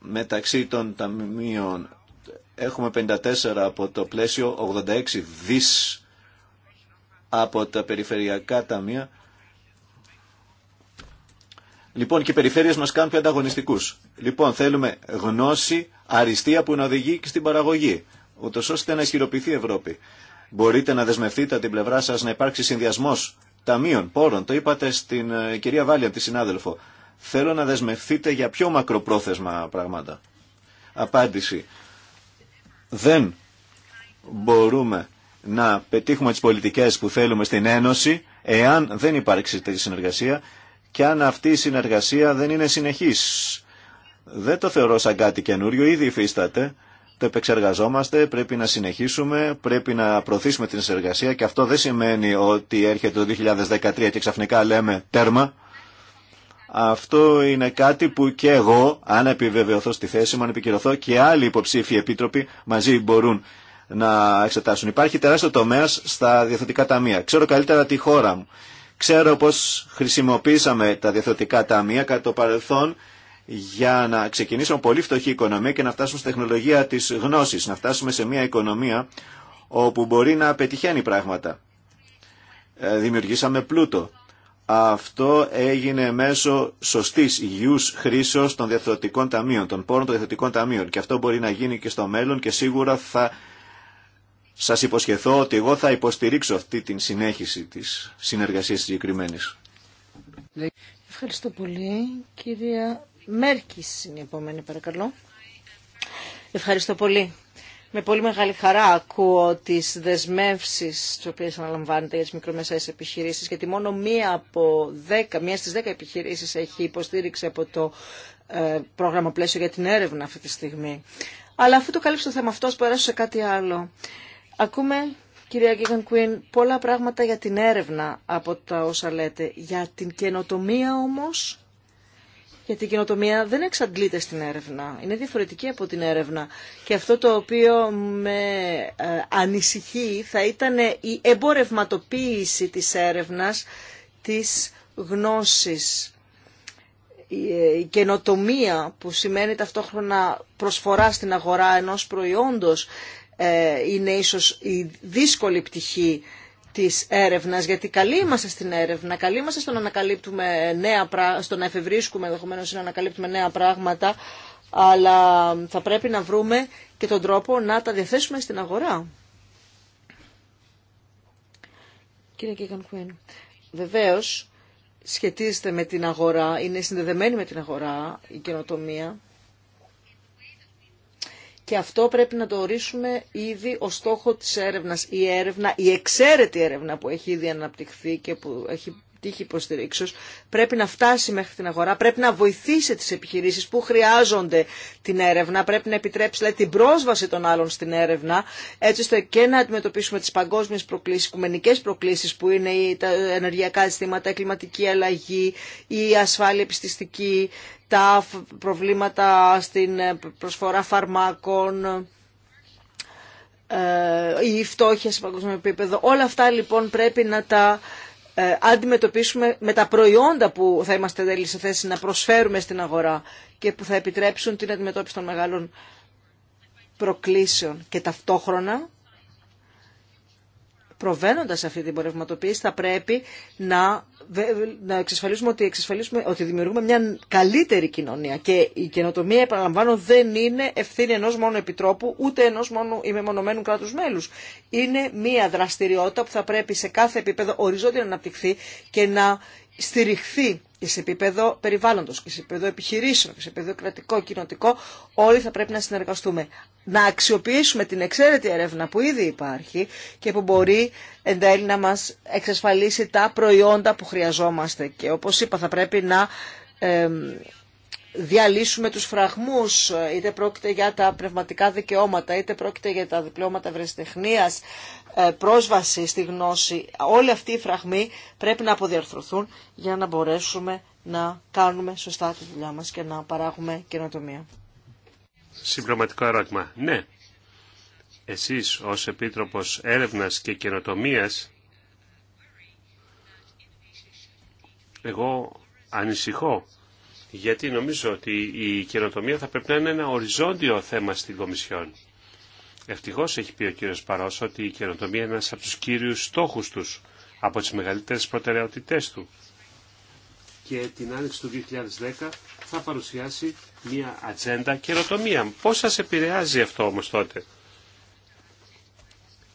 μεταξύ των ταμείων έχουμε 54 από το πλαίσιο, 86 δις από τα περιφερειακά ταμεία. Λοιπόν, και οι περιφέρειες μας κάνουν πιο ανταγωνιστικούς. Λοιπόν, θέλουμε γνώση, αριστεία που να οδηγεί και στην παραγωγή, ούτω ώστε να ισχυροποιηθεί η Ευρώπη. Μπορείτε να δεσμευτείτε από την πλευρά σας να υπάρξει συνδυασμός ταμείων, πόρων. Το είπατε στην ε, κυρία Βάλια, τη συνάδελφο. Θέλω να δεσμευτείτε για πιο μακροπρόθεσμα πράγματα. Απάντηση. Δεν μπορούμε να πετύχουμε τις πολιτικές που θέλουμε στην Ένωση εάν δεν υπάρξει τέτοια συνεργασία και αν αυτή η συνεργασία δεν είναι συνεχής. Δεν το θεωρώ σαν κάτι καινούριο, ήδη υφίσταται. Το επεξεργαζόμαστε, πρέπει να συνεχίσουμε, πρέπει να προωθήσουμε την συνεργασία και αυτό δεν σημαίνει ότι έρχεται το 2013 και ξαφνικά λέμε τέρμα. Αυτό είναι κάτι που και εγώ, αν επιβεβαιωθώ στη θέση μου, αν επικυρωθώ και άλλοι υποψήφοι επίτροποι μαζί μπορούν να εξετάσουν. Υπάρχει τεράστιο τομέα στα διαθετικά ταμεία. Ξέρω καλύτερα τη χώρα μου. Ξέρω πώς χρησιμοποίησαμε τα διαθετικά ταμεία κατά το παρελθόν για να ξεκινήσουμε πολύ φτωχή οικονομία και να φτάσουμε στη τεχνολογία της γνώσης, να φτάσουμε σε μια οικονομία όπου μπορεί να πετυχαίνει πράγματα. Ε, δημιουργήσαμε πλούτο. Αυτό έγινε μέσω σωστή υγιού χρήσεω των διαθροτικών ταμείων, των πόρων των διαθροτικών ταμείων. Και αυτό μπορεί να γίνει και στο μέλλον και σίγουρα θα σα υποσχεθώ ότι εγώ θα υποστηρίξω αυτή την συνέχιση τη συνεργασία συγκεκριμένη.
Ευχαριστώ πολύ. Κυρία Μέρκη, είναι η επόμενη, παρακαλώ. Ευχαριστώ πολύ. Με πολύ μεγάλη χαρά ακούω τις δεσμεύσει τι οποίε αναλαμβάνετε για τι μικρομεσαίες επιχειρήσει, γιατί μόνο μία, από δέκα, μία στις δέκα επιχειρήσεις έχει υποστήριξη από το ε, πρόγραμμα πλαίσιο για την έρευνα αυτή τη στιγμή. Αλλά αφού το καλύψω το θέμα αυτό, περάσω σε κάτι άλλο. Ακούμε, κυρία Γκίγαν Κουίν, πολλά πράγματα για την έρευνα από τα όσα λέτε. Για την καινοτομία όμως, γιατί η καινοτομία δεν εξαντλείται στην έρευνα. Είναι διαφορετική από την έρευνα. Και αυτό το οποίο με ε, ανησυχεί θα ήταν η εμπορευματοποίηση της έρευνας της γνώσης. Η ε, καινοτομία που σημαίνει ταυτόχρονα προσφορά στην αγορά ενός προϊόντος ε, είναι ίσως η δύσκολη πτυχή της έρευνας, γιατί καλοί είμαστε στην έρευνα, καλοί είμαστε στο να, ανακαλύπτουμε νέα, στο να εφευρίσκουμε ενδεχομένω να ανακαλύπτουμε νέα πράγματα, αλλά θα πρέπει να βρούμε και τον τρόπο να τα διαθέσουμε στην αγορά. Κύριε Κίγκαν Κουίν, βεβαίως σχετίζεται με την αγορά, είναι συνδεδεμένη με την αγορά η καινοτομία και αυτό πρέπει να το ορίσουμε ήδη ο στόχο της έρευνας. Η έρευνα, η εξαίρετη έρευνα που έχει ήδη αναπτυχθεί και που έχει τύχη υποστηρίξεω, πρέπει να φτάσει μέχρι την αγορά, πρέπει να βοηθήσει τι επιχειρήσει που χρειάζονται την έρευνα, πρέπει να επιτρέψει δηλαδή, την πρόσβαση των άλλων στην έρευνα έτσι ώστε και να αντιμετωπίσουμε τι παγκόσμιες προκλήσεις, οικουμενικέ προκλήσει που είναι τα ενεργειακά αισθήματα, η κλιματική αλλαγή, η ασφάλεια επιστηστική, τα προβλήματα στην ε, προσφορά φαρμάκων, ε, η φτώχεια σε παγκόσμιο επίπεδο. Όλα αυτά λοιπόν πρέπει να τα ε, αντιμετωπίσουμε με τα προϊόντα που θα είμαστε τέλει σε θέση να προσφέρουμε στην αγορά και που θα επιτρέψουν την αντιμετώπιση των μεγάλων προκλήσεων και ταυτόχρονα προβαίνοντας αυτή την πορευματοποίηση θα πρέπει να να εξασφαλίσουμε ότι, εξασφαλίσουμε ότι δημιουργούμε μια καλύτερη κοινωνία. Και η καινοτομία, επαναλαμβάνω, δεν είναι ευθύνη ενό μόνο επιτρόπου, ούτε ενό μόνο ημεμονωμένου κράτου μέλου. Είναι μια δραστηριότητα που θα πρέπει σε κάθε επίπεδο οριζόντια να αναπτυχθεί και να στηριχθεί και σε επίπεδο περιβάλλοντος και σε επίπεδο επιχειρήσεων και σε επίπεδο κρατικό, κοινοτικό, όλοι θα πρέπει να συνεργαστούμε. Να αξιοποιήσουμε την εξαίρετη έρευνα που ήδη υπάρχει και που μπορεί εν τέλει να μας εξασφαλίσει τα προϊόντα που χρειαζόμαστε. Και όπως είπα θα πρέπει να διαλύσουμε τους φραγμούς, είτε πρόκειται για τα πνευματικά δικαιώματα, είτε πρόκειται για τα διπλώματα ευρεσιτεχνία. Ε, πρόσβαση στη γνώση, όλοι αυτοί οι φραγμοί πρέπει να αποδιαρθρωθούν για να μπορέσουμε να κάνουμε σωστά τη δουλειά μας και να παράγουμε καινοτομία.
Συμπληρωματικό ερώτημα. Ναι, εσείς ως Επίτροπος Έρευνας και Καινοτομίας, εγώ ανησυχώ, γιατί νομίζω ότι η καινοτομία θα πρέπει να είναι ένα οριζόντιο θέμα στην Κομισιόν. Ευτυχώς έχει πει ο κύριος Παρόσο, ότι η καινοτομία είναι ένα από τους κύριους στόχου τους, από τις μεγαλύτερε προτεραιότητέ του. Και την άνοιξη του 2010 θα παρουσιάσει μια ατζέντα καινοτομία. Πώς σα επηρεάζει αυτό όμως τότε.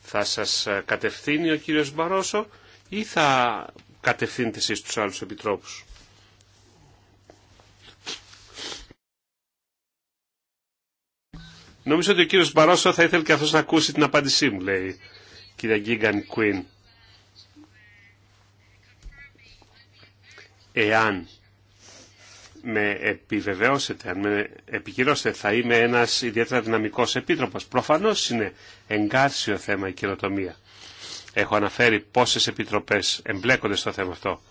Θα σας κατευθύνει ο κύριος Μπαρόσο ή θα κατευθύνετε εσείς τους άλλους επιτρόπους. Νομίζω ότι ο κύριος Μπαρόσο θα ήθελε και αυτό να ακούσει την απάντησή μου, λέει η κυρία Γκίγκαν Κουίν. Εάν με επιβεβαιώσετε, αν με επικυρώσετε, θα είμαι ένας ιδιαίτερα δυναμικός επίτροπος. Προφανώς είναι εγκάρσιο θέμα η καινοτομία. Έχω αναφέρει πόσες επιτροπές εμπλέκονται στο θέμα αυτό.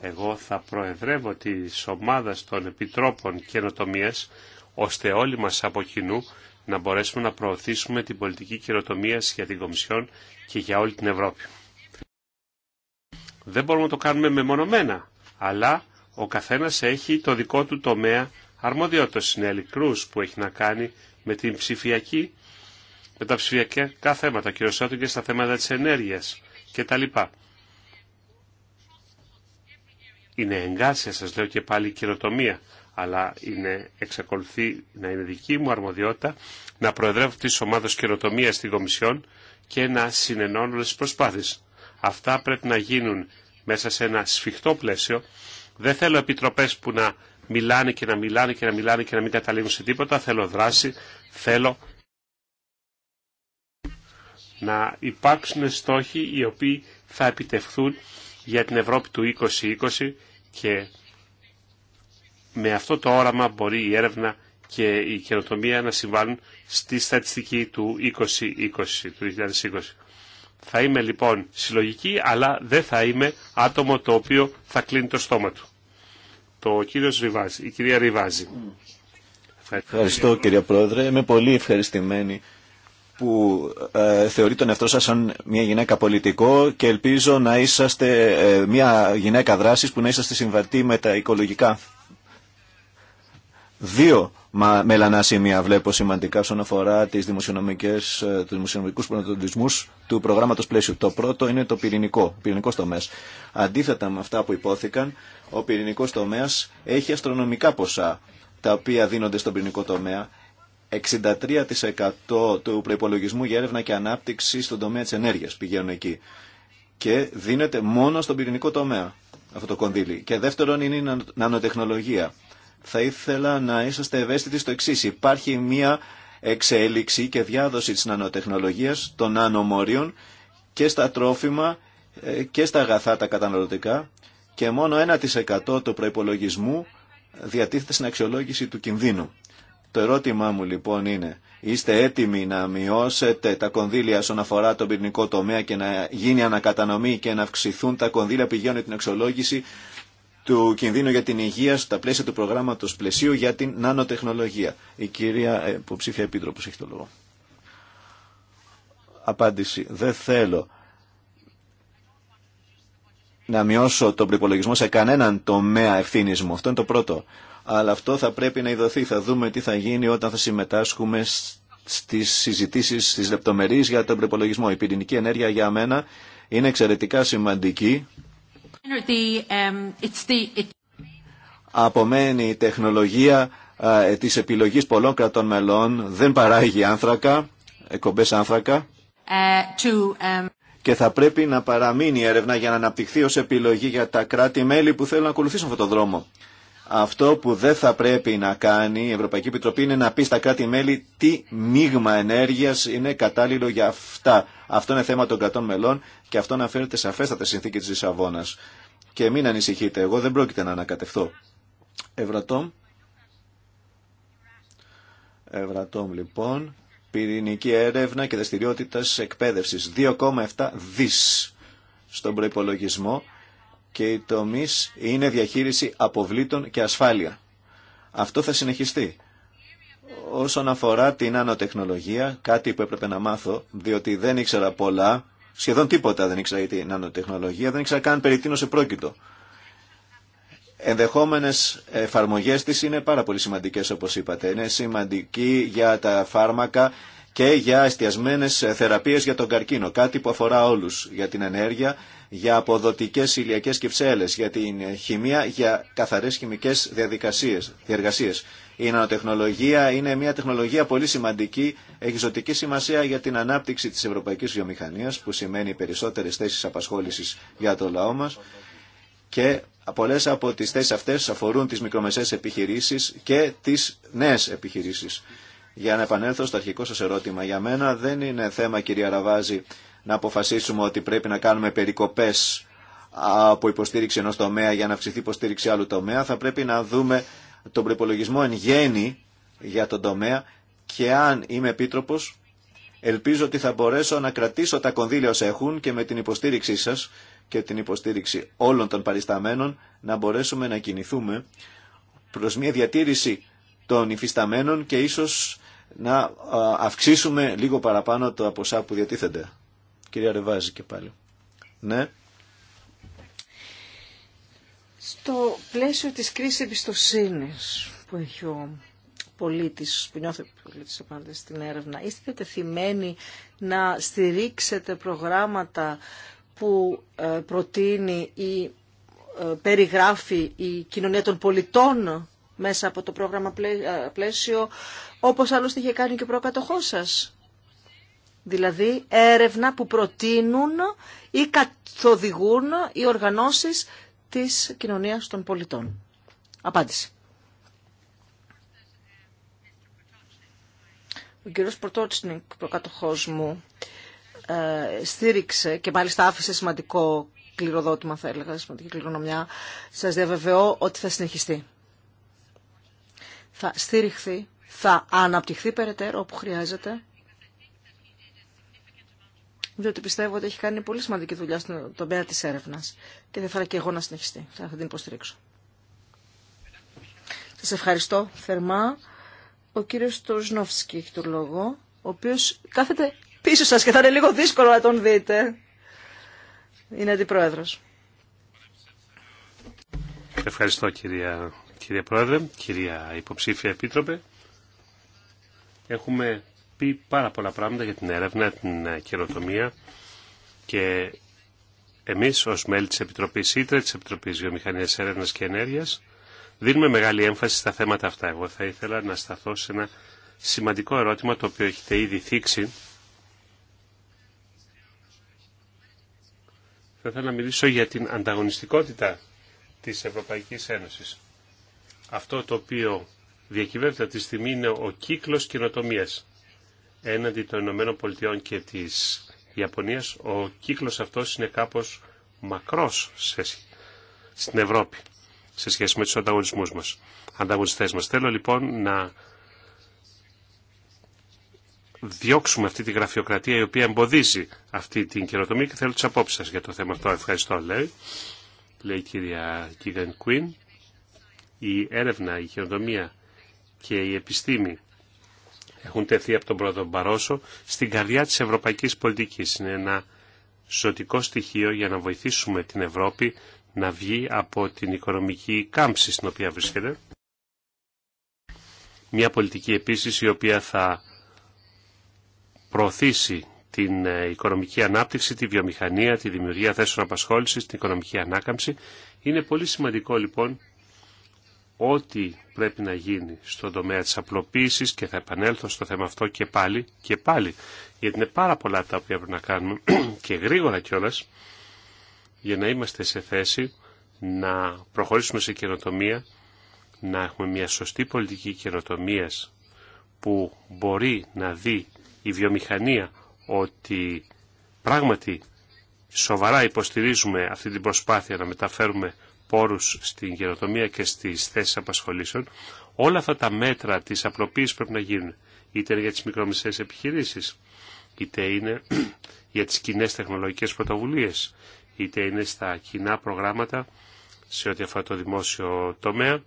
Εγώ θα προεδρεύω τη ομάδα των επιτρόπων καινοτομία, ώστε όλοι μα από κοινού να μπορέσουμε να προωθήσουμε την πολιτική καιροτομία για την Κομισιόν και για όλη την Ευρώπη. Δεν μπορούμε να το κάνουμε μεμονωμένα, αλλά ο καθένας έχει το δικό του τομέα αρμοδιότητα. Είναι ελικρούς που έχει να κάνει με την ψηφιακή, με τα ψηφιακά θέματα, κυρίως και στα θέματα της ενέργειας κτλ. Είναι εγκάσια, σας λέω και πάλι, η αλλά είναι, εξακολουθεί να είναι δική μου αρμοδιότητα να προεδρεύω τη ομάδα καινοτομία στην Κομισιόν και να συνενώνω τι προσπάθειε. Αυτά πρέπει να γίνουν μέσα σε ένα σφιχτό πλαίσιο. Δεν θέλω επιτροπέ που να μιλάνε και να μιλάνε και να μιλάνε και να μην καταλήγουν σε τίποτα. Θέλω δράση. Θέλω να υπάρξουν στόχοι οι οποίοι θα επιτευχθούν για την Ευρώπη του 2020 και με αυτό το όραμα μπορεί η έρευνα και η καινοτομία να συμβάλλουν στη στατιστική του 2020, του 2020. Θα είμαι λοιπόν συλλογική, αλλά δεν θα είμαι άτομο το οποίο θα κλείνει το στόμα του. Το κύριος Ριβάζη, η κυρία Ριβάζη.
Ευχαριστώ κύριε Πρόεδρε. Είμαι πολύ ευχαριστημένη που ε, θεωρεί τον εαυτό σας σαν μια γυναίκα πολιτικό και ελπίζω να είσαστε ε, μια γυναίκα δράσης που να είσαστε συμβατή με τα οικολογικά Δύο μελανά σημεία βλέπω σημαντικά όσον αφορά τις δημοσιονομικές, ε, τους δημοσιονομικούς προνοτοντισμούς του προγράμματος πλαίσιου. Το πρώτο είναι το πυρηνικό, πυρηνικός τομέας. Αντίθετα με αυτά που υπόθηκαν, ο πυρηνικός τομέας έχει αστρονομικά ποσά τα οποία δίνονται στον πυρηνικό τομέα. 63% του προϋπολογισμού για έρευνα και ανάπτυξη στον τομέα της ενέργειας πηγαίνουν εκεί. Και δίνεται μόνο στον πυρηνικό τομέα αυτό το κονδύλι. Και δεύτερον είναι η νανοτεχνολογία θα ήθελα να είσαστε ευαίσθητοι στο εξή. Υπάρχει μια εξέλιξη και διάδοση της νανοτεχνολογίας των νανομόριων και στα τρόφιμα ε, και στα αγαθά τα καταναλωτικά και μόνο 1% του προϋπολογισμού διατίθεται στην αξιολόγηση του κινδύνου. Το ερώτημά μου λοιπόν είναι, είστε έτοιμοι να μειώσετε τα κονδύλια όσον αφορά τον πυρηνικό τομέα και να γίνει ανακατανομή και να αυξηθούν τα κονδύλια πηγαίνουν την αξιολόγηση του κινδύνου για την υγεία στα πλαίσια του προγράμματος πλαισίου για την νανοτεχνολογία. Η κυρία ε, υποψήφια επίτροπο έχει το λόγο. Απάντηση. Δεν θέλω να μειώσω τον προπολογισμό σε κανέναν τομέα ευθύνη μου. Αυτό είναι το πρώτο. Αλλά αυτό θα πρέπει να ειδωθεί. Θα δούμε τι θα γίνει όταν θα συμμετάσχουμε στι συζητήσει, στι λεπτομερεί για τον προπολογισμό. Η πυρηνική ενέργεια για μένα είναι εξαιρετικά σημαντική
Um,
Απομένει η τεχνολογία ε, της επιλογής πολλών κρατών μελών, δεν παράγει άνθρακα, εκπομπές άνθρακα
uh, um,
και θα πρέπει να παραμείνει η έρευνα για να αναπτυχθεί ως επιλογή για τα κράτη-μέλη που θέλουν να ακολουθήσουν αυτόν τον δρόμο. Αυτό που δεν θα πρέπει να κάνει η Ευρωπαϊκή Επιτροπή είναι να πει στα κράτη-μέλη τι μείγμα ενέργειας είναι κατάλληλο για αυτά αυτό είναι θέμα των κρατών μελών και αυτό αναφέρεται σαφέστατα στη συνθήκη της Λισαβόνα. Και μην ανησυχείτε, εγώ δεν πρόκειται να ανακατευθώ. Ευρατόμ. Ευρατόμ λοιπόν. Πυρηνική έρευνα και δραστηριότητα εκπαίδευση. 2,7 δι στον προπολογισμό και οι τομεί είναι διαχείριση αποβλήτων και ασφάλεια. Αυτό θα συνεχιστεί. Όσον αφορά την νανοτεχνολογία, κάτι που έπρεπε να μάθω, διότι δεν ήξερα πολλά, σχεδόν τίποτα δεν ήξερα για την νανοτεχνολογία, δεν ήξερα καν περί τίνος επρόκειτο. Ενδεχομένε εφαρμογέ τη είναι πάρα πολύ σημαντικέ, όπω είπατε. Είναι σημαντική για τα φάρμακα και για εστιασμένε θεραπείε για τον καρκίνο. Κάτι που αφορά όλου Για την ενέργεια, για αποδοτικέ ηλιακέ κυψέλε, για την χημεία, για καθαρέ χημικές διαδικασίε, διεργασίες. Η νανοτεχνολογία είναι μια τεχνολογία πολύ σημαντική, έχει ζωτική σημασία για την ανάπτυξη της ευρωπαϊκής βιομηχανίας, που σημαίνει περισσότερες θέσεις απασχόλησης για το λαό μας και πολλές από τις θέσεις αυτές αφορούν τις μικρομεσαίες επιχειρήσεις και τις νέες επιχειρήσεις. Για να επανέλθω στο αρχικό σας ερώτημα, για μένα δεν είναι θέμα κυρία Ραβάζη να αποφασίσουμε ότι πρέπει να κάνουμε περικοπές από υποστήριξη ενός τομέα για να αυξηθεί υποστήριξη άλλου τομέα. Θα πρέπει να δούμε τον προπολογισμό εν γέννη για τον τομέα και αν είμαι επίτροπος ελπίζω ότι θα μπορέσω να κρατήσω τα κονδύλια όσα έχουν και με την υποστήριξή σας και την υποστήριξη όλων των παρισταμένων να μπορέσουμε να κινηθούμε προς μια διατήρηση των υφισταμένων και ίσως να αυξήσουμε λίγο παραπάνω το ποσά που διατίθενται. Κυρία Ρεβάζη και πάλι. Ναι.
Στο πλαίσιο της κρίσης εμπιστοσύνη που έχει ο πολίτης, που νιώθει ο πολίτης στην έρευνα, είστε τετεθειμένοι να στηρίξετε προγράμματα που ε, προτείνει ή ε, περιγράφει η κοινωνία των πολιτών μέσα από το πρόγραμμα ε, πλαίσιο, όπως άλλωστε είχε κάνει και ο προκατοχός σας. Δηλαδή έρευνα που προτείνουν ή καθοδηγούν οι οργανώσεις της κοινωνίας των πολιτών. Απάντηση. Ο κύριος Πορτοτσνίκ, προκατοχός μου, ε, στήριξε και μάλιστα άφησε σημαντικό κληροδότημα, θα έλεγα, σημαντική κληρονομιά. Σας διαβεβαιώ ότι θα συνεχιστεί. Θα στήριχθει, θα αναπτυχθεί περαιτέρω όπου χρειάζεται διότι πιστεύω ότι έχει κάνει πολύ σημαντική δουλειά στον τομέα της έρευνας και δεν θα και εγώ να συνεχιστεί. Θα την υποστηρίξω. Σας ευχαριστώ θερμά. Ο κύριος Τουρσνόφσκι έχει το λόγο, ο οποίος κάθεται πίσω σας και θα είναι λίγο δύσκολο να τον δείτε. Είναι αντιπρόεδρο.
Ευχαριστώ κυρία, κυρία Πρόεδρε, κυρία Υποψήφια Επίτροπε. Έχουμε πει πάρα πολλά πράγματα για την έρευνα, την ε, καινοτομία και εμείς ως μέλη της Επιτροπής Ήτρα, της Επιτροπής Βιομηχανίας Έρευνας και Ενέργειας, δίνουμε μεγάλη έμφαση στα θέματα αυτά. Εγώ θα ήθελα να σταθώ σε ένα σημαντικό ερώτημα το οποίο έχετε ήδη θίξει. Θα ήθελα να μιλήσω για την ανταγωνιστικότητα της Ευρωπαϊκής Ένωσης. Αυτό το οποίο διακυβεύεται αυτή τη στιγμή είναι ο κύκλος καινοτομίας έναντι των Ηνωμένων Πολιτειών και της Ιαπωνίας, ο κύκλος αυτός είναι κάπως μακρός σε, στην Ευρώπη σε σχέση με τους ανταγωνισμούς μας, ανταγωνιστές μας. Θέλω λοιπόν να διώξουμε αυτή τη γραφειοκρατία η οποία εμποδίζει αυτή την καινοτομία και θέλω τις απόψεις σας για το θέμα αυτό. Ευχαριστώ, λέει, λέει η κυρία Κίγαν Κουίν. Η έρευνα, η καινοτομία και η επιστήμη έχουν τεθεί από τον Πρόεδρο Μπαρόσο στην καρδιά της ευρωπαϊκής πολιτικής. Είναι ένα ζωτικό στοιχείο για να βοηθήσουμε την Ευρώπη να βγει από την οικονομική κάμψη στην οποία βρίσκεται. Μια πολιτική επίσης η οποία θα προωθήσει την ε, οικονομική ανάπτυξη, τη βιομηχανία, τη δημιουργία θέσεων απασχόλησης, την οικονομική ανάκαμψη. Είναι πολύ σημαντικό λοιπόν ό,τι πρέπει να γίνει στον τομέα της απλοποίησης και θα επανέλθω στο θέμα αυτό και πάλι και πάλι γιατί είναι πάρα πολλά τα οποία πρέπει να κάνουμε και γρήγορα κιόλα για να είμαστε σε θέση να προχωρήσουμε σε καινοτομία να έχουμε μια σωστή πολιτική καινοτομία που μπορεί να δει η βιομηχανία ότι πράγματι σοβαρά υποστηρίζουμε αυτή την προσπάθεια να μεταφέρουμε πόρους στην καινοτομία και στις θέσεις απασχολήσεων, όλα αυτά τα μέτρα της απλοποίησης πρέπει να γίνουν. Είτε είναι για τις μικρομεσαίες επιχειρήσεις, είτε είναι για τις κοινέ τεχνολογικές πρωτοβουλίες, είτε είναι στα κοινά προγράμματα σε ό,τι αφορά το δημόσιο τομέα,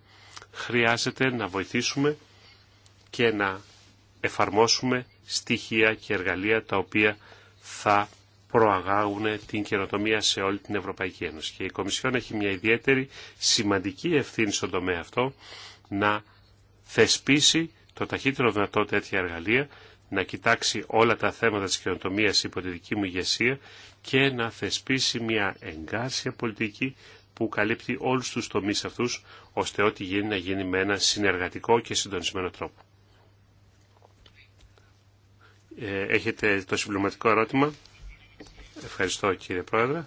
χρειάζεται να βοηθήσουμε και να εφαρμόσουμε στοιχεία και εργαλεία τα οποία θα προαγάγουν την καινοτομία σε όλη την Ευρωπαϊκή Ένωση. Και η Κομισιόν έχει μια ιδιαίτερη σημαντική ευθύνη στον τομέα αυτό να θεσπίσει το ταχύτερο δυνατό τέτοια εργαλεία, να κοιτάξει όλα τα θέματα της καινοτομίας υπό τη δική μου ηγεσία και να θεσπίσει μια εγκάρσια πολιτική που καλύπτει όλους τους τομείς αυτούς, ώστε ό,τι γίνει να γίνει με ένα συνεργατικό και συντονισμένο τρόπο. Ε, έχετε το συμπληρωματικό ερώτημα. Ευχαριστώ κύριε Πρόεδρε.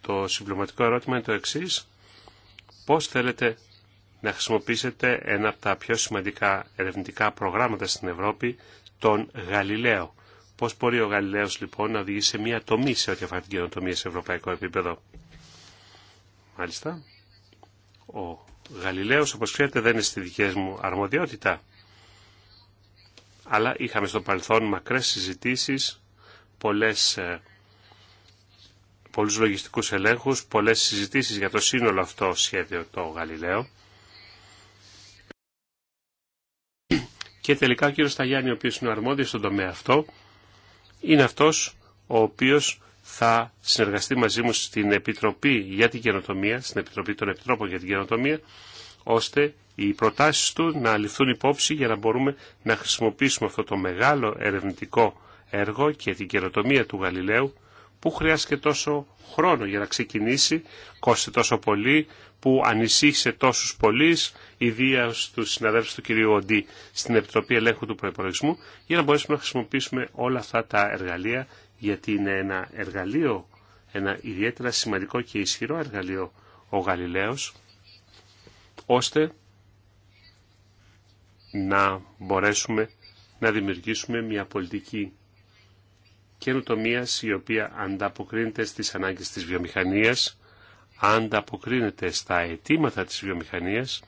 Το συμπληρωματικό ερώτημα είναι το εξή. Πώς θέλετε να χρησιμοποιήσετε ένα από τα πιο σημαντικά ερευνητικά προγράμματα στην Ευρώπη, τον Γαλιλαίο. Πώς μπορεί ο Γαλιλαίος λοιπόν να οδηγήσει σε μια τομή σε ό,τι αφορά την καινοτομία σε ευρωπαϊκό επίπεδο. Μάλιστα. Ο Γαλιλαίος, όπως ξέρετε, δεν είναι στη δική μου αρμοδιότητα αλλά είχαμε στο παρελθόν μακρές συζητήσεις, πολλές, ε, πολλούς λογιστικούς ελέγχους, πολλές συζητήσεις για το σύνολο αυτό σχέδιο το Γαλιλαίο. Και τελικά ο κύριος Σταγιάννη, ο οποίος είναι ο αρμόδιος στον τομέα αυτό, είναι αυτός ο οποίος θα συνεργαστεί μαζί μου στην Επιτροπή για την Καινοτομία, στην Επιτροπή των Επιτρόπων για την Καινοτομία, ώστε οι προτάσεις του να ληφθούν υπόψη για να μπορούμε να χρησιμοποιήσουμε αυτό το μεγάλο ερευνητικό έργο και την καινοτομία του Γαλιλαίου που χρειάστηκε τόσο χρόνο για να ξεκινήσει, κόστησε τόσο πολύ, που ανησύχησε τόσους πολλοί ιδίω του συναδέλφου του κυρίου Οντή στην Επιτροπή Ελέγχου του Προϋπολογισμού, για να μπορέσουμε να χρησιμοποιήσουμε όλα αυτά τα εργαλεία, γιατί είναι ένα εργαλείο, ένα ιδιαίτερα σημαντικό και ισχυρό εργαλείο ο Γαλιλαίος, ώστε να μπορέσουμε να δημιουργήσουμε μια πολιτική καινοτομία η οποία ανταποκρίνεται στις ανάγκες της βιομηχανίας, ανταποκρίνεται στα αιτήματα της βιομηχανίας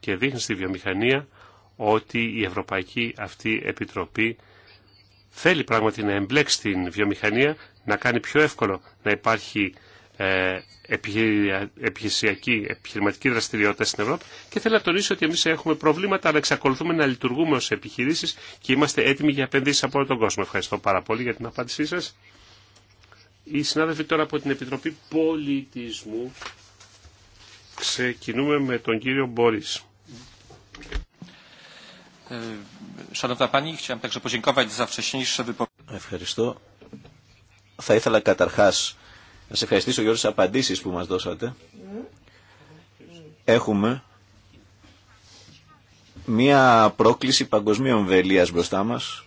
και δείχνει στη βιομηχανία ότι η Ευρωπαϊκή αυτή Επιτροπή θέλει πράγματι να εμπλέξει την βιομηχανία, να κάνει πιο εύκολο να υπάρχει ε, επιχειρηματική δραστηριότητα στην Ευρώπη και θέλω να τονίσω ότι εμείς έχουμε προβλήματα αλλά εξακολουθούμε να λειτουργούμε ως επιχειρήσεις και είμαστε έτοιμοι για επενδύσεις από όλο τον κόσμο. Ευχαριστώ πάρα πολύ για την απάντησή σας. Η συνάδελφοι τώρα από την Επιτροπή Πολιτισμού ξεκινούμε με τον κύριο Μπόρις. Ε,
Ευχαριστώ. Θα ήθελα καταρχάς να σε ευχαριστήσω για όλες τις απαντήσεις που μας δώσατε. Έχουμε μία πρόκληση παγκοσμίων βελίας μπροστά μας.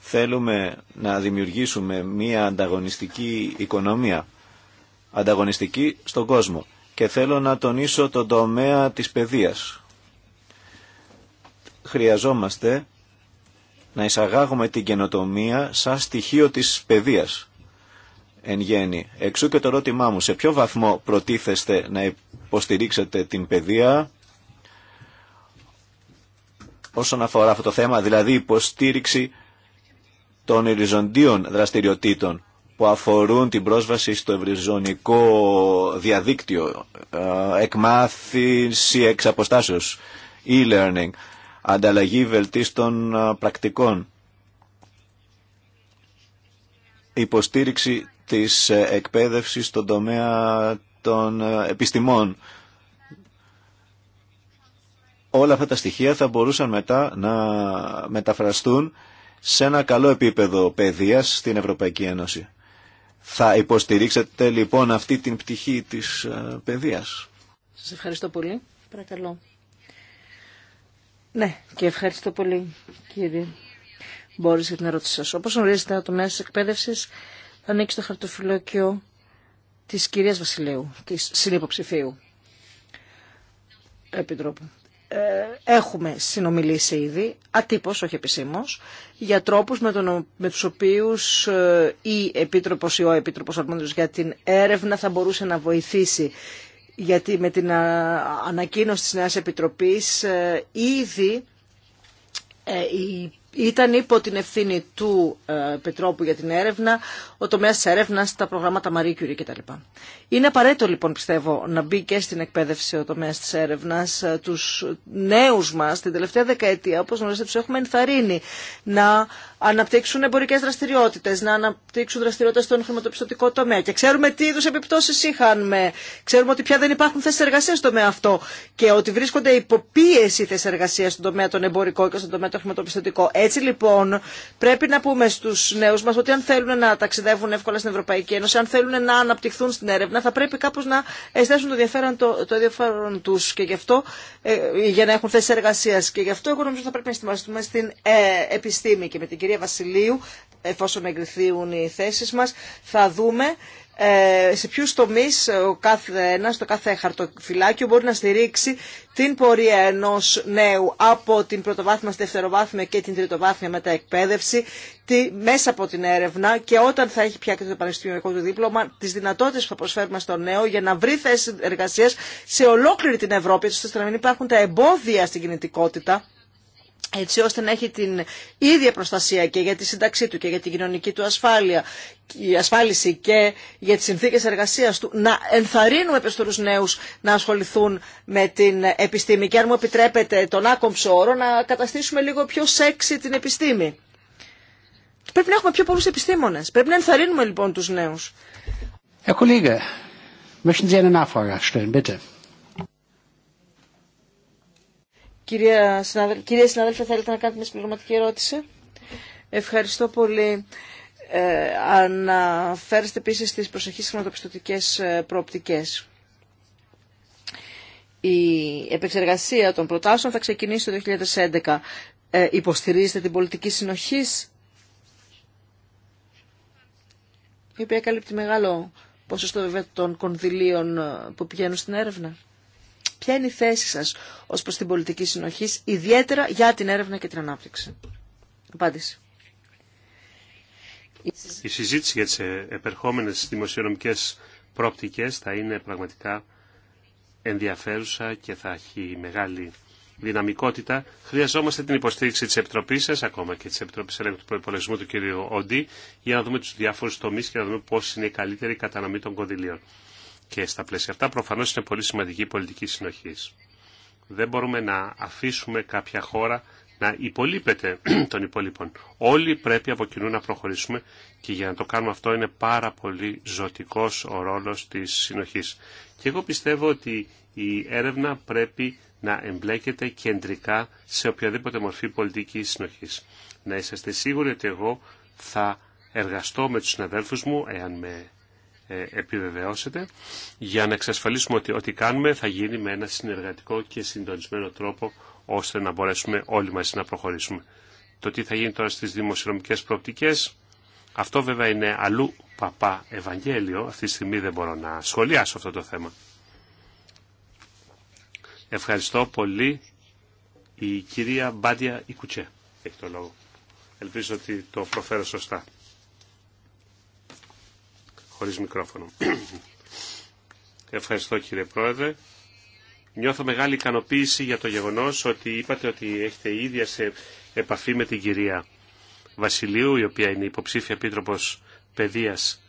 Θέλουμε να δημιουργήσουμε μία ανταγωνιστική οικονομία. Ανταγωνιστική στον κόσμο. Και θέλω να τονίσω τον τομέα της παιδείας. Χρειαζόμαστε να εισαγάγουμε την καινοτομία σαν στοιχείο της παιδείας εν Εξού και το ερώτημά μου, σε ποιο βαθμό προτίθεστε να υποστηρίξετε την παιδεία όσον αφορά αυτό το θέμα, δηλαδή υποστήριξη των οριζοντίων δραστηριοτήτων που αφορούν την πρόσβαση στο ευρυζωνικό διαδίκτυο, ε, εκμάθηση εξ αποστάσεως, e-learning, ανταλλαγή βελτίστων ε, πρακτικών, υποστήριξη της εκπαίδευσης στον τομέα των επιστημών. Όλα αυτά τα στοιχεία θα μπορούσαν μετά να μεταφραστούν σε ένα καλό επίπεδο παιδείας στην Ευρωπαϊκή Ένωση. Θα υποστηρίξετε λοιπόν αυτή την πτυχή της ε, παιδείας.
Σας ευχαριστώ πολύ. Παρακαλώ. Ναι, και ευχαριστώ πολύ κύριε Μπόρις για την ερώτηση σας. Όπως γνωρίζετε, το μέσο της εκπαίδευσης θα ανοίξει το χαρτοφυλάκιο της κυρίας Βασιλείου, της συνυποψηφίου επιτρόπου. Ε, έχουμε συνομιλήσει ήδη, ατύπως, όχι επισήμως, για τρόπους με, τον, με τους οποίους ε, η Επίτροπος ή ο Επίτροπος για την έρευνα θα μπορούσε να βοηθήσει γιατί με την ε, ανακοίνωση της Νέας Επιτροπής ήδη η ήταν υπό την ευθύνη του ε, Πετρόπου για την έρευνα, ο τομέας της έρευνας, τα προγράμματα Marie Curie κτλ. Είναι απαραίτητο λοιπόν πιστεύω να μπει και στην εκπαίδευση ο τομέας της έρευνας ε, τους νέους μας την τελευταία δεκαετία, όπως γνωρίζετε τους έχουμε ενθαρρύνει να αναπτύξουν εμπορικές δραστηριότητες, να αναπτύξουν δραστηριότητες στον χρηματοπιστωτικό τομέα. Και ξέρουμε τι είδους επιπτώσεις είχαν. Ξέρουμε ότι πια δεν υπάρχουν θέσεις εργασίας στον τομέα αυτό και ότι βρίσκονται υποπίεση θέσεις εργασίας στον τομέα των εμπορικών και στον τομέα των χρηματοπιστωτικών έτσι λοιπόν πρέπει να πούμε στους νέους μας ότι αν θέλουν να ταξιδεύουν εύκολα στην Ευρωπαϊκή Ένωση, αν θέλουν να αναπτυχθούν στην έρευνα, θα πρέπει κάπως να εστέσουν το ενδιαφέρον, το, τους και γι αυτό, ε, για να έχουν θέσει εργασία. Και γι' αυτό εγώ νομίζω ότι θα πρέπει να συνδυαστούμε στην ε, επιστήμη και με την κυρία Βασιλείου, εφόσον εγκριθούν οι θέσεις μας, θα δούμε ε, σε ποιους τομείς ο κάθε ένας, το κάθε χαρτοφυλάκιο μπορεί να στηρίξει την πορεία ενός νέου από την πρωτοβάθμια στη δευτεροβάθμια και την τριτοβάθμια μεταεκπαίδευση τη, μέσα από την έρευνα και όταν θα έχει πια και το πανεπιστημιακό του δίπλωμα τις δυνατότητες που θα προσφέρουμε στο νέο για να βρει θέση εργασίας σε ολόκληρη την Ευρώπη ώστε να μην υπάρχουν τα εμπόδια στην κινητικότητα έτσι ώστε να έχει την ίδια προστασία και για τη σύνταξή του και για την κοινωνική του ασφάλεια, η ασφάλιση και για τις συνθήκες εργασίας του, να ενθαρρύνουμε τους νέους να ασχοληθούν με την επιστήμη και αν μου επιτρέπετε τον άκομψο όρο να καταστήσουμε λίγο πιο σεξι την επιστήμη. Πρέπει να έχουμε πιο πολλούς επιστήμονες. Πρέπει να ενθαρρύνουμε λοιπόν τους νέους.
möchten Sie eine stellen, bitte?
Κυρία συνάδελφε, κυρία συνάδελφε, θέλετε να κάνετε μια συμπληρωματική ερώτηση. Ευχαριστώ πολύ. Ε, αναφέρεστε επίσης στις προσεχείς χρηματοπιστωτικές ε, προοπτικές. Η επεξεργασία των προτάσεων θα ξεκινήσει το 2011. Ε, υποστηρίζετε την πολιτική συνοχής, η οποία καλύπτει μεγάλο ποσοστό βέβαια των κονδυλίων ε, που πηγαίνουν στην έρευνα. Ποια είναι η θέση σας ως προς την πολιτική συνοχής, ιδιαίτερα για την έρευνα και την ανάπτυξη. Απάντηση.
Η συζήτηση για τις ε, επερχόμενες δημοσιονομικές πρόπτικες θα είναι πραγματικά ενδιαφέρουσα και θα έχει μεγάλη δυναμικότητα. Χρειαζόμαστε την υποστήριξη της Επιτροπής σας, ακόμα και της Επιτροπής Ελέγχου του Προϋπολογισμού του κ. Όντι, για να δούμε τους διάφορους τομείς και να δούμε πώς είναι η καλύτερη κατανομή των κονδυλίων. Και στα πλαίσια αυτά προφανώς είναι πολύ σημαντική η πολιτική συνοχή. Δεν μπορούμε να αφήσουμε κάποια χώρα να υπολείπεται των υπολείπων. Όλοι πρέπει από κοινού να προχωρήσουμε και για να το κάνουμε αυτό είναι πάρα πολύ ζωτικός ο ρόλος της συνοχής. Και εγώ πιστεύω ότι η έρευνα πρέπει να εμπλέκεται κεντρικά σε οποιαδήποτε μορφή πολιτικής συνοχής. Να είσαστε σίγουροι ότι εγώ θα εργαστώ με τους συναδέλφους μου, εάν με ε, επιβεβαιώσετε για να εξασφαλίσουμε ότι ό,τι κάνουμε θα γίνει με ένα συνεργατικό και συντονισμένο τρόπο ώστε να μπορέσουμε όλοι μαζί να προχωρήσουμε. Το τι θα γίνει τώρα στις δημοσιονομικές προοπτικές, αυτό βέβαια είναι αλλού παπά Ευαγγέλιο. Αυτή τη στιγμή δεν μπορώ να σχολιάσω αυτό το θέμα. Ευχαριστώ πολύ. Η κυρία Μπάντια Ικουτσέ έχει το λόγο. Ελπίζω ότι το προφέρω σωστά. Ευχαριστώ κύριε Πρόεδρε. Νιώθω μεγάλη ικανοποίηση για το γεγονός ότι είπατε ότι έχετε ίδια σε επαφή με την κυρία Βασιλείου, η οποία είναι υποψήφια επίτροπος παιδείας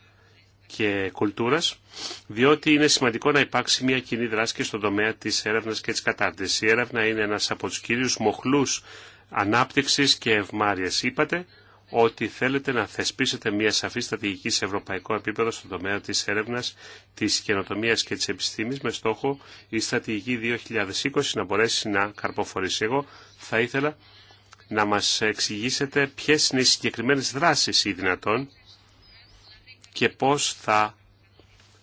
και κουλτούρας, διότι είναι σημαντικό να υπάρξει μια κοινή δράση και στον τομέα της έρευνας και της κατάρτισης. Η έρευνα είναι ένας από τους κύριους μοχλούς ανάπτυξης και ευμάρειας, είπατε, ότι θέλετε να θεσπίσετε μια σαφή στρατηγική σε ευρωπαϊκό επίπεδο στον τομέα της έρευνας, της καινοτομίας και της επιστήμης με στόχο η στρατηγική 2020 να μπορέσει να καρποφορήσει. Εγώ θα ήθελα να μας εξηγήσετε ποιες είναι οι συγκεκριμένες δράσεις ή δυνατόν και πώς θα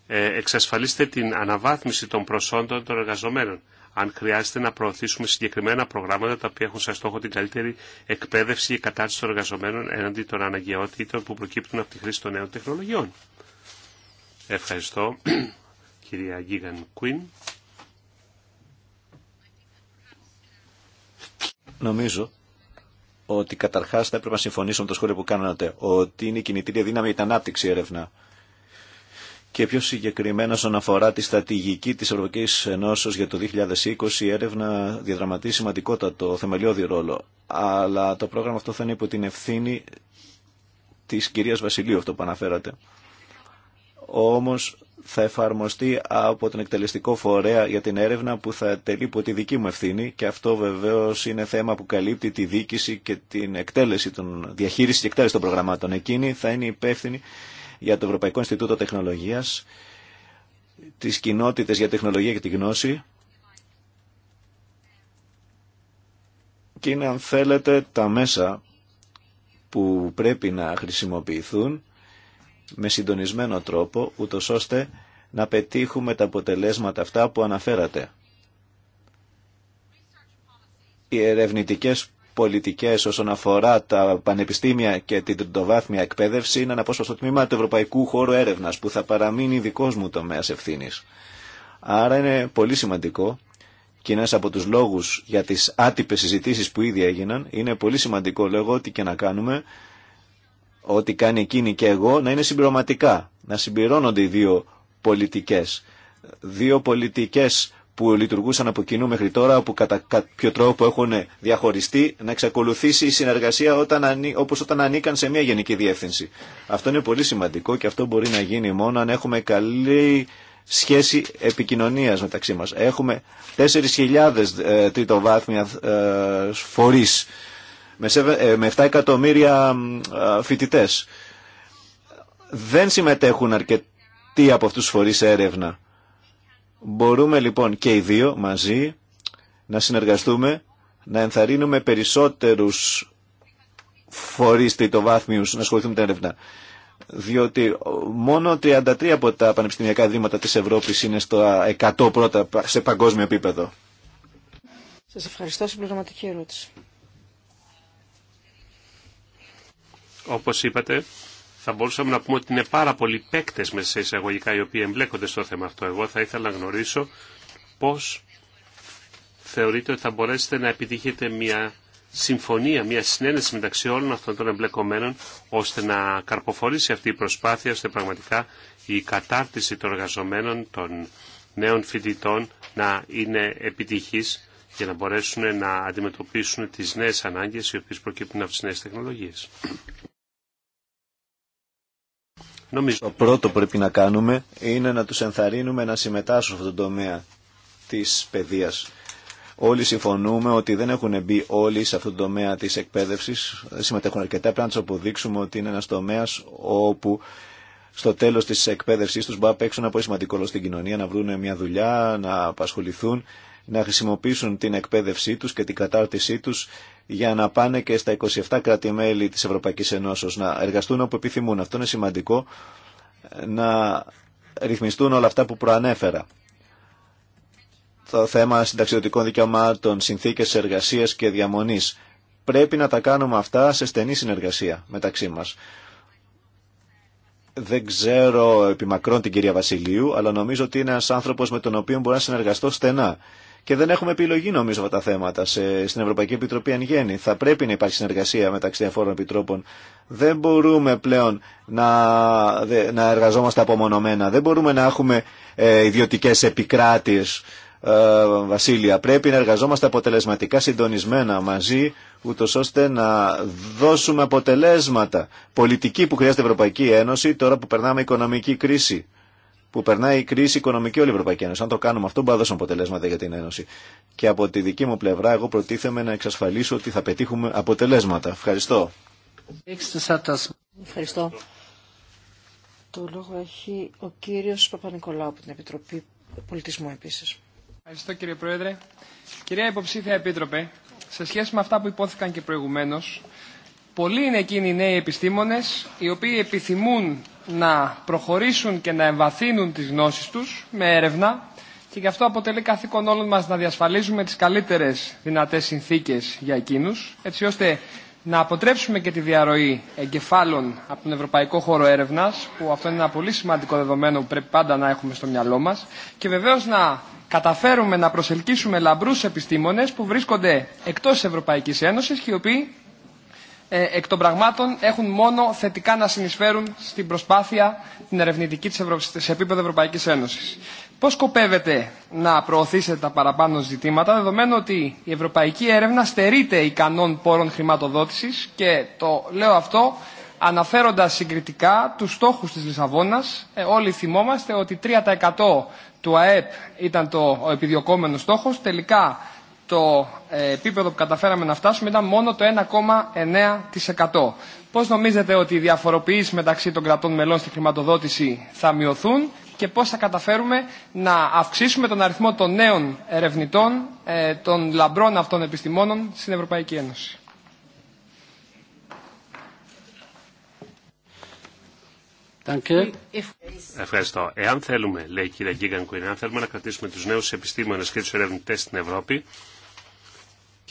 ε, εξασφαλίσετε την αναβάθμιση των προσόντων των εργαζομένων αν χρειάζεται να προωθήσουμε συγκεκριμένα προγράμματα τα οποία έχουν σαν στόχο την καλύτερη εκπαίδευση και κατάρτιση των εργαζομένων έναντι των αναγκαιότητων που προκύπτουν από τη χρήση των νέων τεχνολογιών. Ευχαριστώ, κυρία Γίγαν Κουίν.
Νομίζω ότι καταρχάς θα έπρεπε να συμφωνήσω με το σχόλιο που κάνατε, ότι είναι η κινητήρια δύναμη για την ανάπτυξη έρευνα και πιο συγκεκριμένα όσον αφορά τη στρατηγική της Ευρωπαϊκής Ενώσεως για το 2020 η έρευνα διαδραματεί σημαντικότατο θεμελιώδη ρόλο. Αλλά το πρόγραμμα αυτό θα είναι υπό την ευθύνη της κυρίας Βασιλείου αυτό που αναφέρατε. Όμως θα εφαρμοστεί από τον εκτελεστικό φορέα για την έρευνα που θα τελεί υπό τη δική μου ευθύνη και αυτό βεβαίως είναι θέμα που καλύπτει τη δίκηση και την εκτέλεση των, διαχείριση και εκτέλεση των προγραμμάτων. Εκείνη θα είναι υπεύθυνη για το Ευρωπαϊκό Ινστιτούτο Τεχνολογίας, τις κοινότητες για τεχνολογία και τη γνώση και είναι αν θέλετε τα μέσα που πρέπει να χρησιμοποιηθούν με συντονισμένο τρόπο, ούτω ώστε να πετύχουμε τα αποτελέσματα αυτά που αναφέρατε. Οι ερευνητικές πολιτικές όσον αφορά τα πανεπιστήμια και την τριτοβάθμια εκπαίδευση είναι ένα πόσο στο τμήμα του Ευρωπαϊκού Χώρου Έρευνας που θα παραμείνει δικός μου τομέας ευθύνη. Άρα είναι πολύ σημαντικό και ένα από τους λόγους για τις άτυπες συζητήσεις που ήδη έγιναν είναι πολύ σημαντικό λέγω ότι και να κάνουμε ό,τι κάνει εκείνη και εγώ να είναι συμπληρωματικά, να συμπληρώνονται οι δύο πολιτικές. Δύο πολιτικές που λειτουργούσαν από κοινού μέχρι τώρα, που κατά κάποιο τρόπο έχουν διαχωριστεί, να εξακολουθήσει η συνεργασία όταν, όπως όταν ανήκαν σε μια γενική διεύθυνση. Αυτό είναι πολύ σημαντικό και αυτό μπορεί να γίνει μόνο αν έχουμε καλή σχέση επικοινωνίας μεταξύ μας. Έχουμε 4.000 ε, τριτοβάθμια ε, φορείς με, ε, με 7 εκατομμύρια ε, φοιτητές. Δεν συμμετέχουν αρκετοί από αυτούς τους φορείς έρευνα Μπορούμε λοιπόν και οι δύο μαζί να συνεργαστούμε, να ενθαρρύνουμε περισσότερους φορείς τριτοβάθμιους να ασχοληθούν με την έρευνα. Διότι μόνο 33 από τα πανεπιστημιακά δήματα της Ευρώπης είναι στο 100 πρώτα σε παγκόσμιο επίπεδο.
Σας ευχαριστώ. Συμπληρωματική ερώτηση.
Όπως είπατε, θα μπορούσαμε να πούμε ότι είναι πάρα πολλοί παίκτες μέσα σε εισαγωγικά οι οποίοι εμπλέκονται στο θέμα αυτό. Εγώ θα ήθελα να γνωρίσω πώς θεωρείτε ότι θα μπορέσετε να επιτύχετε μια συμφωνία, μια συνένεση μεταξύ όλων αυτών των εμπλεκομένων ώστε να καρποφορήσει αυτή η προσπάθεια ώστε πραγματικά η κατάρτιση των εργαζομένων, των νέων φοιτητών να είναι επιτυχής για να μπορέσουν να αντιμετωπίσουν τις νέες ανάγκες οι οποίες προκύπτουν από τις νέες τεχνολογίες.
Το πρώτο που πρέπει να κάνουμε είναι να τους ενθαρρύνουμε να συμμετάσχουν σε αυτόν τον τομέα της παιδείας. Όλοι συμφωνούμε ότι δεν έχουν μπει όλοι σε αυτόν τον τομέα της εκπαίδευσης, δεν συμμετέχουν αρκετά, πρέπει να τους αποδείξουμε ότι είναι ένας τομέας όπου στο τέλος της εκπαίδευσής τους μπορεί να παίξουν ένα πολύ σημαντικό ρόλο στην κοινωνία, να βρουν μια δουλειά, να απασχοληθούν να χρησιμοποιήσουν την εκπαίδευσή τους και την κατάρτισή τους για να πάνε και στα 27 κράτη-μέλη της Ευρωπαϊκής Ενώσεως να εργαστούν όπου επιθυμούν. Αυτό είναι σημαντικό να ρυθμιστούν όλα αυτά που προανέφερα. Το θέμα συνταξιδοτικών δικαιωμάτων, συνθήκες εργασίας και διαμονής. Πρέπει να τα κάνουμε αυτά σε στενή συνεργασία μεταξύ μας. Δεν ξέρω επιμακρών την κυρία Βασιλείου, αλλά νομίζω ότι είναι ένας άνθρωπος με τον οποίο μπορώ να συνεργαστώ στενά και δεν έχουμε επιλογή νομίζω αυτά τα θέματα σε, στην Ευρωπαϊκή Επιτροπή αν γέννη. Θα πρέπει να υπάρχει συνεργασία μεταξύ διαφόρων επιτρόπων. Δεν μπορούμε πλέον να, να εργαζόμαστε απομονωμένα. Δεν μπορούμε να έχουμε ε, ιδιωτικές επικράτειες. Ε, Βασίλεια. Πρέπει να εργαζόμαστε αποτελεσματικά συντονισμένα μαζί, ούτω ώστε να δώσουμε αποτελέσματα. Πολιτική που χρειάζεται η Ευρωπαϊκή Ένωση τώρα που περνάμε οικονομική κρίση που περνάει η κρίση οικονομική όλη η Ευρωπαϊκή Ένωση. Αν το κάνουμε αυτό, μπορεί να αποτελέσματα για την Ένωση. Και από τη δική μου πλευρά, εγώ προτίθεμαι να εξασφαλίσω ότι θα πετύχουμε αποτελέσματα. Ευχαριστώ.
Ευχαριστώ. Το λόγο έχει ο κύριο παπα
Παπα-Νικολάου από την Επιτροπή Πολιτισμού επίση. Ευχαριστώ κύριε Πρόεδρε. Κυρία Υποψήφια Επίτροπε, σε σχέση με αυτά που υπόθηκαν και προηγουμένω. Πολλοί είναι εκείνοι οι νέοι επιστήμονες οι οποίοι επιθυμούν να προχωρήσουν και να εμβαθύνουν τις γνώσεις τους με έρευνα και γι' αυτό αποτελεί καθήκον όλων μας να διασφαλίζουμε τις καλύτερες δυνατές συνθήκες για εκείνους έτσι ώστε να αποτρέψουμε και τη διαρροή εγκεφάλων από τον ευρωπαϊκό χώρο έρευνα, που αυτό είναι ένα πολύ σημαντικό δεδομένο που πρέπει πάντα να έχουμε στο μυαλό μα, και βεβαίω να καταφέρουμε να προσελκύσουμε λαμπρού επιστήμονε που βρίσκονται εκτό Ευρωπαϊκή Ένωση και οι οποίοι ε, εκ των πραγμάτων έχουν μόνο θετικά να συνεισφέρουν στην προσπάθεια την ερευνητική της Ευρω... σε επίπεδο Ευρωπαϊκής Ένωσης. Πώς σκοπεύετε να προωθήσετε τα παραπάνω ζητήματα, δεδομένου ότι η ευρωπαϊκή έρευνα στερείται ικανών πόρων χρηματοδότησης και το λέω αυτό αναφέροντας συγκριτικά τους στόχους της Λισαβόνας. Ε, όλοι θυμόμαστε ότι 3% του ΑΕΠ ήταν το, ο επιδιωκόμενος στόχος. Τελικά το ε, επίπεδο που καταφέραμε να φτάσουμε ήταν μόνο το 1,9%. Πώς νομίζετε ότι οι διαφοροποιήσεις μεταξύ των κρατών μελών στη χρηματοδότηση θα μειωθούν και πώς θα καταφέρουμε να αυξήσουμε τον αριθμό των νέων ερευνητών, ε, των λαμπρών αυτών επιστημόνων στην Ευρωπαϊκή Ένωση.
Ευχαριστώ. Εάν θέλουμε, λέει η κυρία Γίγαν Κουίν, αν θέλουμε να κρατήσουμε τους νέους επιστήμονες και τους ερευνητές στην Ευρώπη,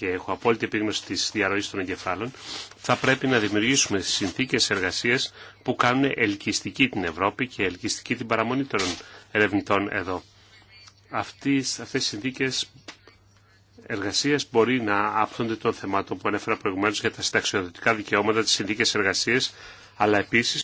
και έχω απόλυτη επίγνωση της διαρροής των εγκεφάλων, θα πρέπει να δημιουργήσουμε συνθήκες εργασίες που κάνουν ελκυστική την Ευρώπη και ελκυστική την παραμονή των ερευνητών εδώ. Αυτές, αυτές οι συνθήκες εργασία μπορεί να άπτονται των θεμάτων που ανέφερα προηγουμένως για τα συνταξιοδοτικά δικαιώματα τι συνθήκε εργασία, αλλά επίση,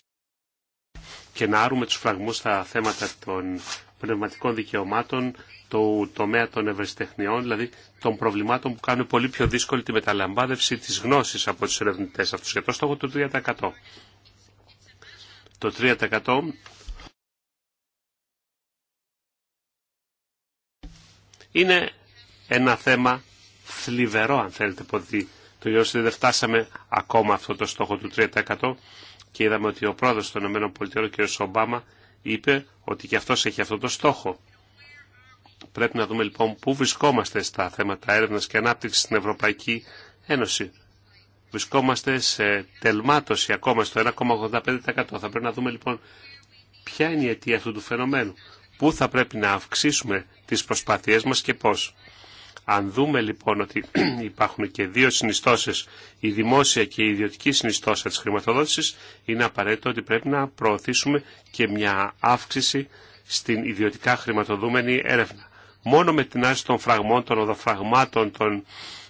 και να άρουμε του φραγμούς στα θέματα των πνευματικών δικαιωμάτων, το τομέα των ευρεσιτεχνιών, δηλαδή των προβλημάτων που κάνουν πολύ πιο δύσκολη τη μεταλαμβάνευση τη γνώση από του ερευνητέ αυτού. για το στόχο του 3%. Το 3% είναι ένα θέμα θλιβερό, αν θέλετε, ότι το γεγονό ότι δεν φτάσαμε ακόμα αυτό το στόχο του 3% και είδαμε ότι ο πρόεδρος των ΗΠΑ, ο κ. Ομπάμα, είπε ότι και αυτό έχει αυτό το στόχο Πρέπει να δούμε λοιπόν πού βρισκόμαστε στα θέματα έρευνας και ανάπτυξης στην Ευρωπαϊκή Ένωση. Βρισκόμαστε σε τελμάτωση ακόμα στο 1,85%. Θα πρέπει να δούμε λοιπόν ποια είναι η αιτία αυτού του φαινομένου. Πού θα πρέπει να αυξήσουμε τις προσπάθειές μας και πώς. Αν δούμε λοιπόν ότι υπάρχουν και δύο συνιστώσεις, η δημόσια και η ιδιωτική συνιστόσα της χρηματοδότησης, είναι απαραίτητο ότι πρέπει να προωθήσουμε και μια αύξηση στην ιδιωτικά χρηματοδούμενη έρευνα μόνο με την άρση των φραγμών, των οδοφραγμάτων, των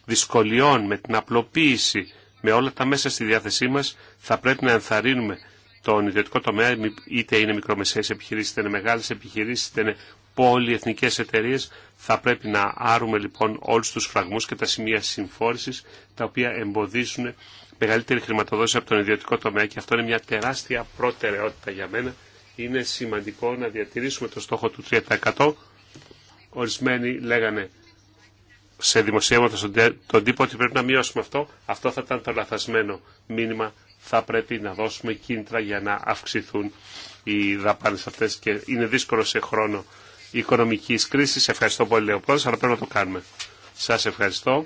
δυσκολιών, με την απλοποίηση, με όλα τα μέσα στη διάθεσή μας, θα πρέπει να ενθαρρύνουμε τον ιδιωτικό τομέα, είτε είναι μικρομεσαίες επιχειρήσεις, είτε είναι μεγάλες επιχειρήσεις, είτε είναι πολυεθνικές εταιρείες. Θα πρέπει να άρουμε λοιπόν όλους τους φραγμούς και τα σημεία συμφόρησης, τα οποία εμποδίσουν μεγαλύτερη χρηματοδότηση από τον ιδιωτικό τομέα και αυτό είναι μια τεράστια προτεραιότητα για μένα. Είναι σημαντικό να διατηρήσουμε το στόχο του 3% Ορισμένοι λέγανε σε δημοσιεύματα στον τύπο ότι πρέπει να μειώσουμε αυτό. Αυτό θα ήταν το λαθασμένο μήνυμα. Θα πρέπει να δώσουμε κίνητρα για να αυξηθούν οι δαπάνες αυτές και είναι δύσκολο σε χρόνο οικονομικής κρίσης. Ευχαριστώ πολύ Λεωπρόεδρος, αλλά πρέπει να το κάνουμε. Σας ευχαριστώ.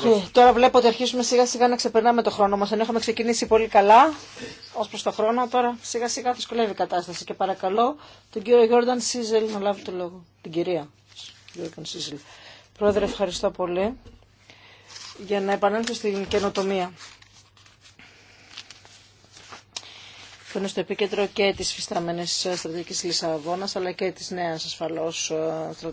Και τώρα βλέπω ότι αρχίζουμε σιγά σιγά να ξεπερνάμε το χρόνο μας. Ενώ είχαμε ξεκινήσει πολύ καλά ως προς το χρόνο, τώρα σιγά σιγά δυσκολεύει η κατάσταση. Και παρακαλώ τον κύριο Γιόρνταν Σίζελ να λάβει το λόγο. Την κυρία Γιόρνταν Σίζελ. Πρόεδρε, ευχαριστώ πολύ. Για να επανέλθω στην καινοτομία. που στο επίκεντρο και τη φυσταμένη στρατηγική Λισαβόνα, αλλά και τη νέα ασφαλώ 2020, 2020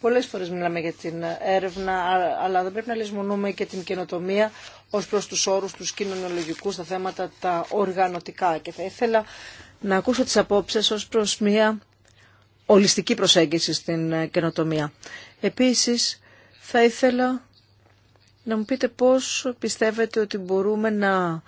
Πολλές φορές μιλάμε για την έρευνα, αλλά δεν πρέπει να λησμονούμε και την καινοτομία ως προς τους όρους, τους κοινωνιολογικούς, τα θέματα τα οργανωτικά. Και θα ήθελα να ακούσω τις απόψεις ως προς μια ολιστική προσέγγιση στην καινοτομία. Επίσης, θα ήθελα να μου πείτε πώς πιστεύετε ότι μπορούμε να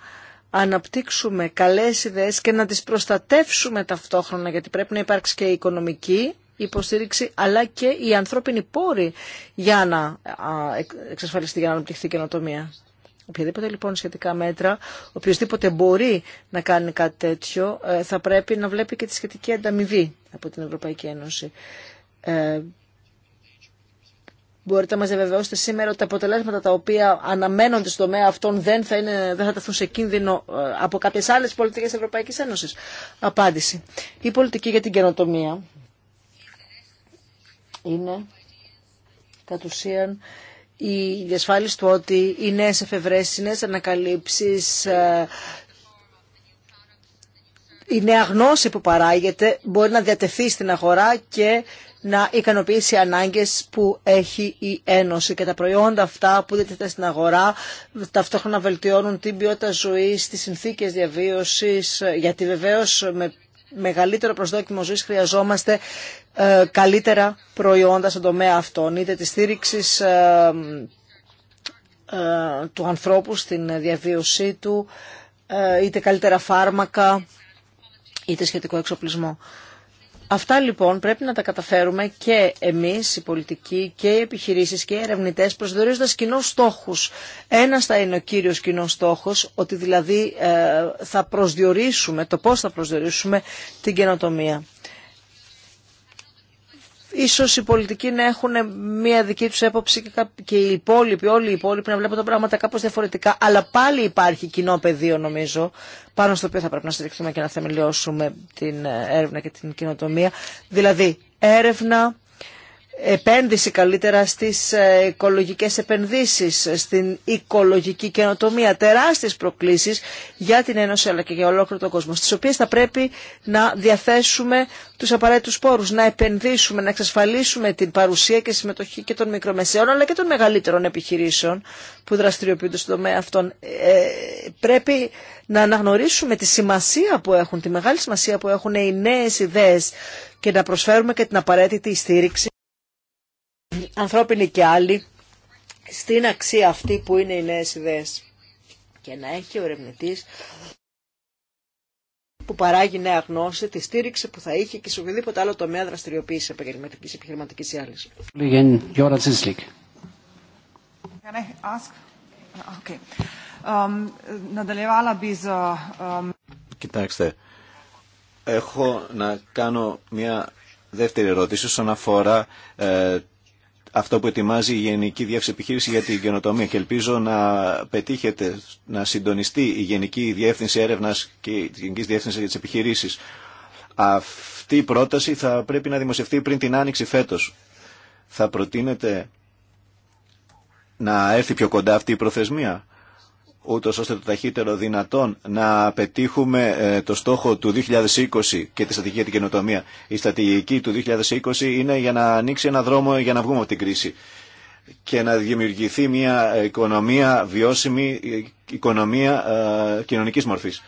αναπτύξουμε καλές ιδέες και να τις προστατεύσουμε ταυτόχρονα, γιατί πρέπει να υπάρξει και οικονομική υποστήριξη αλλά και οι ανθρώπινοι πόροι για να εξασφαλιστεί, για να αναπτυχθεί η καινοτομία. Οποιαδήποτε λοιπόν σχετικά μέτρα, οποιοδήποτε μπορεί να κάνει κάτι τέτοιο, ε, θα πρέπει να βλέπει και τη σχετική ανταμοιβή από την Ευρωπαϊκή Ένωση. Ε, μπορείτε να μας διαβεβαιώσετε σήμερα ότι τα αποτελέσματα τα οποία αναμένονται στο τομέα αυτών δεν θα, είναι, δεν θα τεθούν σε κίνδυνο ε, από κάποιες άλλες πολιτικές Ευρωπαϊκής Ένωσης. Απάντηση. Η πολιτική για την καινοτομία είναι κατ' ουσίαν η διασφάλιση του ότι οι νέες εφευρέσεις, οι νέες ανακαλύψεις, ε, η νέα γνώση που παράγεται μπορεί να διατεθεί στην αγορά και να ικανοποιήσει ανάγκες που έχει η Ένωση και τα προϊόντα αυτά που διατεθεί στην αγορά ταυτόχρονα βελτιώνουν την ποιότητα ζωής, τις συνθήκες διαβίωσης ε, γιατί βεβαίως με μεγαλύτερο προσδόκιμο ζωής χρειαζόμαστε ε, καλύτερα προϊόντα στον τομέα αυτών, είτε τη στήριξη ε, ε, του ανθρώπου στην διαβίωσή του, είτε καλύτερα φάρμακα, είτε σχετικό εξοπλισμό. Αυτά λοιπόν πρέπει να τα καταφέρουμε και εμείς οι πολιτικοί και οι επιχειρήσεις και οι ερευνητές προσδιορίζοντα κοινού στόχου, ένα θα είναι ο κύριο κοινό στόχο, ότι δηλαδή ε, θα προσδιορίσουμε, το πώς θα προσδιορίσουμε την καινοτομία ίσως οι πολιτικοί να έχουν μια δική τους έποψη και οι υπόλοιποι, όλοι οι υπόλοιποι να βλέπουν τα πράγματα κάπως διαφορετικά. Αλλά πάλι υπάρχει κοινό πεδίο νομίζω, πάνω στο οποίο θα πρέπει να στηριχθούμε και να θεμελιώσουμε την ε, έρευνα και την κοινοτομία. Δηλαδή έρευνα, επένδυση καλύτερα στις ε, οικολογικές επενδύσεις, στην οικολογική καινοτομία, τεράστιες προκλήσεις για την Ένωση αλλά και για ολόκληρο τον κόσμο, στις οποίες θα πρέπει να διαθέσουμε τους απαραίτητους πόρους, να επενδύσουμε, να εξασφαλίσουμε την παρουσία και συμμετοχή και των μικρομεσαίων αλλά και των μεγαλύτερων επιχειρήσεων που δραστηριοποιούνται στον τομέα αυτών. Ε, πρέπει να αναγνωρίσουμε τη σημασία που έχουν, τη μεγάλη σημασία που έχουν οι νέες ιδέες και να προσφέρουμε και την απαραίτητη στήριξη ανθρώπινοι και άλλοι στην αξία αυτή που είναι οι νέες ιδέες. Και να έχει ο ερευνητή που παράγει νέα γνώση, τη στήριξη που θα είχε και σε οποιοδήποτε άλλο τομέα δραστηριοποίηση επαγγελματική, επιχειρηματική ή άλλη. Ah, um, um,
Κοιτάξτε,
έχω να κάνω μια δεύτερη ερώτηση όσον αφορά ε, αυτό που ετοιμάζει η Γενική Διεύθυνση Επιχείρηση για την Καινοτομία και ελπίζω να πετύχετε να συντονιστεί η Γενική Διεύθυνση Έρευνα και η Γενική Διεύθυνση για τι Επιχειρήσει. Αυτή η πρόταση θα πρέπει να δημοσιευτεί πριν την άνοιξη φέτο. Θα προτείνετε να έρθει πιο κοντά αυτή η προθεσμία ούτως ώστε το ταχύτερο δυνατόν να πετύχουμε ε, το στόχο του 2020 και τη στρατηγική για την καινοτομία. Η στρατηγική του 2020 είναι για να ανοίξει ένα δρόμο για να βγούμε από την κρίση και να δημιουργηθεί μια ε, οικονομία βιώσιμη, ε, οικονομία κοινωνικής μορφής.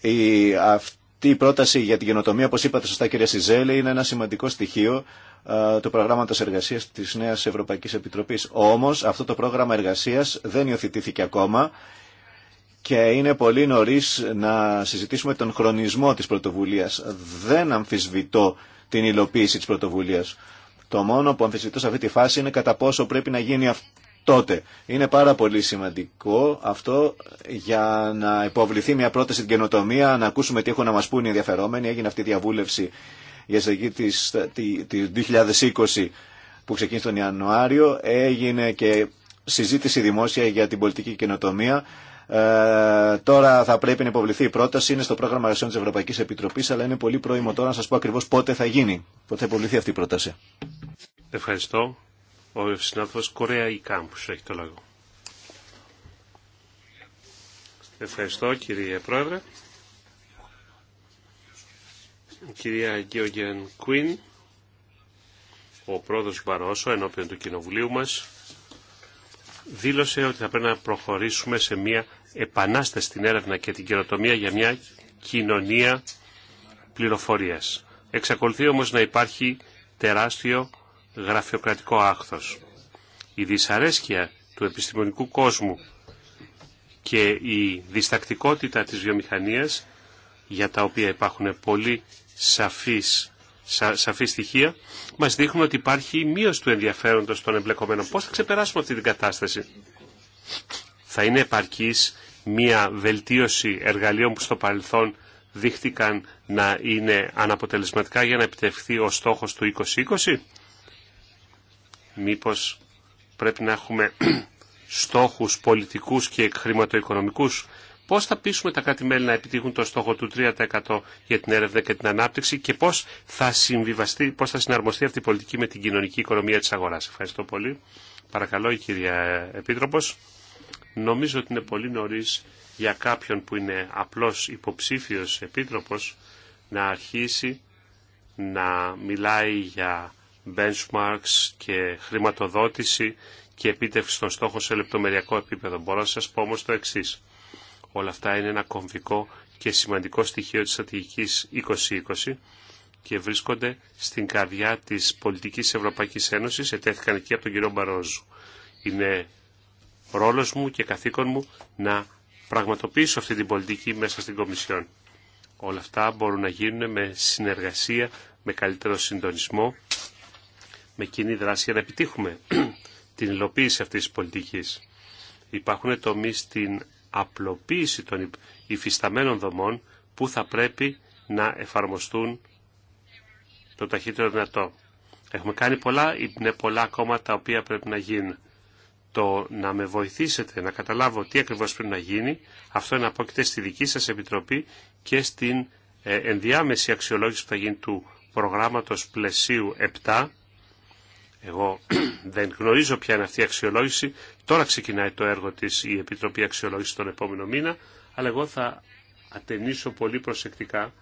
Η, αυτή η πρόταση για την καινοτομία, όπως είπατε σωστά κύριε Σιζέλη, είναι ένα σημαντικό στοιχείο ε, του προγράμματο εργασία τη νέα Ευρωπαϊκή Επιτροπή. Όμω, αυτό το πρόγραμμα εργασία δεν υιοθετήθηκε ακόμα και είναι πολύ νωρί να συζητήσουμε τον χρονισμό τη πρωτοβουλία. Δεν αμφισβητώ την υλοποίηση τη πρωτοβουλία. Το μόνο που αμφισβητώ σε αυτή τη φάση είναι κατά πόσο πρέπει να γίνει αυτό τότε. Είναι πάρα πολύ σημαντικό αυτό για να υποβληθεί μια πρόταση στην καινοτομία, να ακούσουμε τι έχουν να μας πούν οι ενδιαφερόμενοι. Έγινε αυτή η διαβούλευση για εκεί της, της 2020 που ξεκίνησε τον Ιανουάριο. Έγινε και συζήτηση δημόσια για την πολιτική καινοτομία. Ε, τώρα θα πρέπει να υποβληθεί η πρόταση. Είναι στο πρόγραμμα εργασιών τη Ευρωπαϊκή Επιτροπή, αλλά είναι πολύ πρόημο τώρα να σα πω ακριβώ πότε θα γίνει, πότε θα υποβληθεί αυτή η πρόταση.
Ευχαριστώ. Ο συνάδελφο Κορέα Ικάμπου έχει το λόγο. Ευχαριστώ κύριε Πρόεδρε κυρία Γκιόγεν Κουίν, ο πρόεδρος Μπαρόσο ενώπιον του κοινοβουλίου μας, δήλωσε ότι θα πρέπει να προχωρήσουμε σε μια επανάσταση στην έρευνα και την καινοτομία για μια κοινωνία πληροφορίας. Εξακολουθεί όμως να υπάρχει τεράστιο γραφειοκρατικό άχθος. Η δυσαρέσκεια του επιστημονικού κόσμου και η διστακτικότητα της βιομηχανίας για τα οποία υπάρχουν πολλοί σαφής, σα, σαφή στοιχεία, μας δείχνουν ότι υπάρχει μείωση του ενδιαφέροντος των εμπλεκομένων. Πώς θα ξεπεράσουμε αυτή την κατάσταση. Θα είναι επαρκής μία βελτίωση εργαλείων που στο παρελθόν δείχτηκαν να είναι αναποτελεσματικά για να επιτευχθεί ο στόχος του 2020. Μήπως πρέπει να έχουμε στόχους πολιτικούς και χρηματοοικονομικούς Πώς θα πείσουμε τα κράτη-μέλη να επιτύχουν το στόχο του 3% για την έρευνα και την ανάπτυξη και πώς θα, συμβιβαστεί, πώς θα συναρμοστεί αυτή η πολιτική με την κοινωνική οικονομία της αγοράς. Ευχαριστώ πολύ. Παρακαλώ η κυρία Επίτροπος. Νομίζω ότι είναι πολύ νωρίς για κάποιον που είναι απλώς υποψήφιος επίτροπος να αρχίσει να μιλάει για benchmarks και χρηματοδότηση και επίτευξη των στόχων σε λεπτομεριακό επίπεδο. Μπορώ να σας πω όμως το εξής. Όλα αυτά είναι ένα κομβικό και σημαντικό στοιχείο της στρατηγικής 2020 και βρίσκονται στην καρδιά της πολιτικής Ευρωπαϊκής Ένωσης, ετέθηκαν εκεί από τον κύριο Μπαρόζου. Είναι ρόλος μου και καθήκον μου να πραγματοποιήσω αυτή την πολιτική μέσα στην Κομισιόν. Όλα αυτά μπορούν να γίνουν με συνεργασία, με καλύτερο συντονισμό, με κοινή δράση για να επιτύχουμε την υλοποίηση αυτής της πολιτικής. Υπάρχουν τομείς στην απλοποίηση των υφισταμένων δομών που θα πρέπει να εφαρμοστούν το ταχύτερο δυνατό. Έχουμε κάνει πολλά, είναι πολλά ακόμα τα οποία πρέπει να γίνουν. Το να με βοηθήσετε να καταλάβω τι ακριβώς πρέπει να γίνει, αυτό είναι απόκειται στη δική σας επιτροπή και στην ε, ενδιάμεση αξιολόγηση που θα γίνει του προγράμματος πλαισίου 7, εγώ δεν γνωρίζω ποια είναι αυτή η αξιολόγηση. Τώρα ξεκινάει το έργο της η Επιτροπή Αξιολόγηση τον επόμενο μήνα, αλλά εγώ θα ατενίσω πολύ προσεκτικά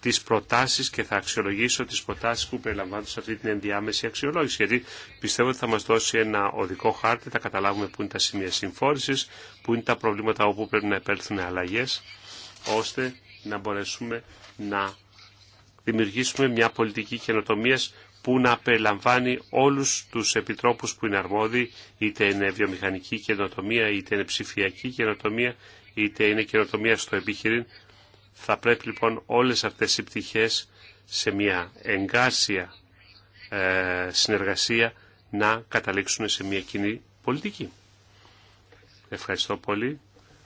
τις προτάσεις και θα αξιολογήσω τις προτάσεις που περιλαμβάνουν σε αυτή την ενδιάμεση αξιολόγηση. Γιατί πιστεύω ότι θα μας δώσει ένα οδικό χάρτη, θα καταλάβουμε πού είναι τα σημεία συμφόρησης, πού είναι τα προβλήματα όπου πρέπει να επέλθουν αλλαγέ, ώστε να μπορέσουμε να δημιουργήσουμε μια πολιτική καινοτομία που να περιλαμβάνει όλους τους επιτρόπους που είναι αρμόδιοι, είτε είναι βιομηχανική καινοτομία, είτε είναι ψηφιακή καινοτομία, είτε είναι καινοτομία στο επιχειρήν. Θα πρέπει λοιπόν όλες αυτές οι πτυχές σε μια εγκάσια ε, συνεργασία να καταλήξουν σε μια κοινή πολιτική. Ευχαριστώ πολύ.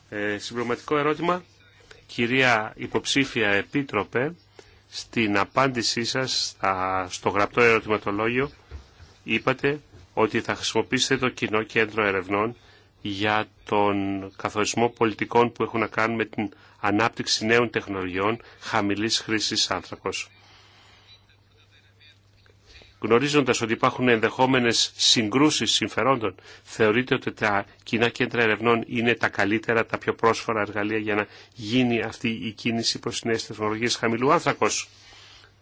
Ε, συμπληρωματικό ερώτημα. Κυρία Υποψήφια Επίτροπε, στην απάντησή σας στο γραπτό ερωτηματολόγιο είπατε ότι θα χρησιμοποιήσετε το κοινό κέντρο ερευνών για τον καθορισμό πολιτικών που έχουν να κάνουν με την ανάπτυξη νέων τεχνολογιών χαμηλής χρήσης άνθρακος γνωρίζοντας ότι υπάρχουν ενδεχόμενες συγκρούσεις συμφερόντων, θεωρείτε ότι τα κοινά κέντρα ερευνών είναι τα καλύτερα, τα πιο πρόσφορα εργαλεία για να γίνει αυτή η κίνηση προς νέες τεχνολογίες χαμηλού άνθρακος.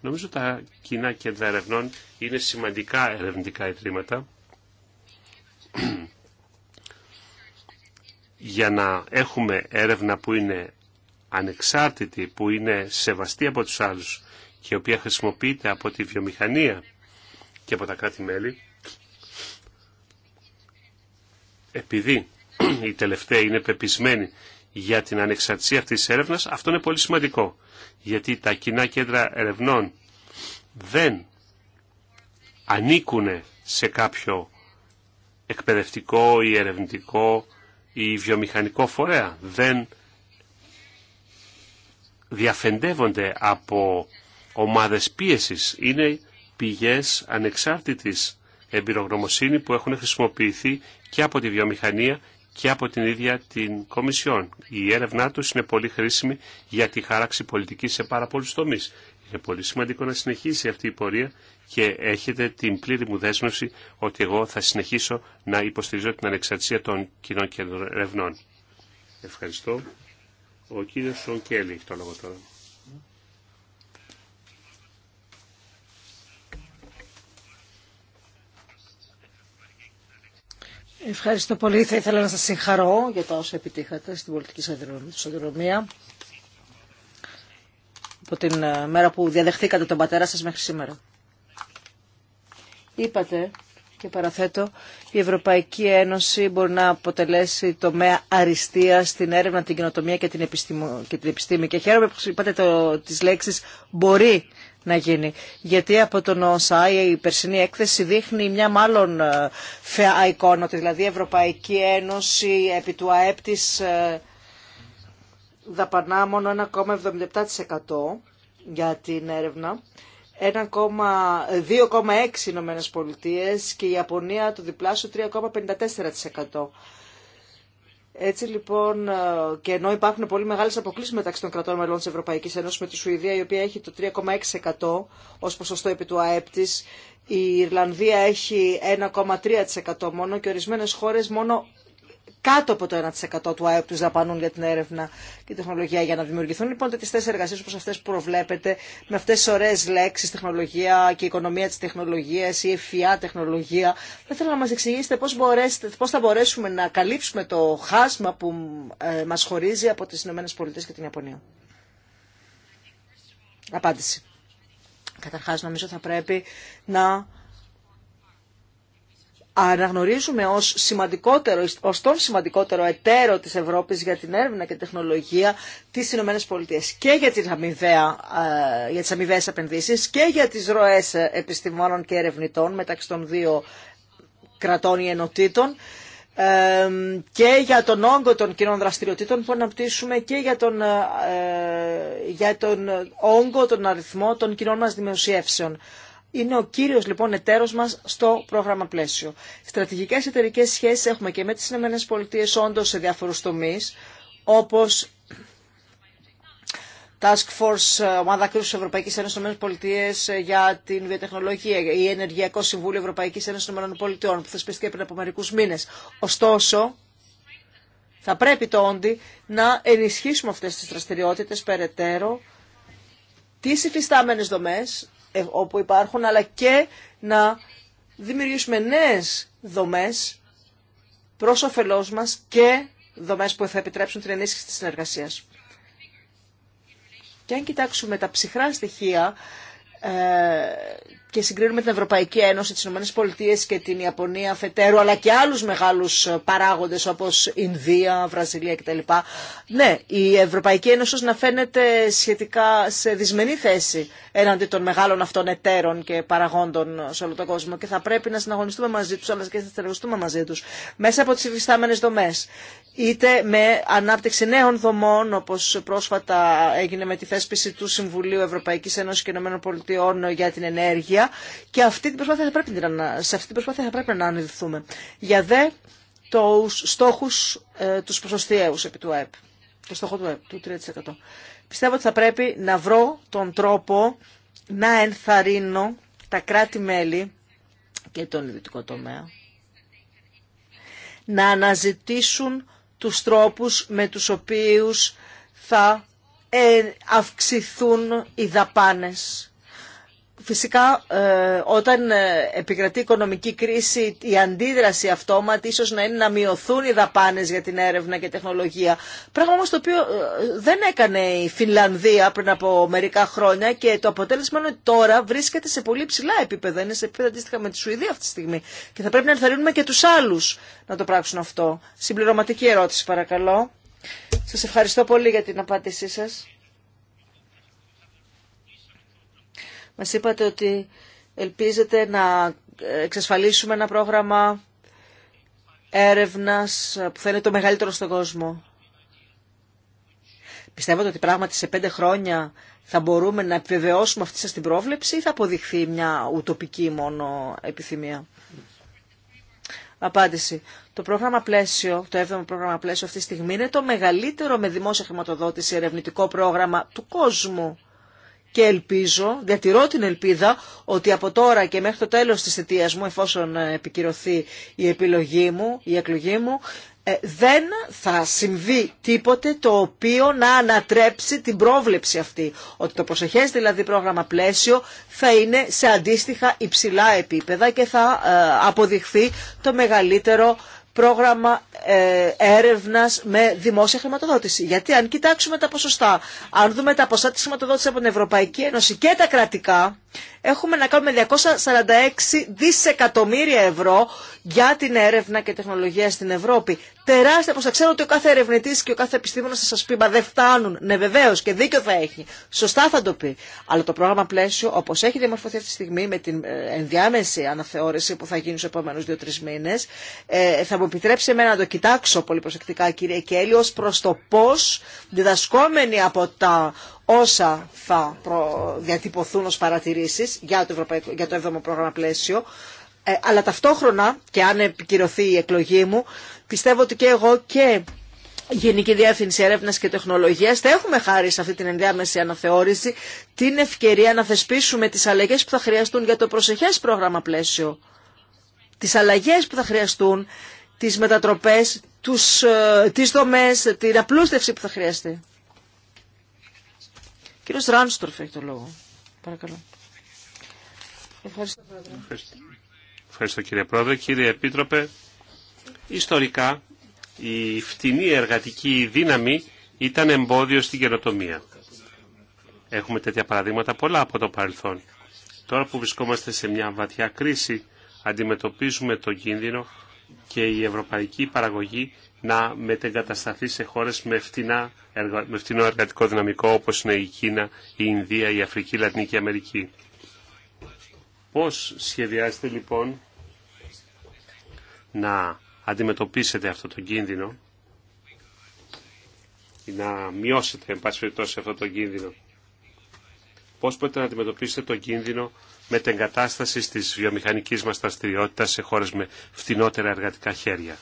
Νομίζω τα κοινά κέντρα ερευνών είναι σημαντικά ερευνητικά ιδρύματα για να έχουμε έρευνα που είναι ανεξάρτητη, που είναι σεβαστή από τους άλλους και η οποία χρησιμοποιείται από τη βιομηχανία και από τα κράτη-μέλη, επειδή οι τελευταίοι είναι πεπισμένοι για την ανεξαρτησία αυτής της έρευνας, αυτό είναι πολύ σημαντικό. Γιατί τα κοινά κέντρα ερευνών δεν ανήκουν σε κάποιο εκπαιδευτικό ή ερευνητικό ή βιομηχανικό φορέα. Δεν διαφεντεύονται από ομάδες πίεσης. Είναι πηγές ανεξάρτητης εμπειρογνωμοσύνη που έχουν χρησιμοποιηθεί και από τη βιομηχανία και από την ίδια την Κομισιόν. Η έρευνά τους είναι πολύ χρήσιμη για τη χάραξη πολιτικής σε πάρα πολλούς τομείς. Είναι πολύ σημαντικό να συνεχίσει αυτή η πορεία και έχετε την πλήρη μου δέσμευση ότι εγώ θα συνεχίσω να υποστηρίζω την ανεξαρτησία των κοινών και Ευχαριστώ. Ο κύριος Σον Κέλλη έχει το λόγο τώρα.
Ευχαριστώ πολύ. Θα ήθελα να σας συγχαρώ για τα όσα επιτύχατε στην πολιτική σαδηροδρομία από την ε, μέρα που διαδεχθήκατε τον πατέρα σας μέχρι σήμερα. Είπατε και παραθέτω, η Ευρωπαϊκή Ένωση μπορεί να αποτελέσει τομέα αριστεία στην έρευνα, την κοινοτομία και την, επιστήμη. Και, την επιστήμη. και χαίρομαι που είπατε το, τις λέξεις μπορεί να γίνει. Γιατί από τον ΩΣΑ η περσινή έκθεση δείχνει μια μάλλον ε, φαιά εικόνα, ότι δηλαδή η Ευρωπαϊκή Ένωση επί του ΑΕΠ της ε, δαπανά μόνο 1,77% για την έρευνα. 2,6 Ηνωμένε Πολιτείε και η Ιαπωνία το διπλάσιο 3,54%. Έτσι λοιπόν, ε, και ενώ υπάρχουν πολύ μεγάλες αποκλήσει μεταξύ των κρατών μελών τη ευρωπαϊκή Ένωση, με τη Σουηδία, η οποία έχει το 3,6% ως ποσοστό επί του ΑΕΠ τη, η Ιρλανδία έχει 1,3% μόνο και ορισμένες χώρες μόνο κάτω από το 1% του ΑΕΠ του δαπανούν για την έρευνα και τεχνολογία. Για να δημιουργηθούν λοιπόν τέτοιε θέσει εργασία όπω αυτέ που προβλέπετε, με αυτέ τι ωραίε λέξει, τεχνολογία και οικονομία τη τεχνολογία, η ευφυά τεχνολογία, θα ήθελα να μα εξηγήσετε πώ θα μπορέσουμε να καλύψουμε το χάσμα που ε, μα χωρίζει από τι ΗΠΑ και την Ιαπωνία. Απάντηση. Καταρχάς νομίζω θα πρέπει να αναγνωρίζουμε ως, σημαντικότερο, ως τον σημαντικότερο εταίρο της Ευρώπης για την έρευνα και τεχνολογία της Ηνωμένες Πολιτείες και για, την αμοιβαία, ε, για τις αμοιβαίες επενδύσεις και για τις ροές επιστημόνων και ερευνητών μεταξύ των δύο κρατών ή ενωτήτων ε, και για τον όγκο των κοινών δραστηριοτήτων που αναπτύσσουμε και για τον, ε, για τον όγκο, τον αριθμό των κοινών μας δημοσιεύσεων. Είναι ο κύριο λοιπόν εταίρο μα στο πρόγραμμα πλαίσιο. Στρατηγικέ εταιρικέ σχέσει έχουμε και με τις ΗΠΑ όντω σε διάφορου τομεί, όπως Task Force, ε, ομάδα κρούσης Ευρωπαϊκής Ένωσης των ΗΠΑ ε, για την βιοτεχνολογία, η Ενεργειακό Συμβούλιο Ευρωπαϊκής Ένωσης των ΗΠΑ που θεσπίστηκε πριν από μερικούς μήνες. Ωστόσο, θα πρέπει το όντι να ενισχύσουμε αυτές τις δραστηριότητες περαιτέρω, τις υφιστάμενες δομές, ε, όπου υπάρχουν, αλλά και να δημιουργήσουμε νέες δομές προς όφελός μας και δομές που θα επιτρέψουν την ενίσχυση της συνεργασίας. Και αν κοιτάξουμε τα ψυχρά στοιχεία ε, και συγκρίνουμε την Ευρωπαϊκή Ένωση, τις Ηνωμένες Πολιτείες και την Ιαπωνία φετέρου αλλά και άλλους μεγάλους ε, παράγοντες όπως Ινδία, Βραζιλία κτλ. Ναι, η Ευρωπαϊκή Ένωση να φαίνεται σχετικά σε δυσμενή θέση έναντι των μεγάλων αυτών εταίρων και παραγόντων σε όλο τον κόσμο και θα πρέπει να συναγωνιστούμε μαζί τους αλλά και να συνεργαστούμε μαζί τους μέσα από τις υφιστάμενες δομές είτε με ανάπτυξη νέων δομών, όπως πρόσφατα έγινε με τη θέσπιση του Συμβουλίου Ευρωπαϊκής Ένωσης και ΗΠΑ για την ενέργεια. Και αυτή την προσπάθεια θα πρέπει να, σε αυτή την προσπάθεια θα πρέπει να αναλυθούμε. Για δε τους στόχους ε, τους προσωστιαίους επί του ΑΕΠ, το στόχο του ΑΕΠ, του 3%. Πιστεύω ότι θα πρέπει να βρω τον τρόπο να ενθαρρύνω τα κράτη-μέλη και τον ιδιωτικό τομέα να αναζητήσουν τους τρόπους με τους οποίους θα ε, αυξηθούν οι δαπάνες. Φυσικά, ε, όταν ε, επικρατεί οικονομική κρίση, η αντίδραση αυτόματη ίσως να είναι να μειωθούν οι δαπάνες για την έρευνα και τεχνολογία. Πράγμα όμως το οποίο ε, δεν έκανε η Φινλανδία πριν από μερικά χρόνια και το αποτέλεσμα είναι ότι τώρα βρίσκεται σε πολύ ψηλά επίπεδα. Είναι σε επίπεδα αντίστοιχα με τη Σουηδία αυτή τη στιγμή. Και θα πρέπει να ενθαρρύνουμε και τους άλλους να το πράξουν αυτό. Συμπληρωματική ερώτηση παρακαλώ. Σας ευχαριστώ πολύ για την απάντησή σας. Μας είπατε ότι ελπίζετε να εξασφαλίσουμε ένα πρόγραμμα έρευνας που θα είναι το μεγαλύτερο στον κόσμο. Πιστεύετε ότι πράγματι σε πέντε χρόνια θα μπορούμε να επιβεβαιώσουμε αυτή σας την πρόβλεψη ή θα αποδειχθεί μια ουτοπική μόνο επιθυμία. Απάντηση. Το πρόγραμμα πλαίσιο, το 7ο πρόγραμμα πλαίσιο αυτή τη στιγμή είναι το μεγαλύτερο με δημόσια χρηματοδότηση ερευνητικό πρόγραμμα του κόσμου και ελπίζω, διατηρώ την ελπίδα ότι από τώρα και μέχρι το τέλος της θητείας μου, εφόσον ε, επικυρωθεί η επιλογή μου, η εκλογή μου, ε, δεν θα συμβεί τίποτε το οποίο να ανατρέψει την πρόβλεψη αυτή. Ότι το προσεχές δηλαδή πρόγραμμα πλαίσιο θα είναι σε αντίστοιχα υψηλά επίπεδα και θα ε, αποδειχθεί το μεγαλύτερο πρόγραμμα ε, έρευνας με δημόσια χρηματοδότηση. Γιατί αν κοιτάξουμε τα ποσοστά, αν δούμε τα ποσά της χρηματοδότησης από την Ευρωπαϊκή Ένωση και τα κρατικά, Έχουμε να κάνουμε 246 δισεκατομμύρια ευρώ για την έρευνα και τεχνολογία στην Ευρώπη. Τεράστια θα Ξέρω ότι ο κάθε ερευνητής και ο κάθε επιστήμονας θα σα πει Μα δεν φτάνουν. Ναι, βεβαίω και δίκιο θα έχει. Σωστά θα το πει. Αλλά το πρόγραμμα πλαίσιο, όπως έχει διαμορφωθεί αυτή τη στιγμή με την ε, ενδιάμεση αναθεώρηση που θα γίνει στου επόμενου δύο-τρει μήνες ε, θα μου επιτρέψει εμένα να το κοιτάξω πολύ προσεκτικά, κύριε Κέλλη, ω προ το πώ διδασκόμενοι από τα όσα θα διατυπωθούν ως παρατηρήσεις για το, Ευρωπαϊκό, για το 7ο πρόγραμμα πλαίσιο, ε, αλλά ταυτόχρονα και αν επικυρωθεί η εκλογή μου, πιστεύω ότι και εγώ και η Γενική Διεύθυνση Έρευνας και Τεχνολογίας θα έχουμε χάρη σε αυτή την ενδιάμεση αναθεώρηση την ευκαιρία να θεσπίσουμε τις αλλαγές που θα χρειαστούν για το προσεχές πρόγραμμα πλαίσιο, τις αλλαγές που θα χρειαστούν, τις μετατροπές, τους, ε, τις δομές, την απλούστευση που θα χρειαστεί. Κύριος Ράνστορφ έχει το λόγο. Παρακαλώ. Ευχαριστώ, Ευχαριστώ.
Ευχαριστώ κύριε Πρόεδρε. Κύριε Επίτροπε, ιστορικά η φτηνή εργατική δύναμη ήταν εμπόδιο στην καινοτομία. Έχουμε τέτοια παραδείγματα πολλά από το παρελθόν. Τώρα που βρισκόμαστε σε μια βαθιά κρίση, αντιμετωπίζουμε τον κίνδυνο και η ευρωπαϊκή παραγωγή να μετεγκατασταθεί σε χώρες με, φτηνά, με φτηνό εργατικό δυναμικό όπως είναι η Κίνα, η Ινδία, η Αφρική, η Λατινική Αμερική. Πώς σχεδιάζετε λοιπόν να αντιμετωπίσετε αυτό το κίνδυνο ή να μειώσετε εν πάση περιπτώσει αυτό το κίνδυνο. Πώς μπορείτε να αντιμετωπίσετε το κίνδυνο με την εγκατάσταση της βιομηχανικής μας δραστηριότητα σε χώρες με φτηνότερα εργατικά χέρια.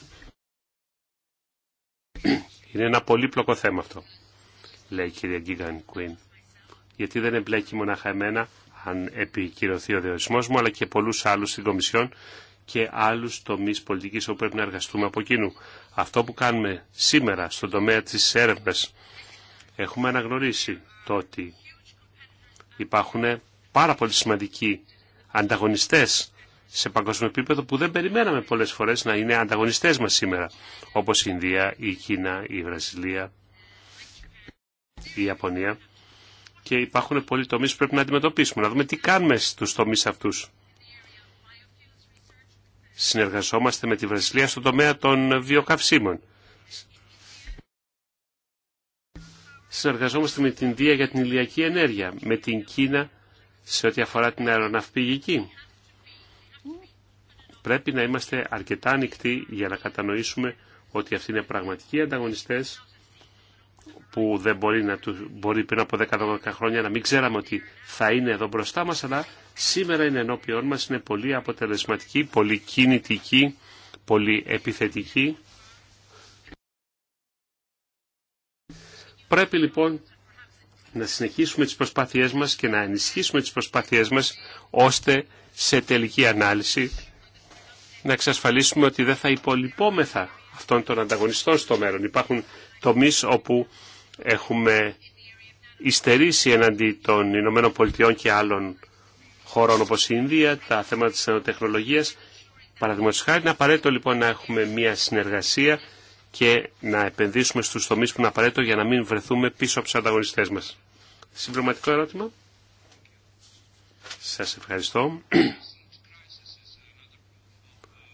Είναι ένα πολύπλοκο θέμα αυτό, λέει η κυρία Γκίγαν Κουίν. Γιατί δεν εμπλέκει μονάχα εμένα, αν επικυρωθεί ο διορισμό μου, αλλά και πολλού άλλου στην Κομισιόν και άλλου τομεί πολιτική όπου πρέπει να εργαστούμε από κοινού. Αυτό που κάνουμε σήμερα στον τομέα τη έρευνα, έχουμε αναγνωρίσει το ότι υπάρχουν πάρα πολύ σημαντικοί ανταγωνιστές σε παγκόσμιο επίπεδο που δεν περιμέναμε πολλές φορές να είναι ανταγωνιστές μας σήμερα, όπως η Ινδία, η Κίνα, η Βραζιλία, η Ιαπωνία. Και υπάρχουν πολλοί τομείς που πρέπει να αντιμετωπίσουμε, να δούμε τι κάνουμε στους τομείς αυτούς. Συνεργαζόμαστε με τη Βραζιλία στον τομέα των βιοκαυσίμων. Συνεργαζόμαστε με την Ινδία για την ηλιακή ενέργεια, με την Κίνα σε ό,τι αφορά την αεροναυπηγική. Πρέπει να είμαστε αρκετά ανοιχτοί για να κατανοήσουμε ότι αυτοί είναι πραγματικοί ανταγωνιστές που δεν μπορεί, να μπορεί πριν από 10-12 χρόνια να μην ξέραμε ότι θα είναι εδώ μπροστά μας, αλλά σήμερα είναι ενώπιόν μας, είναι πολύ αποτελεσματική, πολύ κινητική, πολύ επιθετική. Πρέπει λοιπόν να συνεχίσουμε τις προσπάθειές μας και να ενισχύσουμε τις προσπάθειές μας, ώστε σε τελική ανάλυση να εξασφαλίσουμε ότι δεν θα υπολοιπόμεθα αυτών των ανταγωνιστών στο μέλλον. Υπάρχουν τομείς όπου έχουμε υστερήσει εναντί των Ηνωμένων Πολιτειών και άλλων χωρών όπως η Ινδία, τα θέματα της ενοτεχνολογίας. Παραδείγματο χάρη, είναι απαραίτητο λοιπόν να έχουμε μια συνεργασία και να επενδύσουμε στους τομείς που είναι απαραίτητο για να μην βρεθούμε πίσω από τους ανταγωνιστές μας. Συμπληρωματικό ερώτημα. Σας ευχαριστώ.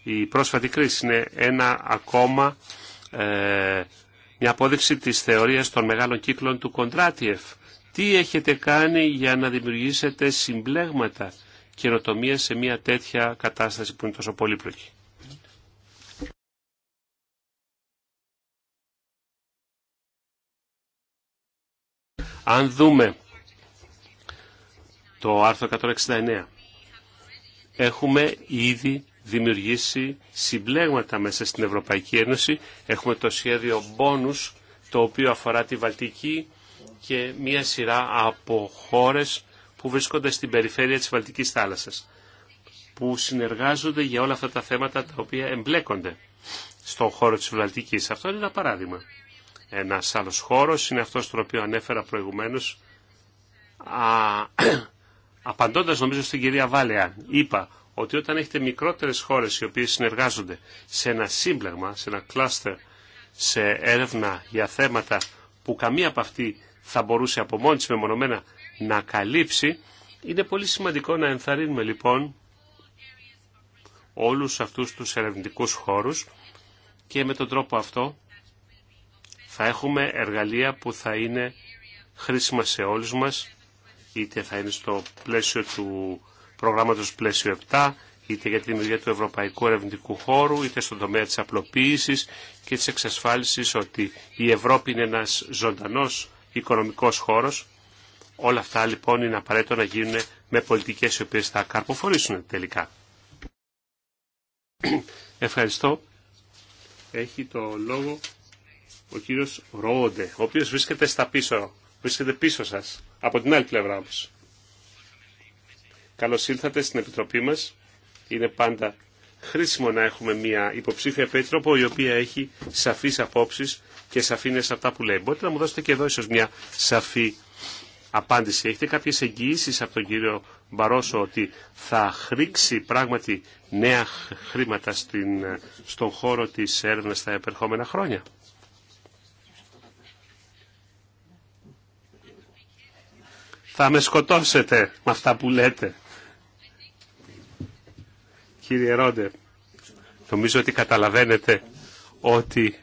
Η πρόσφατη κρίση είναι ένα ακόμα ε, μια απόδειξη της θεωρίας των μεγάλων κύκλων του Κοντράτιεφ. Τι έχετε κάνει για να δημιουργήσετε συμπλέγματα καινοτομία σε μια τέτοια κατάσταση που είναι τόσο πολύπλοκη. Αν δούμε το άρθρο 169, έχουμε ήδη δημιουργήσει συμπλέγματα μέσα στην Ευρωπαϊκή Ένωση. Έχουμε το σχέδιο Bonus, το οποίο αφορά τη Βαλτική και μία σειρά από χώρες που βρίσκονται στην περιφέρεια της Βαλτικής θάλασσας, που συνεργάζονται για όλα αυτά τα θέματα τα οποία εμπλέκονται στον χώρο της Βαλτικής. Αυτό είναι ένα παράδειγμα. Ένας άλλος χώρος είναι αυτός τον οποίο ανέφερα προηγουμένως, α, νομίζω στην κυρία Βάλεα, είπα ότι όταν έχετε μικρότερες χώρες οι οποίες συνεργάζονται σε ένα σύμπλεγμα, σε ένα κλάστερ, σε έρευνα για θέματα που καμία από αυτή θα μπορούσε από μόνη της μεμονωμένα να καλύψει, είναι πολύ σημαντικό να ενθαρρύνουμε λοιπόν όλους αυτούς τους ερευνητικούς χώρους και με τον τρόπο αυτό θα έχουμε εργαλεία που θα είναι χρήσιμα σε όλους μας, είτε θα είναι στο πλαίσιο του προγράμματος πλαίσιο 7, είτε για τη δημιουργία του ευρωπαϊκού ερευνητικού χώρου, είτε στον τομέα της απλοποίησης και της εξασφάλισης ότι η Ευρώπη είναι ένας ζωντανός οικονομικός χώρος. Όλα αυτά λοιπόν είναι απαραίτητο να γίνουν με πολιτικές οι οποίες θα καρποφορήσουν τελικά. Ευχαριστώ. Έχει το λόγο ο κύριος Ρόντε, ο οποίος βρίσκεται στα πίσω, βρίσκεται πίσω σας, από την άλλη πλευρά όμως. Καλώς ήλθατε στην Επιτροπή μας. Είναι πάντα χρήσιμο να έχουμε μια υποψήφια επίτροπο η οποία έχει σαφείς απόψεις και σαφήνες σε αυτά που λέει. Μπορείτε να μου δώσετε και εδώ ίσως μια σαφή απάντηση. Έχετε κάποιες εγγυήσει από τον κύριο Μπαρόσο ότι θα χρήξει πράγματι νέα χρήματα στον χώρο της έρευνας τα επερχόμενα χρόνια. Θα με σκοτώσετε με αυτά που λέτε. Κύριε Ρόντε, νομίζω ότι καταλαβαίνετε ότι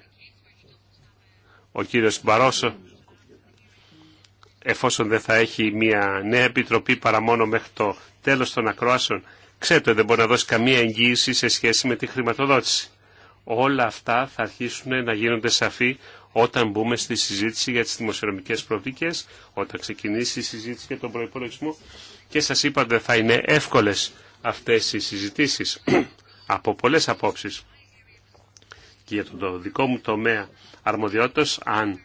ο κύριος Μπαρόσο εφόσον δεν θα έχει μια νέα επιτροπή παρά μόνο μέχρι το τέλος των ακροάσεων, ξέρετε δεν μπορεί να δώσει καμία εγγύηση σε σχέση με τη χρηματοδότηση. Όλα αυτά θα αρχίσουν να γίνονται σαφή όταν μπούμε στη συζήτηση για τις δημοσιονομικές προοπτικές, όταν ξεκινήσει η συζήτηση για τον προϋπολογισμό και σας είπατε θα είναι εύκολες αυτές οι συζητήσεις από πολλές απόψεις και για τον δικό μου τομέα αρμοδιότητας, αν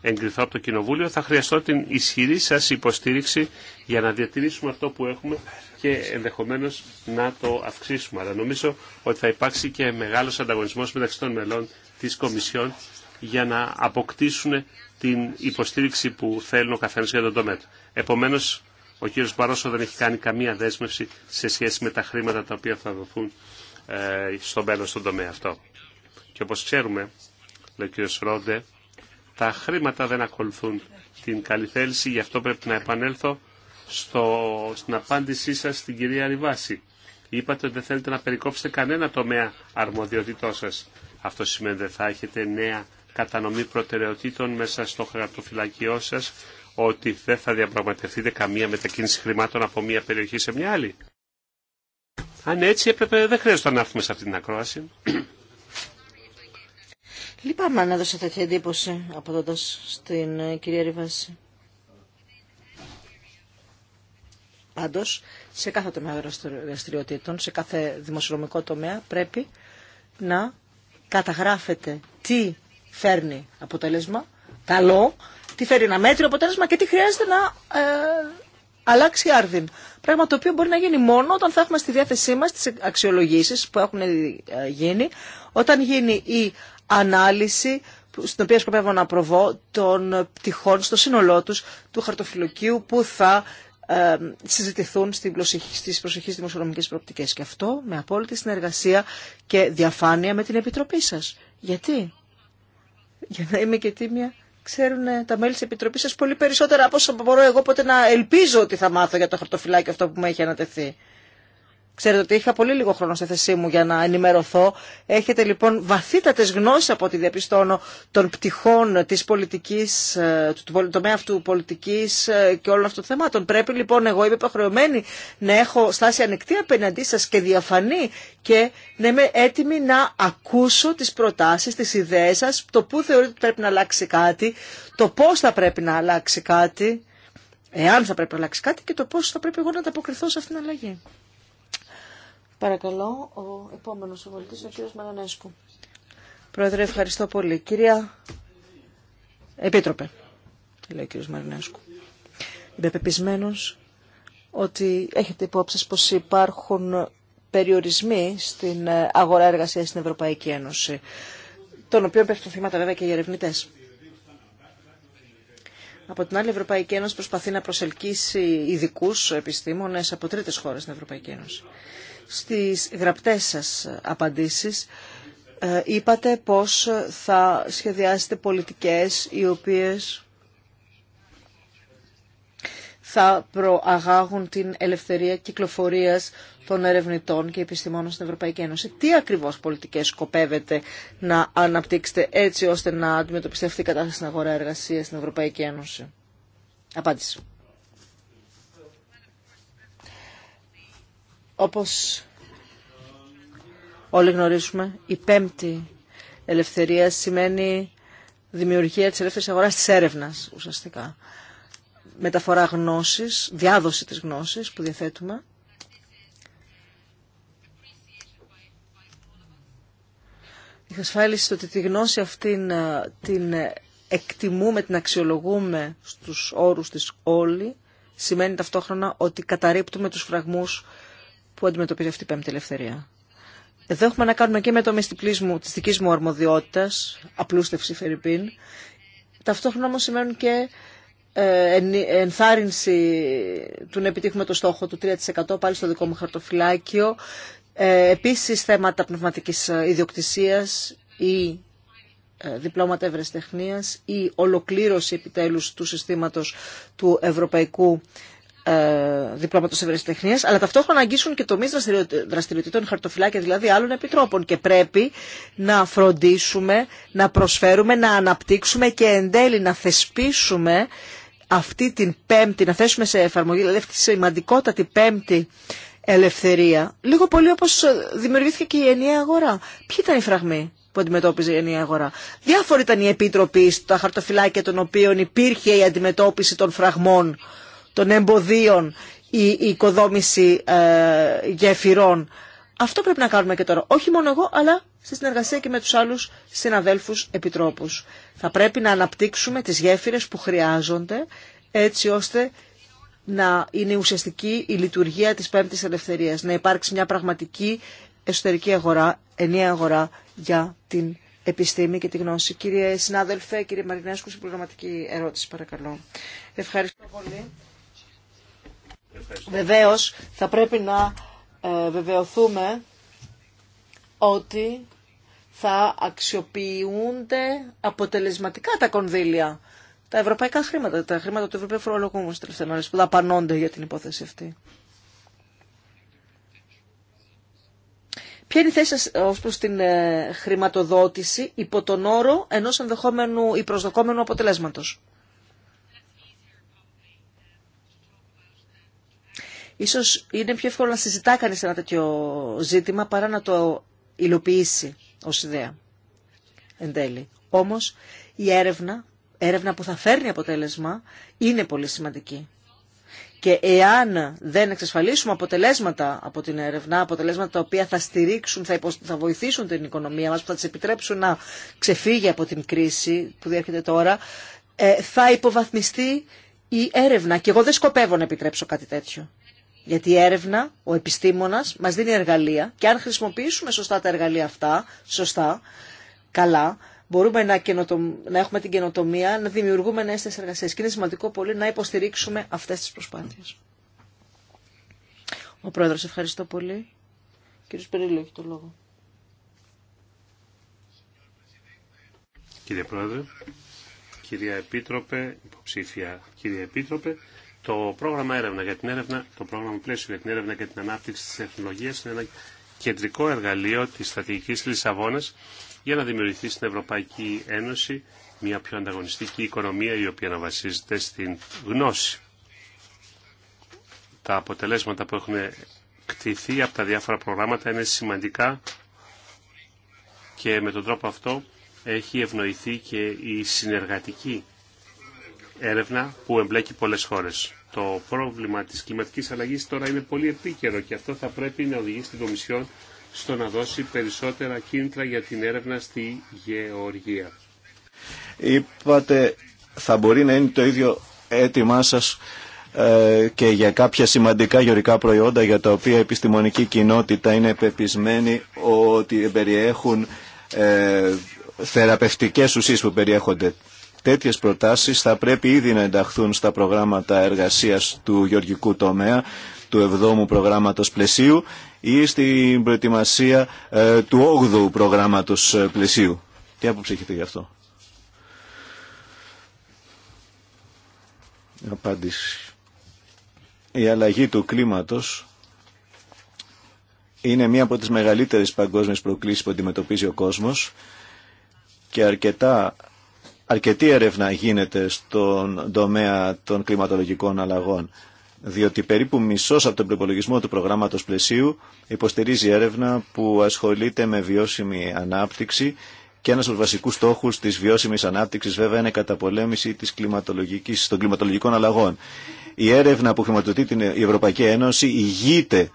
εγκριθώ από το Κοινοβούλιο, θα χρειαστώ την ισχυρή σας υποστήριξη για να διατηρήσουμε αυτό που έχουμε και ενδεχομένως να το αυξήσουμε. Αλλά νομίζω ότι θα υπάρξει και μεγάλος ανταγωνισμός μεταξύ των μελών της Κομισιόν για να αποκτήσουν την υποστήριξη που θέλουν ο καθένας για τον τομέα του. Επομένως, ο κύριος Μπαρόσο δεν έχει κάνει καμία δέσμευση σε σχέση με τα χρήματα τα οποία θα δοθούν ε, στο μέλλον στον τομέα αυτό. Και όπως ξέρουμε, λέει ο κύριος Ρόντε, τα χρήματα δεν ακολουθούν την καλή θέληση, γι' αυτό πρέπει να επανέλθω στο, στην απάντησή σας στην κυρία Ριβάση. Είπατε ότι δεν θέλετε να περικόψετε κανένα τομέα αρμοδιότητό σας. Αυτό σημαίνει δεν θα έχετε νέα κατανομή προτεραιοτήτων μέσα στο χαρτοφυλακείο σας ότι δεν θα διαπραγματευτείτε καμία μετακίνηση χρημάτων από μία περιοχή σε μια άλλη. Αν έτσι έπρεπε δεν χρειάζεται να έρθουμε σε αυτή την ακρόαση.
Λυπάμαι αν έδωσα τέτοια εντύπωση απαντώντα στην ε, κυρία Ριβάση. Πάντω, σε κάθε τομέα δραστηριοτήτων, σε κάθε δημοσιονομικό τομέα πρέπει να καταγράφεται τι φέρνει αποτέλεσμα, καλό, τι φέρει ένα μέτριο αποτέλεσμα και τι χρειάζεται να ε, αλλάξει άρδιν. Πράγμα το οποίο μπορεί να γίνει μόνο όταν θα έχουμε στη διάθεσή μας τις αξιολογήσεις που έχουν ε, γίνει, όταν γίνει η ανάλυση στην οποία σκοπεύω να προβώ των πτυχών στο σύνολό τους του χαρτοφυλλοκίου που θα ε, συζητηθούν στην προσοχή, στις προσεχείς δημοσιονομικές προοπτικές. Και αυτό με απόλυτη συνεργασία και διαφάνεια με την Επιτροπή σας. Γιατί? Για να είμαι και τίμια ξέρουν ε, τα μέλη τη Επιτροπής σα πολύ περισσότερα από όσο μπορώ εγώ ποτέ να ελπίζω ότι θα μάθω για το χαρτοφυλάκι αυτό που μου έχει ανατεθεί. Ξέρετε ότι είχα πολύ λίγο χρόνο σε θέσή μου για να ενημερωθώ. Έχετε λοιπόν βαθύτατε γνώσει από ό,τι διαπιστώνω των πτυχών τη πολιτική, ε, του τομέα αυτού πολιτικής ε, και όλων αυτών των θεμάτων. Πρέπει λοιπόν εγώ είμαι υποχρεωμένη να έχω στάση ανοιχτή απέναντί σα και διαφανή και να είμαι έτοιμη να ακούσω τι προτάσει, τι ιδέε σα, το πού θεωρείτε ότι πρέπει να αλλάξει κάτι, το πώ θα πρέπει να αλλάξει κάτι, εάν θα πρέπει να αλλάξει κάτι και το πώ θα πρέπει εγώ να ανταποκριθώ σε αυτήν την αλλαγή. Παρακαλώ, ο επόμενος ομιλητής, ο κύριος Μαρανέσκου. Πρόεδρε, ευχαριστώ πολύ. Κυρία Επίτροπε, λέει ο κύριος Μαρανέσκου. Είμαι πεπισμένος ότι έχετε υπόψη πως υπάρχουν περιορισμοί στην ε, αγορά εργασία στην Ευρωπαϊκή Ένωση, των οποίων πέφτουν θύματα βέβαια και οι ερευνητέ. Από την άλλη, η Ευρωπαϊκή Ένωση προσπαθεί να προσελκύσει ειδικού επιστήμονε από τρίτε χώρε στην Ευρωπαϊκή Ένωση στις γραπτές σας απαντήσεις ε, είπατε πως θα σχεδιάσετε πολιτικές οι οποίες θα προαγάγουν την ελευθερία κυκλοφορίας των ερευνητών και επιστημόνων στην Ευρωπαϊκή Ένωση. Τι ακριβώς πολιτικές σκοπεύετε να αναπτύξετε έτσι ώστε να αντιμετωπιστευτεί η κατάσταση στην αγορά εργασίας στην Ευρωπαϊκή Ένωση. Απάντηση. Όπως όλοι γνωρίζουμε, η πέμπτη ελευθερία σημαίνει δημιουργία της ελεύθερης αγοράς της έρευνας ουσιαστικά. Μεταφορά γνώσης, διάδοση της γνώσης που διαθέτουμε. Η ασφάλιση ότι τη γνώση αυτή ε, την ε, εκτιμούμε, την αξιολογούμε στους όρους της όλοι, σημαίνει ταυτόχρονα ότι καταρρύπτουμε τους φραγμούς που αντιμετωπίζει αυτή η πέμπτη ελευθερία. Εδώ έχουμε να κάνουμε και με το μεστιπλίσμο της δικής μου αρμοδιότητας, απλούστευση φερρυπίν, ταυτόχρονα όμως σημαίνουν και ε, ενθάρρυνση του να επιτύχουμε το στόχο του 3% πάλι στο δικό μου χαρτοφυλάκιο, ε, επίσης θέματα πνευματικής ε, ιδιοκτησίας ή διπλώματα ευρεσιτεχνίας ή ολοκλήρωση επιτέλους του συστήματος του Ευρωπαϊκού ε, διπλώματο ευρεσιτεχνία, αλλά ταυτόχρονα αγγίσουν και τομεί δραστηριοτήτων χαρτοφυλάκια, δηλαδή άλλων επιτρόπων. Και πρέπει να φροντίσουμε, να προσφέρουμε, να αναπτύξουμε και εν τέλει να θεσπίσουμε αυτή την πέμπτη, να θέσουμε σε εφαρμογή, δηλαδή αυτή τη σημαντικότατη πέμπτη ελευθερία. Λίγο πολύ όπω δημιουργήθηκε και η ενιαία αγορά. Ποιοι ήταν οι φραγμοί που αντιμετώπιζε η ενιαία αγορά. Διάφοροι ήταν οι επίτροποι στα χαρτοφυλάκια των οποίων υπήρχε η αντιμετώπιση των φραγμών των εμποδίων η οικοδόμηση ε, γεφυρών. Αυτό πρέπει να κάνουμε και τώρα. Όχι μόνο εγώ, αλλά στη συνεργασία και με τους άλλους συναδέλφους επιτρόπους. Θα πρέπει να αναπτύξουμε τις γέφυρες που χρειάζονται, έτσι ώστε να είναι ουσιαστική η λειτουργία της πέμπτης ελευθερίας, να υπάρξει μια πραγματική εσωτερική αγορά, ενιαία αγορά για την επιστήμη και τη γνώση. Κύριε συνάδελφε, κύριε Μαρινέσκου, συμπληρωματική ερώτηση παρακαλώ. Ευχαριστώ πολύ. Βεβαίως θα πρέπει να ε, βεβαιωθούμε ότι θα αξιοποιούνται αποτελεσματικά τα κονδύλια, τα ευρωπαϊκά χρήματα, τα χρήματα του Ευρωπαϊκού Φορολογού που δαπανώνται για την υπόθεση αυτή. Ποια είναι η θέση σας ως προς την ε, χρηματοδότηση υπό τον όρο ενός ενδεχόμενου ή προσδοκόμενου αποτελέσματος. Ίσως είναι πιο εύκολο να συζητά κανείς ένα τέτοιο ζήτημα παρά να το υλοποιήσει ως ιδέα εν τέλει. Όμως η έρευνα, έρευνα που θα φέρνει αποτέλεσμα, είναι πολύ σημαντική. Και εάν δεν εξασφαλίσουμε αποτελέσματα από την έρευνα, αποτελέσματα τα οποία θα στηρίξουν, θα, βοηθήσουν την οικονομία μας, που θα τις επιτρέψουν να ξεφύγει από την κρίση που διέρχεται τώρα, ε, θα υποβαθμιστεί η έρευνα. Και εγώ δεν σκοπεύω να επιτρέψω κάτι τέτοιο. Γιατί η έρευνα, ο επιστήμονας, μας δίνει εργαλεία και αν χρησιμοποιήσουμε σωστά τα εργαλεία αυτά, σωστά, καλά, μπορούμε να, να έχουμε την καινοτομία, να δημιουργούμε νέες θέσει εργασία. Και είναι σημαντικό πολύ να υποστηρίξουμε αυτές τις προσπάθειες. Ο Πρόεδρος, ευχαριστώ πολύ. Κύριο Περίλου, έχει το λόγο.
Κύριε Πρόεδρε, κυρία Επίτροπε, υποψήφια κυρία Επίτροπε, το πρόγραμμα έρευνα για την έρευνα, το πρόγραμμα πλαίσιο για την έρευνα και την ανάπτυξη τη τεχνολογία είναι ένα κεντρικό εργαλείο τη στρατηγική Λισαβόνα για να δημιουργηθεί στην Ευρωπαϊκή Ένωση μια πιο ανταγωνιστική οικονομία η οποία να βασίζεται στην γνώση. Τα αποτελέσματα που έχουν κτηθεί από τα διάφορα προγράμματα είναι σημαντικά και με τον τρόπο αυτό έχει ευνοηθεί και η συνεργατική έρευνα που εμπλέκει πολλές χώρες. Το πρόβλημα της κλιματικής αλλαγής τώρα είναι πολύ επίκαιρο και αυτό θα πρέπει να οδηγήσει στην Κομισιόν στο να δώσει περισσότερα κίνητρα για την έρευνα στη γεωργία.
Είπατε θα μπορεί να είναι το ίδιο έτοιμά σας ε, και για κάποια σημαντικά γεωρικά προϊόντα για τα οποία η επιστημονική κοινότητα είναι πεπισμένη ότι περιέχουν ε, θεραπευτικές ουσίες που περιέχονται. Τέτοιες προτάσεις θα πρέπει ήδη να ενταχθούν στα προγράμματα εργασίας του γεωργικού τομέα του 7ου προγράμματος πλαισίου ή στην προετοιμασία ε, του 8ου προγράμματος ε, πλαισίου. Τι άποψη έχετε γι' αυτό. Απάντηση. Η αλλαγή του κλίματος είναι μία από τις μεγαλύτερες παγκόσμιες προκλήσεις που αντιμετωπίζει ο κόσμος και αρκετά αρκετή έρευνα γίνεται στον τομέα των κλιματολογικών αλλαγών, διότι περίπου μισός από τον προπολογισμό του προγράμματος πλαισίου υποστηρίζει έρευνα που ασχολείται με βιώσιμη ανάπτυξη και ένας από τους βασικούς στόχους της βιώσιμης ανάπτυξης βέβαια είναι η καταπολέμηση της κλιματολογικής, των κλιματολογικών αλλαγών. Η έρευνα που χρηματοδοτεί την Ευρωπαϊκή Ένωση ηγείται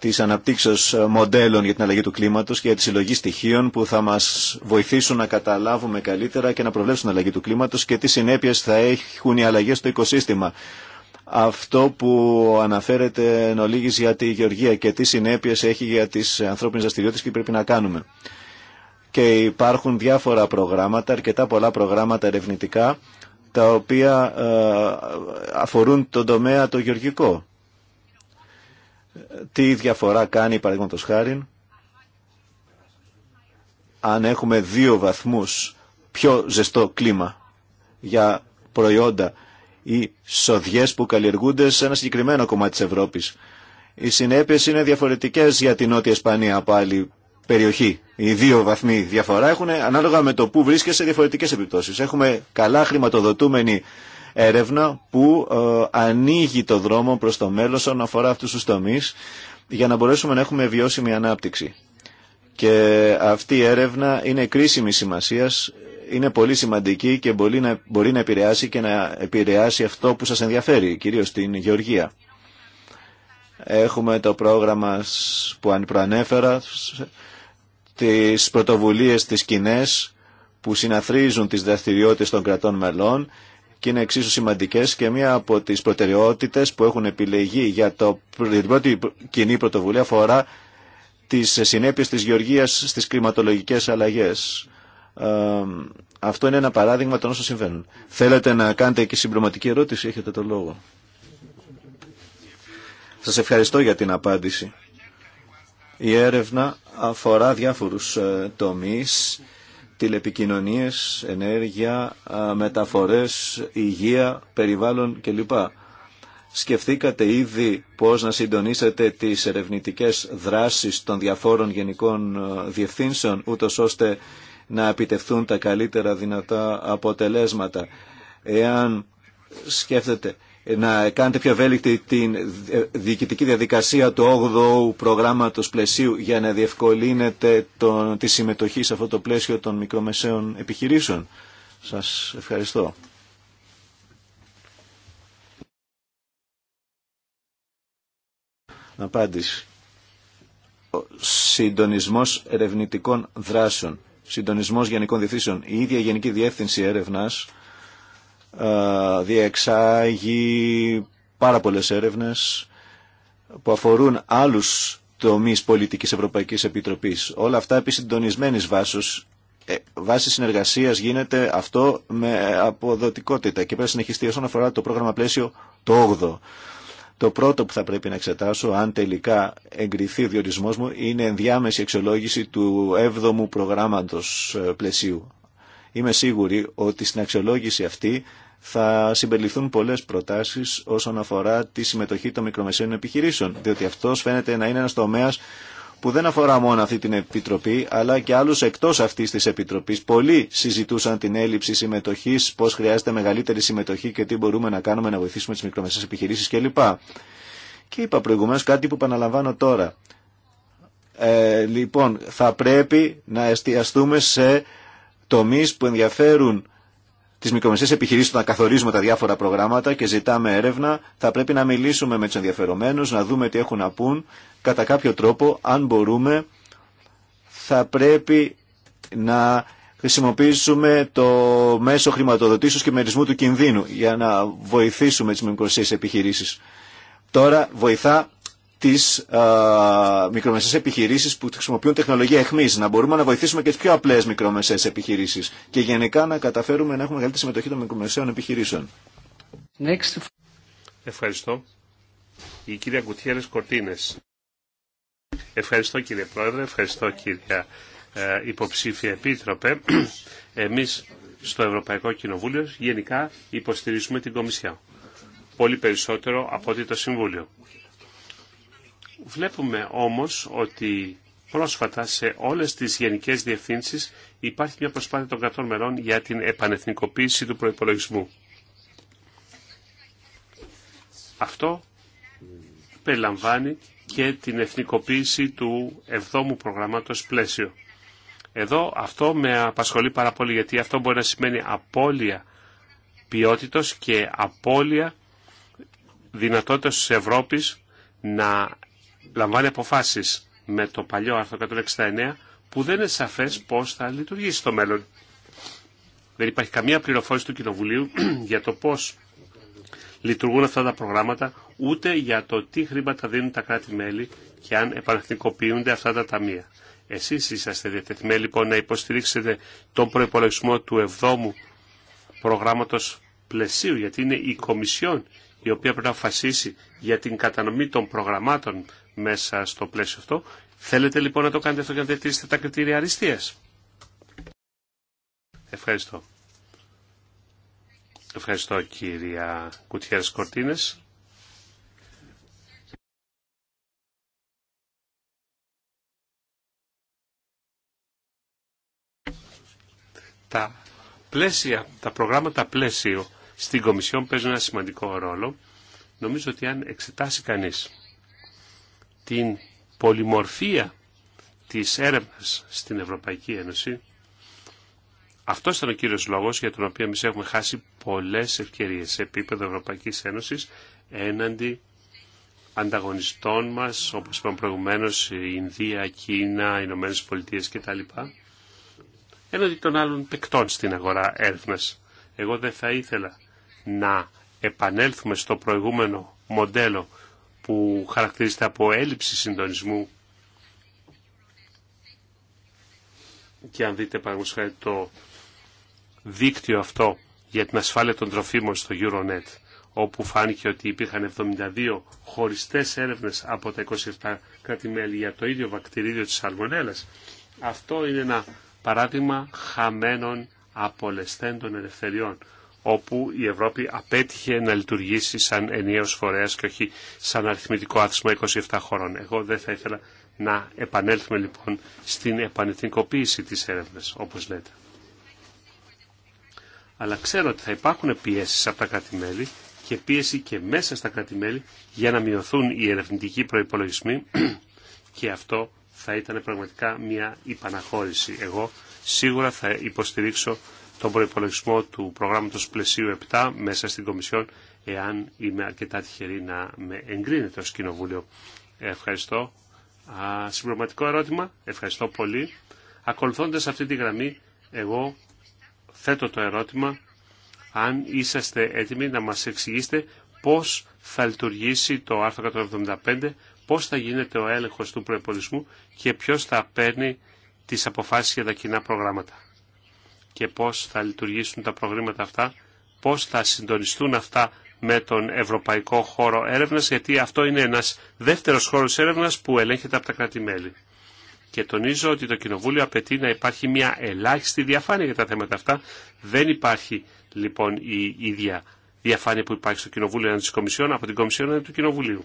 της αναπτύξεως μοντέλων για την αλλαγή του κλίματος και για τη συλλογή στοιχείων που θα μας βοηθήσουν να καταλάβουμε καλύτερα και να προβλέψουμε την αλλαγή του κλίματος και τι συνέπειες θα έχουν οι αλλαγές στο οικοσύστημα. Αυτό που αναφέρεται εν ολίγης για τη γεωργία και τι συνέπειες έχει για τις ανθρώπινες δραστηριότητες και πρέπει να κάνουμε. Και υπάρχουν διάφορα προγράμματα, αρκετά πολλά προγράμματα ερευνητικά, τα οποία ε, αφορούν τον τομέα το γεωργικό τι διαφορά κάνει, παραδείγματο χάρη, αν έχουμε δύο βαθμούς πιο ζεστό κλίμα για προϊόντα ή σοδιές που καλλιεργούνται σε ένα συγκεκριμένο κομμάτι της Ευρώπης. Οι συνέπειες είναι διαφορετικές για την Νότια Ισπανία από άλλη περιοχή. Οι δύο βαθμοί διαφορά έχουν ανάλογα με το που βρίσκεσαι διαφορετικές επιπτώσεις. Έχουμε καλά χρηματοδοτούμενη έρευνα που ε, ανοίγει το δρόμο προς το μέλλον όσον αφορά αυτούς τους τομείς για να μπορέσουμε να έχουμε βιώσιμη ανάπτυξη. Και αυτή η έρευνα είναι κρίσιμη σημασίας, είναι πολύ σημαντική και μπορεί να, μπορεί να επηρεάσει και να επηρεάσει αυτό που σας ενδιαφέρει, κυρίως την γεωργία. Έχουμε το πρόγραμμα που προανέφερα, τις πρωτοβουλίες της κοινέ που συναθρίζουν τις δραστηριότητες των κρατών μελών και είναι εξίσου σημαντικέ και μία από τι προτεραιότητε που έχουν επιλεγεί για, το, την πρώτη κοινή πρωτοβουλία αφορά τι συνέπειε τη γεωργία στι κλιματολογικέ αλλαγέ. αυτό είναι ένα παράδειγμα των όσων συμβαίνουν. Θέλετε να κάνετε και συμπληρωματική ερώτηση, έχετε το λόγο. Σας ευχαριστώ για την απάντηση. Η έρευνα αφορά διάφορους ε, τομείς τηλεπικοινωνίες, ενέργεια, μεταφορές, υγεία, περιβάλλον κλπ. Σκεφτήκατε ήδη πώς να συντονίσετε τις ερευνητικές δράσεις των διαφόρων γενικών διευθύνσεων, ούτω ώστε να επιτευθούν τα καλύτερα δυνατά αποτελέσματα. Εάν σκέφτεται να κάνετε πιο ευέλικτη την διοικητική διαδικασία του 8ου προγράμματος πλαισίου για να διευκολύνετε τον, τη συμμετοχή σε αυτό το πλαίσιο των μικρομεσαίων επιχειρήσεων. Σας ευχαριστώ. Απάντηση. Ο συντονισμός ερευνητικών δράσεων. Συντονισμός γενικών διευθύνσεων. Η ίδια Γενική Διεύθυνση Έρευνας ε, διεξάγει πάρα πολλές έρευνες που αφορούν άλλους τομείς πολιτικής Ευρωπαϊκής Επιτροπής. Όλα αυτά επί συντονισμένης βάσης, ε, βάση συνεργασίας γίνεται αυτό με αποδοτικότητα και πρέπει να συνεχιστεί όσον αφορά το πρόγραμμα πλαίσιο το 8ο. Το πρώτο που θα πρέπει να εξετάσω, αν τελικά εγκριθεί ο διορισμός μου, είναι ενδιάμεση εξολόγηση του 7ου προγράμματος ε, πλαισίου Είμαι σίγουρη ότι στην αξιολόγηση αυτή θα συμπεριληφθούν πολλέ προτάσει όσον αφορά τη συμμετοχή των μικρομεσαίων επιχειρήσεων, διότι αυτό φαίνεται να είναι ένα τομέα που δεν αφορά μόνο αυτή την Επιτροπή, αλλά και άλλου εκτό αυτή τη Επιτροπή. Πολλοί συζητούσαν την έλλειψη συμμετοχή, πώ χρειάζεται μεγαλύτερη συμμετοχή και τι μπορούμε να κάνουμε να βοηθήσουμε τι μικρομεσαίε επιχειρήσει κλπ. Και είπα προηγουμένω κάτι που επαναλαμβάνω τώρα. Ε, λοιπόν, θα πρέπει να εστιαστούμε σε Τομεί που ενδιαφέρουν τι μικρομεσαίε επιχειρήσει να καθορίζουμε τα διάφορα προγράμματα και ζητάμε έρευνα, θα πρέπει να μιλήσουμε με του ενδιαφερομένου, να δούμε τι έχουν να πούν. Κατά κάποιο τρόπο, αν μπορούμε, θα πρέπει να χρησιμοποιήσουμε το μέσο χρηματοδοτήσεως και μερισμού του κινδύνου για να βοηθήσουμε τις μικρομεσαίες επιχειρήσεις. Τώρα βοηθά τι μικρομεσαίε επιχειρήσει που χρησιμοποιούν τεχνολογία εχμή, Να μπορούμε να βοηθήσουμε και τι πιο απλέ μικρομεσαίε επιχειρήσει και γενικά να καταφέρουμε να έχουμε μεγαλύτερη συμμετοχή των μικρομεσαίων επιχειρήσεων.
Next. Ευχαριστώ. Η κυρία Κουτιέρε Κορτίνε. Ευχαριστώ κύριε Πρόεδρε, ευχαριστώ κύριε ε, υποψήφια επίτροπε. Εμείς στο Ευρωπαϊκό Κοινοβούλιο γενικά υποστηρίζουμε την Κομισιά. Πολύ περισσότερο από ότι το Συμβούλιο. Βλέπουμε όμως ότι πρόσφατα σε όλες τις γενικές διευθύνσεις υπάρχει μια προσπάθεια των κρατών μερών για την επανεθνικοποίηση του προϋπολογισμού. Αυτό περιλαμβάνει και την εθνικοποίηση του εβδόμου ου προγραμμάτος πλαίσιο. Εδώ αυτό με απασχολεί πάρα πολύ γιατί αυτό μπορεί να σημαίνει απώλεια ποιότητος και απώλεια δυνατότητας της Ευρώπης να λαμβάνει αποφάσεις με το παλιό άρθρο 169 που δεν είναι σαφές πώς θα λειτουργήσει στο μέλλον. Δεν υπάρχει καμία πληροφόρηση του Κοινοβουλίου για το πώς λειτουργούν αυτά τα προγράμματα, ούτε για το τι χρήματα δίνουν τα κράτη-μέλη και αν επαναθνικοποιούνται αυτά τα ταμεία. Εσείς είσαστε διατεθειμένοι λοιπόν να υποστηρίξετε τον προπολογισμό του 7ου προγράμματος πλαισίου, γιατί είναι η Κομισιόν η οποία πρέπει να αποφασίσει για την κατανομή των προγραμμάτων μέσα στο πλαίσιο αυτό. Θέλετε λοιπόν να το κάνετε αυτό για να διατηρήσετε τα κριτήρια αριστείας. Ευχαριστώ. Ευχαριστώ κυρία Κουτιέρας Κορτίνες. Τα πλαίσια, τα προγράμματα πλαίσιο στην Κομισιόν παίζουν ένα σημαντικό ρόλο. Νομίζω ότι αν εξετάσει κανείς την πολυμορφία της έρευνας στην Ευρωπαϊκή Ένωση. Αυτό ήταν ο κύριος λόγος για τον οποίο εμεί έχουμε χάσει πολλές ευκαιρίες σε επίπεδο Ευρωπαϊκής Ένωσης έναντι ανταγωνιστών μας, όπως είπαμε προηγουμένως, η Ινδία, Κίνα, Ηνωμένε Πολιτείες κτλ. Έναντι των άλλων παικτών στην αγορά έρευνα. Εγώ δεν θα ήθελα να επανέλθουμε στο προηγούμενο μοντέλο που χαρακτηρίζεται από έλλειψη συντονισμού και αν δείτε παραγωγικά το δίκτυο αυτό για την ασφάλεια των τροφίμων στο Euronet όπου φάνηκε ότι υπήρχαν 72 χωριστές έρευνες από τα 27 κράτη-μέλη για το ίδιο βακτηρίδιο της σαλμονέλας. Αυτό είναι ένα παράδειγμα χαμένων απολεσθέντων ελευθεριών όπου η Ευρώπη απέτυχε να λειτουργήσει σαν ενιαίος φορέας και όχι σαν αριθμητικό άθροισμα 27 χωρών. Εγώ δεν θα ήθελα να επανέλθουμε λοιπόν στην επανεθνικοποίηση της έρευνας, όπως λέτε. Αλλά ξέρω ότι θα υπάρχουν πιέσεις από τα κράτη-μέλη και πίεση και μέσα στα κράτη-μέλη για να μειωθούν οι ερευνητικοί προϋπολογισμοί και αυτό θα ήταν πραγματικά μια υπαναχώρηση. Εγώ σίγουρα θα υποστηρίξω τον προϋπολογισμό του προγράμματος πλαισίου 7 μέσα στην Κομισιόν, εάν είμαι αρκετά τυχερή να με εγκρίνεται ως Κοινοβούλιο. Ευχαριστώ. Α, συμπληρωματικό ερώτημα. Ευχαριστώ πολύ. Ακολουθώντας αυτή τη γραμμή, εγώ θέτω το ερώτημα αν είσαστε έτοιμοι να μας εξηγήσετε πώς θα λειτουργήσει το άρθρο 175, πώς θα γίνεται ο έλεγχος του προϋπολισμού και ποιος θα παίρνει τις αποφάσεις για τα κοινά προγράμματα και πώς θα λειτουργήσουν τα προγράμματα αυτά, πώς θα συντονιστούν αυτά με τον Ευρωπαϊκό Χώρο Έρευνας, γιατί αυτό είναι ένας δεύτερος χώρος έρευνας που ελέγχεται από τα κράτη-μέλη. Και τονίζω ότι το Κοινοβούλιο απαιτεί να υπάρχει μια ελάχιστη διαφάνεια για τα θέματα αυτά. Δεν υπάρχει λοιπόν η ίδια διαφάνεια που υπάρχει στο Κοινοβούλιο έναντι της Κομισιόν από την Κομισιόν έναντι του Κοινοβουλίου.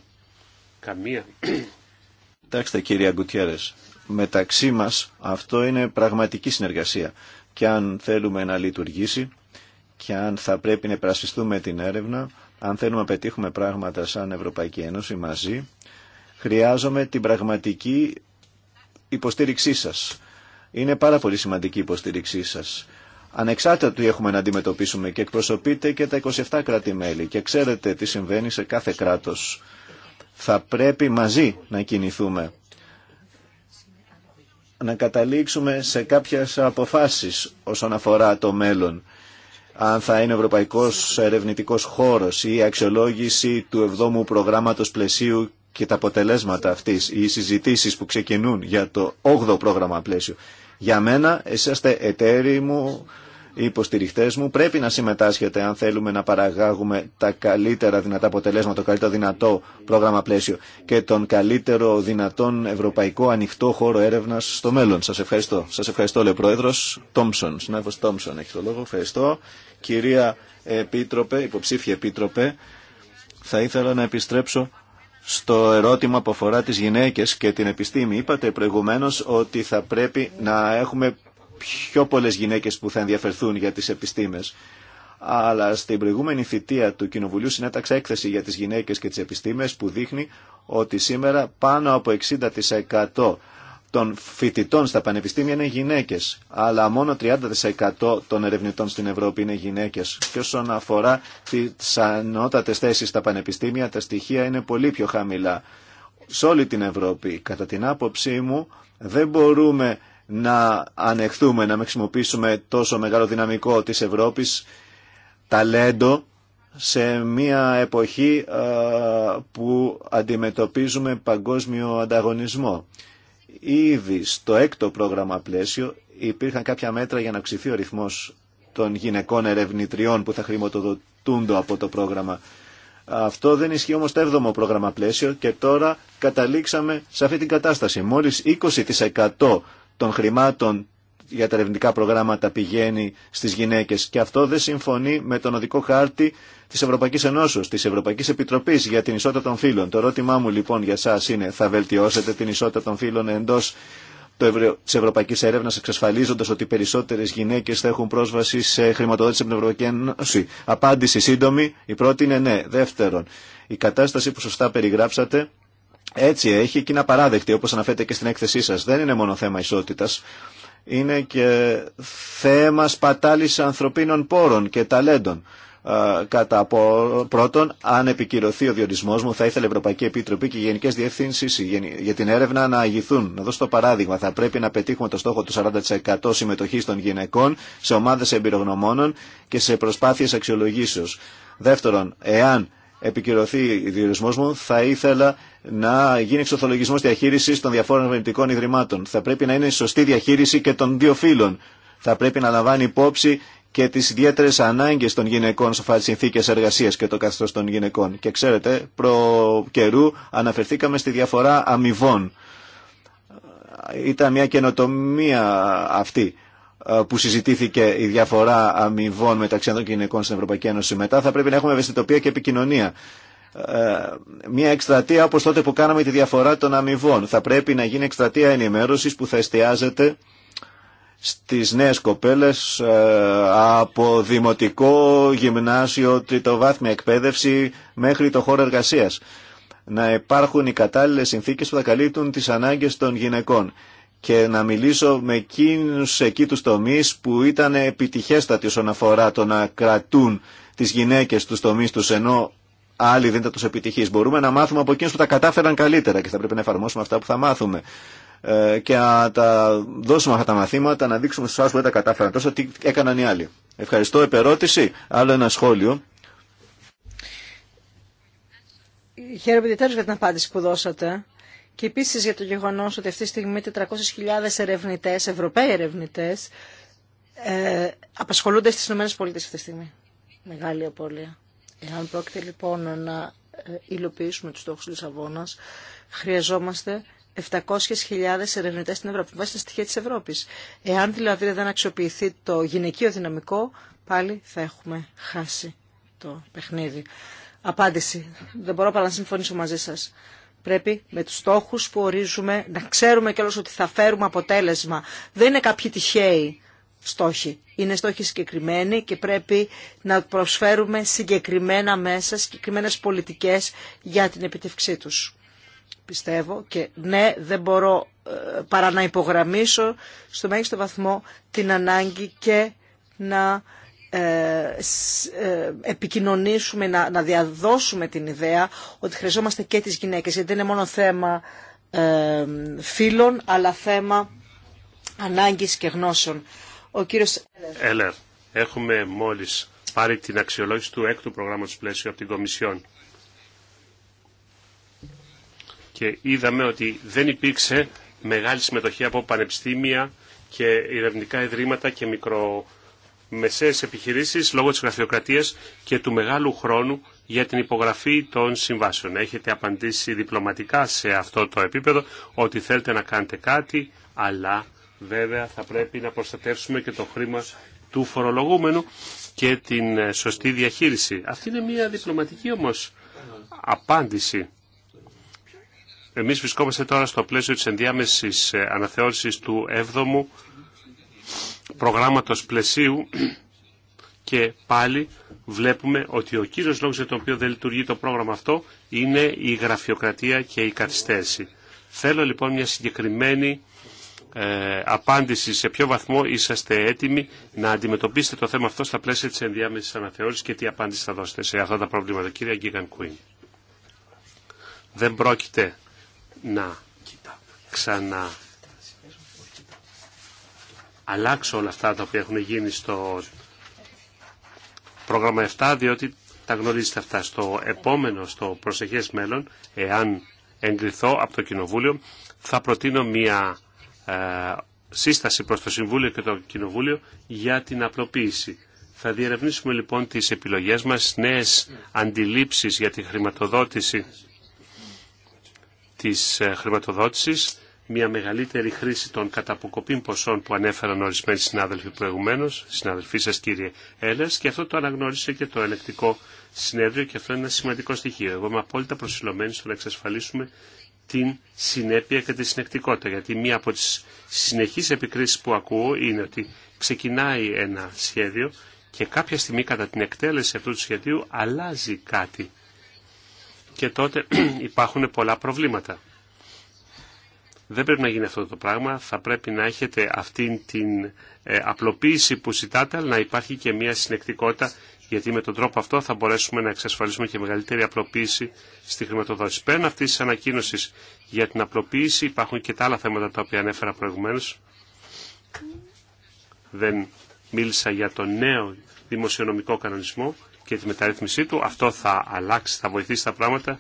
Καμία.
Κοιτάξτε κύριε Αγκουτιέρες, μεταξύ μας αυτό είναι πραγματική συνεργασία και αν θέλουμε να λειτουργήσει και αν θα πρέπει να υπερασπιστούμε την έρευνα, αν θέλουμε να πετύχουμε πράγματα σαν Ευρωπαϊκή Ένωση μαζί, χρειάζομαι την πραγματική υποστήριξή σας. Είναι πάρα πολύ σημαντική η υποστήριξή σας. Ανεξάρτητα του έχουμε να αντιμετωπίσουμε και εκπροσωπείτε και τα 27 κράτη-μέλη και ξέρετε τι συμβαίνει σε κάθε κράτος. Θα πρέπει μαζί να κινηθούμε να καταλήξουμε σε κάποιες αποφάσεις όσον αφορά το μέλλον. Αν θα είναι ευρωπαϊκός ερευνητικός χώρος ή η αξιολόγηση του 7ου προγράμματος πλαισίου και τα αποτελέσματα αυτής ή οι συζητήσεις που ξεκινούν για το 8ο πρόγραμμα πλαίσιο. Για μένα, εσείς είστε εταίροι μου οι μου πρέπει να συμμετάσχετε αν θέλουμε να παραγάγουμε τα καλύτερα δυνατά αποτελέσματα, το καλύτερο δυνατό πρόγραμμα πλαίσιο και τον καλύτερο δυνατόν ευρωπαϊκό ανοιχτό χώρο έρευνα στο μέλλον. Σα ευχαριστώ. Σα ευχαριστώ, λέει ο Πρόεδρος Τόμψον. Συνάδελφο Τόμψον έχει το λόγο. Ευχαριστώ. Κυρία Επίτροπε, υποψήφια Επίτροπε, θα ήθελα να επιστρέψω στο ερώτημα που αφορά τις γυναίκες και την επιστήμη. Είπατε προηγουμένως ότι θα πρέπει να έχουμε πιο πολλές γυναίκες που θα ενδιαφερθούν για τις επιστήμες. Αλλά στην προηγούμενη θητεία του Κοινοβουλίου συνέταξε έκθεση για τις γυναίκες και τις επιστήμες που δείχνει ότι σήμερα πάνω από 60% των φοιτητών στα πανεπιστήμια είναι γυναίκες, αλλά μόνο 30% των ερευνητών στην Ευρώπη είναι γυναίκες. Και όσον αφορά τις ανώτατες θέσεις στα πανεπιστήμια, τα στοιχεία είναι πολύ πιο χαμηλά. Σε όλη την Ευρώπη, κατά την άποψή μου, δεν μπορούμε να ανεχθούμε, να μην χρησιμοποιήσουμε τόσο μεγάλο δυναμικό της Ευρώπης, ταλέντο, σε μια εποχή που αντιμετωπίζουμε παγκόσμιο ανταγωνισμό. Ήδη στο έκτο πρόγραμμα πλαίσιο υπήρχαν κάποια μέτρα για να αυξηθεί ο ρυθμός των γυναικών ερευνητριών που θα χρηματοδοτούνται από το πρόγραμμα. Αυτό δεν ισχύει όμως το έβδομο πρόγραμμα πλαίσιο και τώρα καταλήξαμε σε αυτή την κατάσταση. Μόλις 20% των χρημάτων για τα ερευνητικά προγράμματα πηγαίνει στις γυναίκες και αυτό δεν συμφωνεί με τον οδικό χάρτη της Ευρωπαϊκής Ενώσεως, της Ευρωπαϊκής Επιτροπής για την ισότητα των φύλων. Το ερώτημά μου λοιπόν για σας είναι θα βελτιώσετε την ισότητα των φύλων εντός τη Ευρωπαϊκή Έρευνα, εξασφαλίζοντα ότι περισσότερε γυναίκε θα έχουν πρόσβαση σε χρηματοδότηση από την Ευρωπαϊκή Ένωση. Απάντηση σύντομη. Η πρώτη είναι ναι. Δεύτερον, η κατάσταση που σωστά περιγράψατε έτσι έχει και είναι απαράδεκτη, όπως αναφέρετε και στην έκθεσή σας. Δεν είναι μόνο θέμα ισότητας, είναι και θέμα σπατάλης ανθρωπίνων πόρων και ταλέντων. Κατά πρώτον, αν επικυρωθεί ο διορισμός μου, θα ήθελε η Ευρωπαϊκή Επιτροπή και οι Γενικέ Διευθύνσει για την έρευνα να αγηθούν. Να δώσω το παράδειγμα. Θα πρέπει να πετύχουμε το στόχο του 40% συμμετοχή των γυναικών σε ομάδε εμπειρογνωμόνων και σε προσπάθειε αξιολογήσεω. Δεύτερον, εάν επικυρωθεί ο διορισμό μου, θα ήθελα να γίνει εξορθολογισμός διαχείριση των διαφόρων ερευνητικών ιδρυμάτων. Θα πρέπει να είναι σωστή διαχείριση και των δύο φύλων. Θα πρέπει να λαμβάνει υπόψη και τι ιδιαίτερε ανάγκε των γυναικών σε φάση συνθήκε εργασία και το καθεστώ των γυναικών. Και ξέρετε, προ καιρού αναφερθήκαμε στη διαφορά αμοιβών. Ήταν μια καινοτομία αυτή ε, που συζητήθηκε η διαφορά αμοιβών μεταξύ των γυναικών στην Ευρωπαϊκή Ένωση. Μετά θα πρέπει να έχουμε ευαισθητοποίηση και επικοινωνία μια εκστρατεία όπως τότε που κάναμε τη διαφορά των αμοιβών. Θα πρέπει να γίνει εκστρατεία ενημέρωσης που θα εστιάζεται στις νέες κοπέλες ε, από δημοτικό, γυμνάσιο, τριτοβάθμια εκπαίδευση μέχρι το χώρο εργασίας. Να υπάρχουν οι κατάλληλες συνθήκες που θα καλύπτουν τις ανάγκες των γυναικών και να μιλήσω με εκείνους εκεί τους τομείς που ήταν επιτυχέστατοι όσον αφορά το να κρατούν τις γυναίκες τους τομείς τους ενώ άλλοι δεν ήταν τόσο επιτυχεί. Μπορούμε να μάθουμε από εκείνου που τα κατάφεραν καλύτερα και θα πρέπει να εφαρμόσουμε αυτά που θα μάθουμε. Ε, και να τα δώσουμε αυτά τα μαθήματα, να δείξουμε στου άλλου που δεν τα κατάφεραν τόσο τι έκαναν οι άλλοι. Ευχαριστώ. Επερώτηση. Άλλο ένα σχόλιο.
Χαίρομαι ιδιαίτερα για την
απάντηση που δώσατε. Και επίση για το γεγονό ότι αυτή τη στιγμή 400.000 ερευνητέ, Ευρωπαίοι ερευνητέ, ε, απασχολούνται στι ΗΠΑ αυτή τη στιγμή. Μεγάλη απώλεια. Εάν πρόκειται λοιπόν να ε, υλοποιήσουμε τους στόχους Λισαβόνας, χρειαζόμαστε 700.000 ερευνητέ στην Ευρώπη, βάσει τα στοιχεία τη Ευρώπη. Εάν δηλαδή δεν αξιοποιηθεί το γυναικείο δυναμικό, πάλι θα έχουμε χάσει το παιχνίδι. Απάντηση. Δεν μπορώ παρά να συμφωνήσω μαζί σα. Πρέπει με του στόχου που ορίζουμε να ξέρουμε κιόλα ότι θα φέρουμε αποτέλεσμα. Δεν είναι κάποιοι τυχαίοι στόχοι. Είναι στόχοι συγκεκριμένοι και πρέπει να προσφέρουμε συγκεκριμένα μέσα, συγκεκριμένες πολιτικές για την επιτευξή τους. Πιστεύω και ναι, δεν μπορώ ε, παρά να υπογραμμίσω στο μέγιστο βαθμό την ανάγκη και να ε, ε, επικοινωνήσουμε, να διαδώσουμε την ιδέα ότι χρειαζόμαστε και τις γυναίκες. Γιατί δεν είναι μόνο θέμα φίλων αλλά θέμα ανάγκης και γνώσεων. Ο κύριος
Έλερ. Έχουμε μόλις πάρει την αξιολόγηση του έκτου προγράμματος πλαίσιο από την Κομισιόν. Και είδαμε ότι δεν υπήρξε μεγάλη συμμετοχή από πανεπιστήμια και ερευνητικά ιδρύματα και μικρομεσαίες επιχειρήσεις λόγω της γραφειοκρατίας και του μεγάλου χρόνου για την υπογραφή των συμβάσεων. Έχετε απαντήσει διπλωματικά σε αυτό το επίπεδο ότι θέλετε να κάνετε κάτι, αλλά βέβαια θα πρέπει να προστατεύσουμε και το χρήμα του φορολογούμενου και την ε, σωστή διαχείριση. Αυτή είναι μια διπλωματική όμως απάντηση. Εμείς βρισκόμαστε τώρα στο πλαίσιο της ενδιάμεσης ε, αναθεώρησης του 7ου προγράμματος πλαισίου και πάλι βλέπουμε ότι ο κύριος λόγος για τον οποίο δεν λειτουργεί το πρόγραμμα αυτό είναι η γραφειοκρατία και η καθυστέρηση. Θέλω λοιπόν μια συγκεκριμένη ε, απάντηση σε ποιο βαθμό είσαστε έτοιμοι να αντιμετωπίσετε το θέμα αυτό στα πλαίσια της ενδιάμεσης αναθεώρησης και τι απάντηση θα δώσετε σε αυτά τα προβλήματα. Κύριε Γκίγαν Κουίν, δεν πρόκειται να ξανα αλλάξω όλα αυτά τα οποία έχουν γίνει στο πρόγραμμα 7, διότι τα γνωρίζετε αυτά. Στο επόμενο, στο προσεχές μέλλον, εάν εγκριθώ από το Κοινοβούλιο, θα προτείνω μια ε, σύσταση προς το Συμβούλιο και το Κοινοβούλιο για την απλοποίηση. Θα διερευνήσουμε λοιπόν τις επιλογές μας, νέες αντιλήψεις για τη χρηματοδότηση της ε, χρηματοδότησης, μια μεγαλύτερη χρήση των καταποκοπήν ποσών που ανέφεραν ορισμένοι συνάδελφοι προηγουμένω, συναδελφοί σα κύριε Έλλας, και αυτό το αναγνώρισε και το ελεκτικό συνέδριο και αυτό είναι ένα σημαντικό στοιχείο. Εγώ είμαι απόλυτα προσιλωμένη στο να εξασφαλίσουμε την συνέπεια και τη συνεκτικότητα. Γιατί μία από τις συνεχείς επικρίσεις που ακούω είναι ότι ξεκινάει ένα σχέδιο και κάποια στιγμή κατά την εκτέλεση αυτού του σχεδίου αλλάζει κάτι. Και τότε υπάρχουν πολλά προβλήματα. Δεν πρέπει να γίνει αυτό το πράγμα. Θα πρέπει να έχετε αυτή την ε, απλοποίηση που ζητάτε, αλλά να υπάρχει και μια συνεκτικότητα γιατί με τον τρόπο αυτό θα μπορέσουμε να εξασφαλίσουμε και μεγαλύτερη απλοποίηση στη χρηματοδότηση. Πέραν αυτή τη ανακοίνωση για την απλοποίηση υπάρχουν και τα άλλα θέματα τα οποία ανέφερα προηγουμένω. Δεν μίλησα για το νέο δημοσιονομικό κανονισμό και τη μεταρρύθμισή του. Αυτό θα αλλάξει, θα βοηθήσει τα πράγματα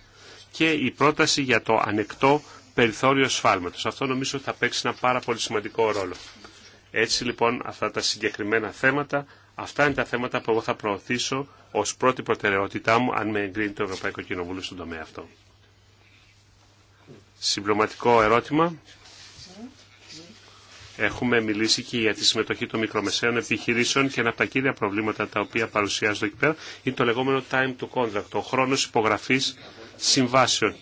και η πρόταση για το ανεκτό περιθώριο σφάλματος. Αυτό νομίζω θα παίξει ένα πάρα πολύ σημαντικό ρόλο. Έτσι λοιπόν αυτά τα συγκεκριμένα θέματα Αυτά είναι τα θέματα που εγώ θα προωθήσω ως πρώτη προτεραιότητά μου αν με εγκρίνει το Ευρωπαϊκό Κοινοβούλιο στον τομέα αυτό. Συμπληρωματικό ερώτημα. Έχουμε μιλήσει και για τη συμμετοχή των μικρομεσαίων επιχειρήσεων και ένα από τα κύρια προβλήματα τα οποία παρουσιάζονται εκεί πέρα είναι το λεγόμενο time to contract, ο χρόνος υπογραφής συμβάσεων.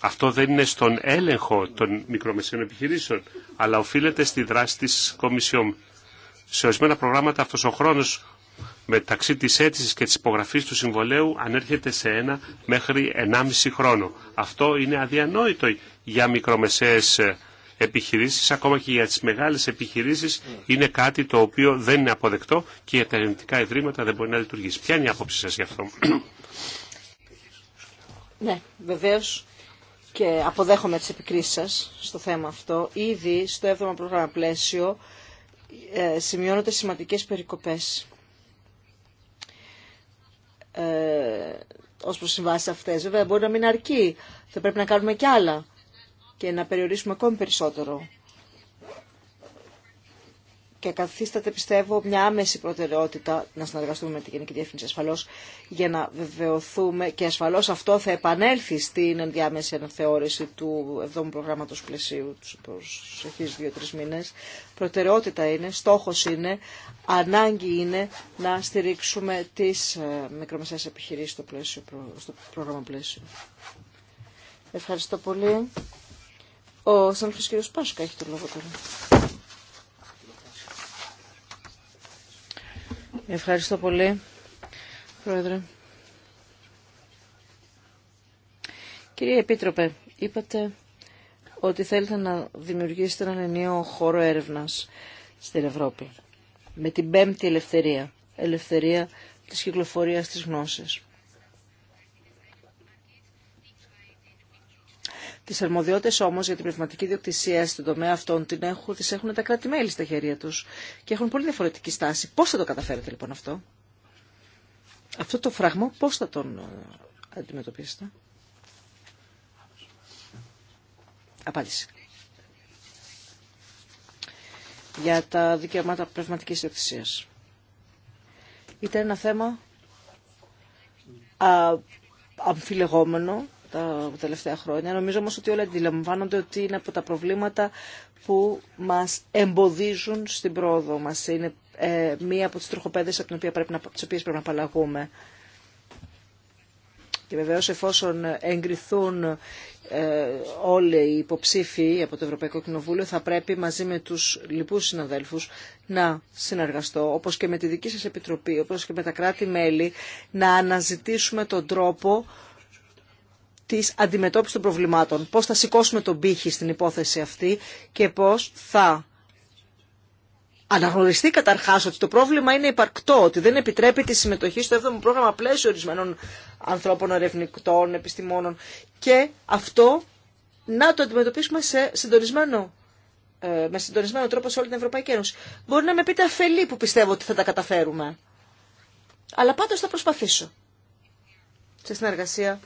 Αυτό δεν είναι στον έλεγχο των μικρομεσαίων επιχειρήσεων, αλλά οφείλεται στη δράση της Κομισιόν. Σε ορισμένα προγράμματα αυτός ο χρόνος μεταξύ της αίτησης και της υπογραφής του συμβολέου ανέρχεται σε ένα μέχρι 1,5 χρόνο. Αυτό είναι αδιανόητο για μικρομεσαίες ε, επιχειρήσεις, ακόμα και για τις μεγάλες επιχειρήσεις είναι κάτι το οποίο δεν είναι αποδεκτό και για τα ελληνικά ιδρύματα δεν μπορεί να λειτουργήσει. Ποια είναι η άποψη σας γι' αυτό.
Ναι, βεβαίως και αποδέχομαι τις επικρίσεις σας στο θέμα αυτό. Ήδη στο 7ο πρόγραμμα πλαίσιο ε, σημειώνονται σημαντικές περικοπές ε, ως προς αυτές. Βέβαια μπορεί να μην αρκεί, θα πρέπει να κάνουμε κι άλλα και να περιορίσουμε ακόμη περισσότερο και καθίσταται, πιστεύω, μια άμεση προτεραιότητα να συνεργαστούμε με την Γενική Διεύθυνση ασφαλώ για να βεβαιωθούμε και ασφαλώ αυτό θα επανέλθει στην ενδιάμεση αναθεώρηση του 7ου προγράμματο πλαισίου του προσεχεί δύο-τρει μήνε. Προτεραιότητα είναι, στόχο είναι, ανάγκη είναι να στηρίξουμε τι ε, μικρομεσαίε επιχειρήσει στο, πρόγραμμα πλαίσιο. Ευχαριστώ πολύ. Ο Σανφρός κ. Πάσκα έχει το λόγο τώρα. Ευχαριστώ πολύ, Πρόεδρε. Κύριε Επίτροπε, είπατε ότι θέλετε να δημιουργήσετε έναν ενίο χώρο έρευνας στην Ευρώπη. Με την πέμπτη ελευθερία. Ελευθερία της κυκλοφορίας της γνώσης. Τις αρμοδιότητες όμως για την πνευματική διοκτησία στον τομέα αυτών την έχουν, τις έχουν τα κράτη-μέλη στα χέρια τους και έχουν πολύ διαφορετική στάση. Πώς θα το καταφέρετε λοιπόν αυτό, αυτό το φράγμα πώς θα τον ε, αντιμετωπίσετε. Απάντηση. Για τα δικαιώματα πνευματικής διοκτησίας. Ήταν ένα θέμα αμφιλεγόμενο τα τελευταία χρόνια. Νομίζω όμως ότι όλοι αντιλαμβάνονται ότι είναι από τα προβλήματα που μας εμποδίζουν στην πρόοδο μας. Είναι ε, μία από τις τροχοπέδες από τις οποίες πρέπει να, τις πρέπει να απαλλαγούμε. Και βεβαίως εφόσον εγκριθούν ε, όλοι οι υποψήφοι από το Ευρωπαϊκό Κοινοβούλιο θα πρέπει μαζί με τους λοιπούς συναδέλφους να συνεργαστώ, όπως και με τη δική σας Επιτροπή, όπως και με τα κράτη-μέλη, να αναζητήσουμε τον τρόπο Τη αντιμετώπιση των προβλημάτων. πώ θα σηκώσουμε τον πύχη στην υπόθεση αυτή και πώ θα αναγνωριστεί καταρχάς ότι το πρόβλημα είναι υπαρκτό, ότι δεν επιτρέπει τη συμμετοχή στο 7ο πρόγραμμα πλαίσιο ορισμένων ανθρώπων, ερευνητών, επιστημόνων και αυτό να το αντιμετωπίσουμε σε συντονισμένο ε, με συντονισμένο τρόπο σε όλη την Ευρωπαϊκή Ένωση. Μπορεί να με πείτε αφελή που πιστεύω ότι θα τα καταφέρουμε. Αλλά πάντως θα προσπαθήσω. Σε συνεργασία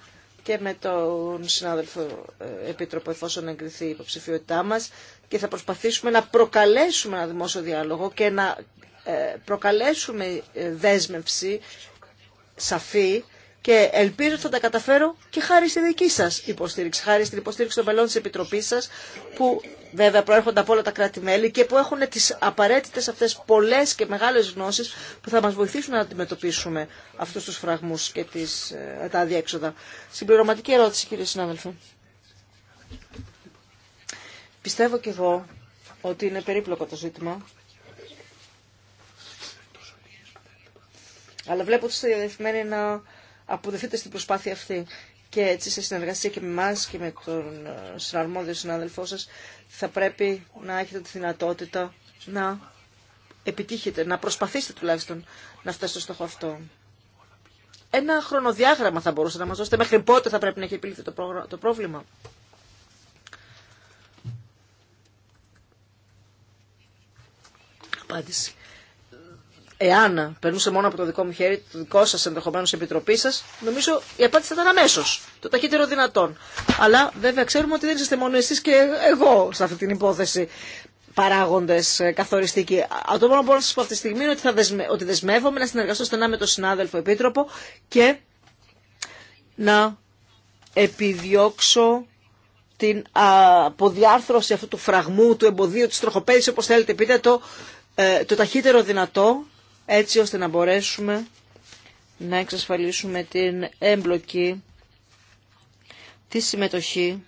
και με τον συνάδελφο ε, Επίτροπο εφόσον εγκριθεί η υποψηφιότητά μας και θα προσπαθήσουμε να προκαλέσουμε ένα δημόσιο διάλογο και να ε, προκαλέσουμε ε, δέσμευση σαφή και ελπίζω ότι θα τα καταφέρω και χάρη στη δική σας υποστήριξη, χάρη στην υποστήριξη των μελών της Επιτροπής σας που βέβαια προέρχονται από όλα τα κράτη-μέλη και που έχουν τις απαραίτητες αυτές πολλές και μεγάλες γνώσεις που θα μας βοηθήσουν να αντιμετωπίσουμε αυτούς τους φραγμούς και τις, ε, τα αδιέξοδα. Συμπληρωματική ερώτηση κύριε συνάδελφε. Πιστεύω και εγώ ότι είναι περίπλοκο το ζήτημα. Αλλά βλέπω ότι είστε διαδεθειμένοι να αποδεθείτε στην προσπάθεια αυτή και έτσι σε συνεργασία και με εμά και με τον ε, συναρμόδιο συνάδελφό σα, θα πρέπει να έχετε τη δυνατότητα να επιτύχετε, να προσπαθήσετε τουλάχιστον να φτάσετε στο στόχο αυτό. Ένα χρονοδιάγραμμα θα μπορούσατε να μας δώσετε μέχρι πότε θα πρέπει να έχει επιλύθει το πρόβλημα. Απάντηση εάν περνούσε μόνο από το δικό μου χέρι, το δικό σα ενδεχομένω η επιτροπή σα, νομίζω η απάντηση θα ήταν αμέσω. Το ταχύτερο δυνατόν. Αλλά βέβαια ξέρουμε ότι δεν είστε μόνο εσεί και εγώ σε αυτή την υπόθεση παράγοντε ε, καθοριστικοί. Αυτό που μπορώ να σα πω αυτή τη στιγμή είναι ότι, θα δεσμε... ότι δεσμεύομαι να συνεργαστώ στενά με τον συνάδελφο επίτροπο και να επιδιώξω την αποδιάρθρωση αυτού του φραγμού, του εμποδίου, της τροχοπέδης, όπως θέλετε πείτε το, ε, το ταχύτερο δυνατό έτσι ώστε να μπορέσουμε να εξασφαλίσουμε την έμπλοκη, τη συμμετοχή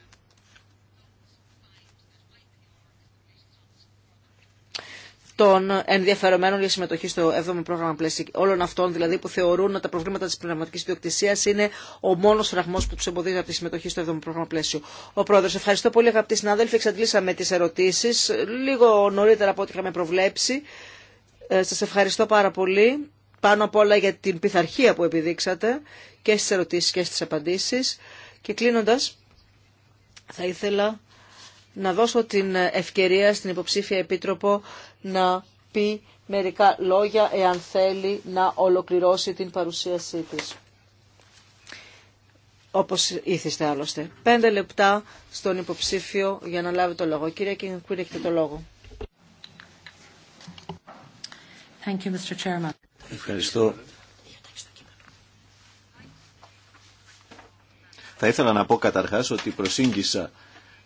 των ενδιαφερομένων για συμμετοχή στο 7ο πρόγραμμα πλαίσιο. Όλων αυτών δηλαδή που θεωρούν ότι τα προβλήματα τη πνευματική ιδιοκτησία είναι ο μόνο φραγμό που του εμποδίζει από τη συμμετοχή στο 7ο πρόγραμμα πλαίσιο. Ο πρόεδρο, ευχαριστώ πολύ αγαπητοί συνάδελφοι. Εξαντλήσαμε τι ερωτήσει λίγο νωρίτερα από ό,τι είχαμε προβλέψει. Ε, σας ευχαριστώ πάρα πολύ, πάνω απ' όλα για την πειθαρχία που επιδείξατε και στις ερωτήσεις και στις απαντήσεις. Και κλείνοντας, θα ήθελα να δώσω την ευκαιρία στην υποψήφια Επίτροπο να πει μερικά λόγια εάν θέλει να ολοκληρώσει την παρουσίασή της. Όπως ήθιστε άλλωστε. Πέντε λεπτά στον υποψήφιο για να λάβει το λόγο. Κύριε Κινγκούρη, έχετε το λόγο.
Thank you, Mr. Chairman.
Ευχαριστώ.
Θα ήθελα να πω καταρχάς ότι προσήγγισα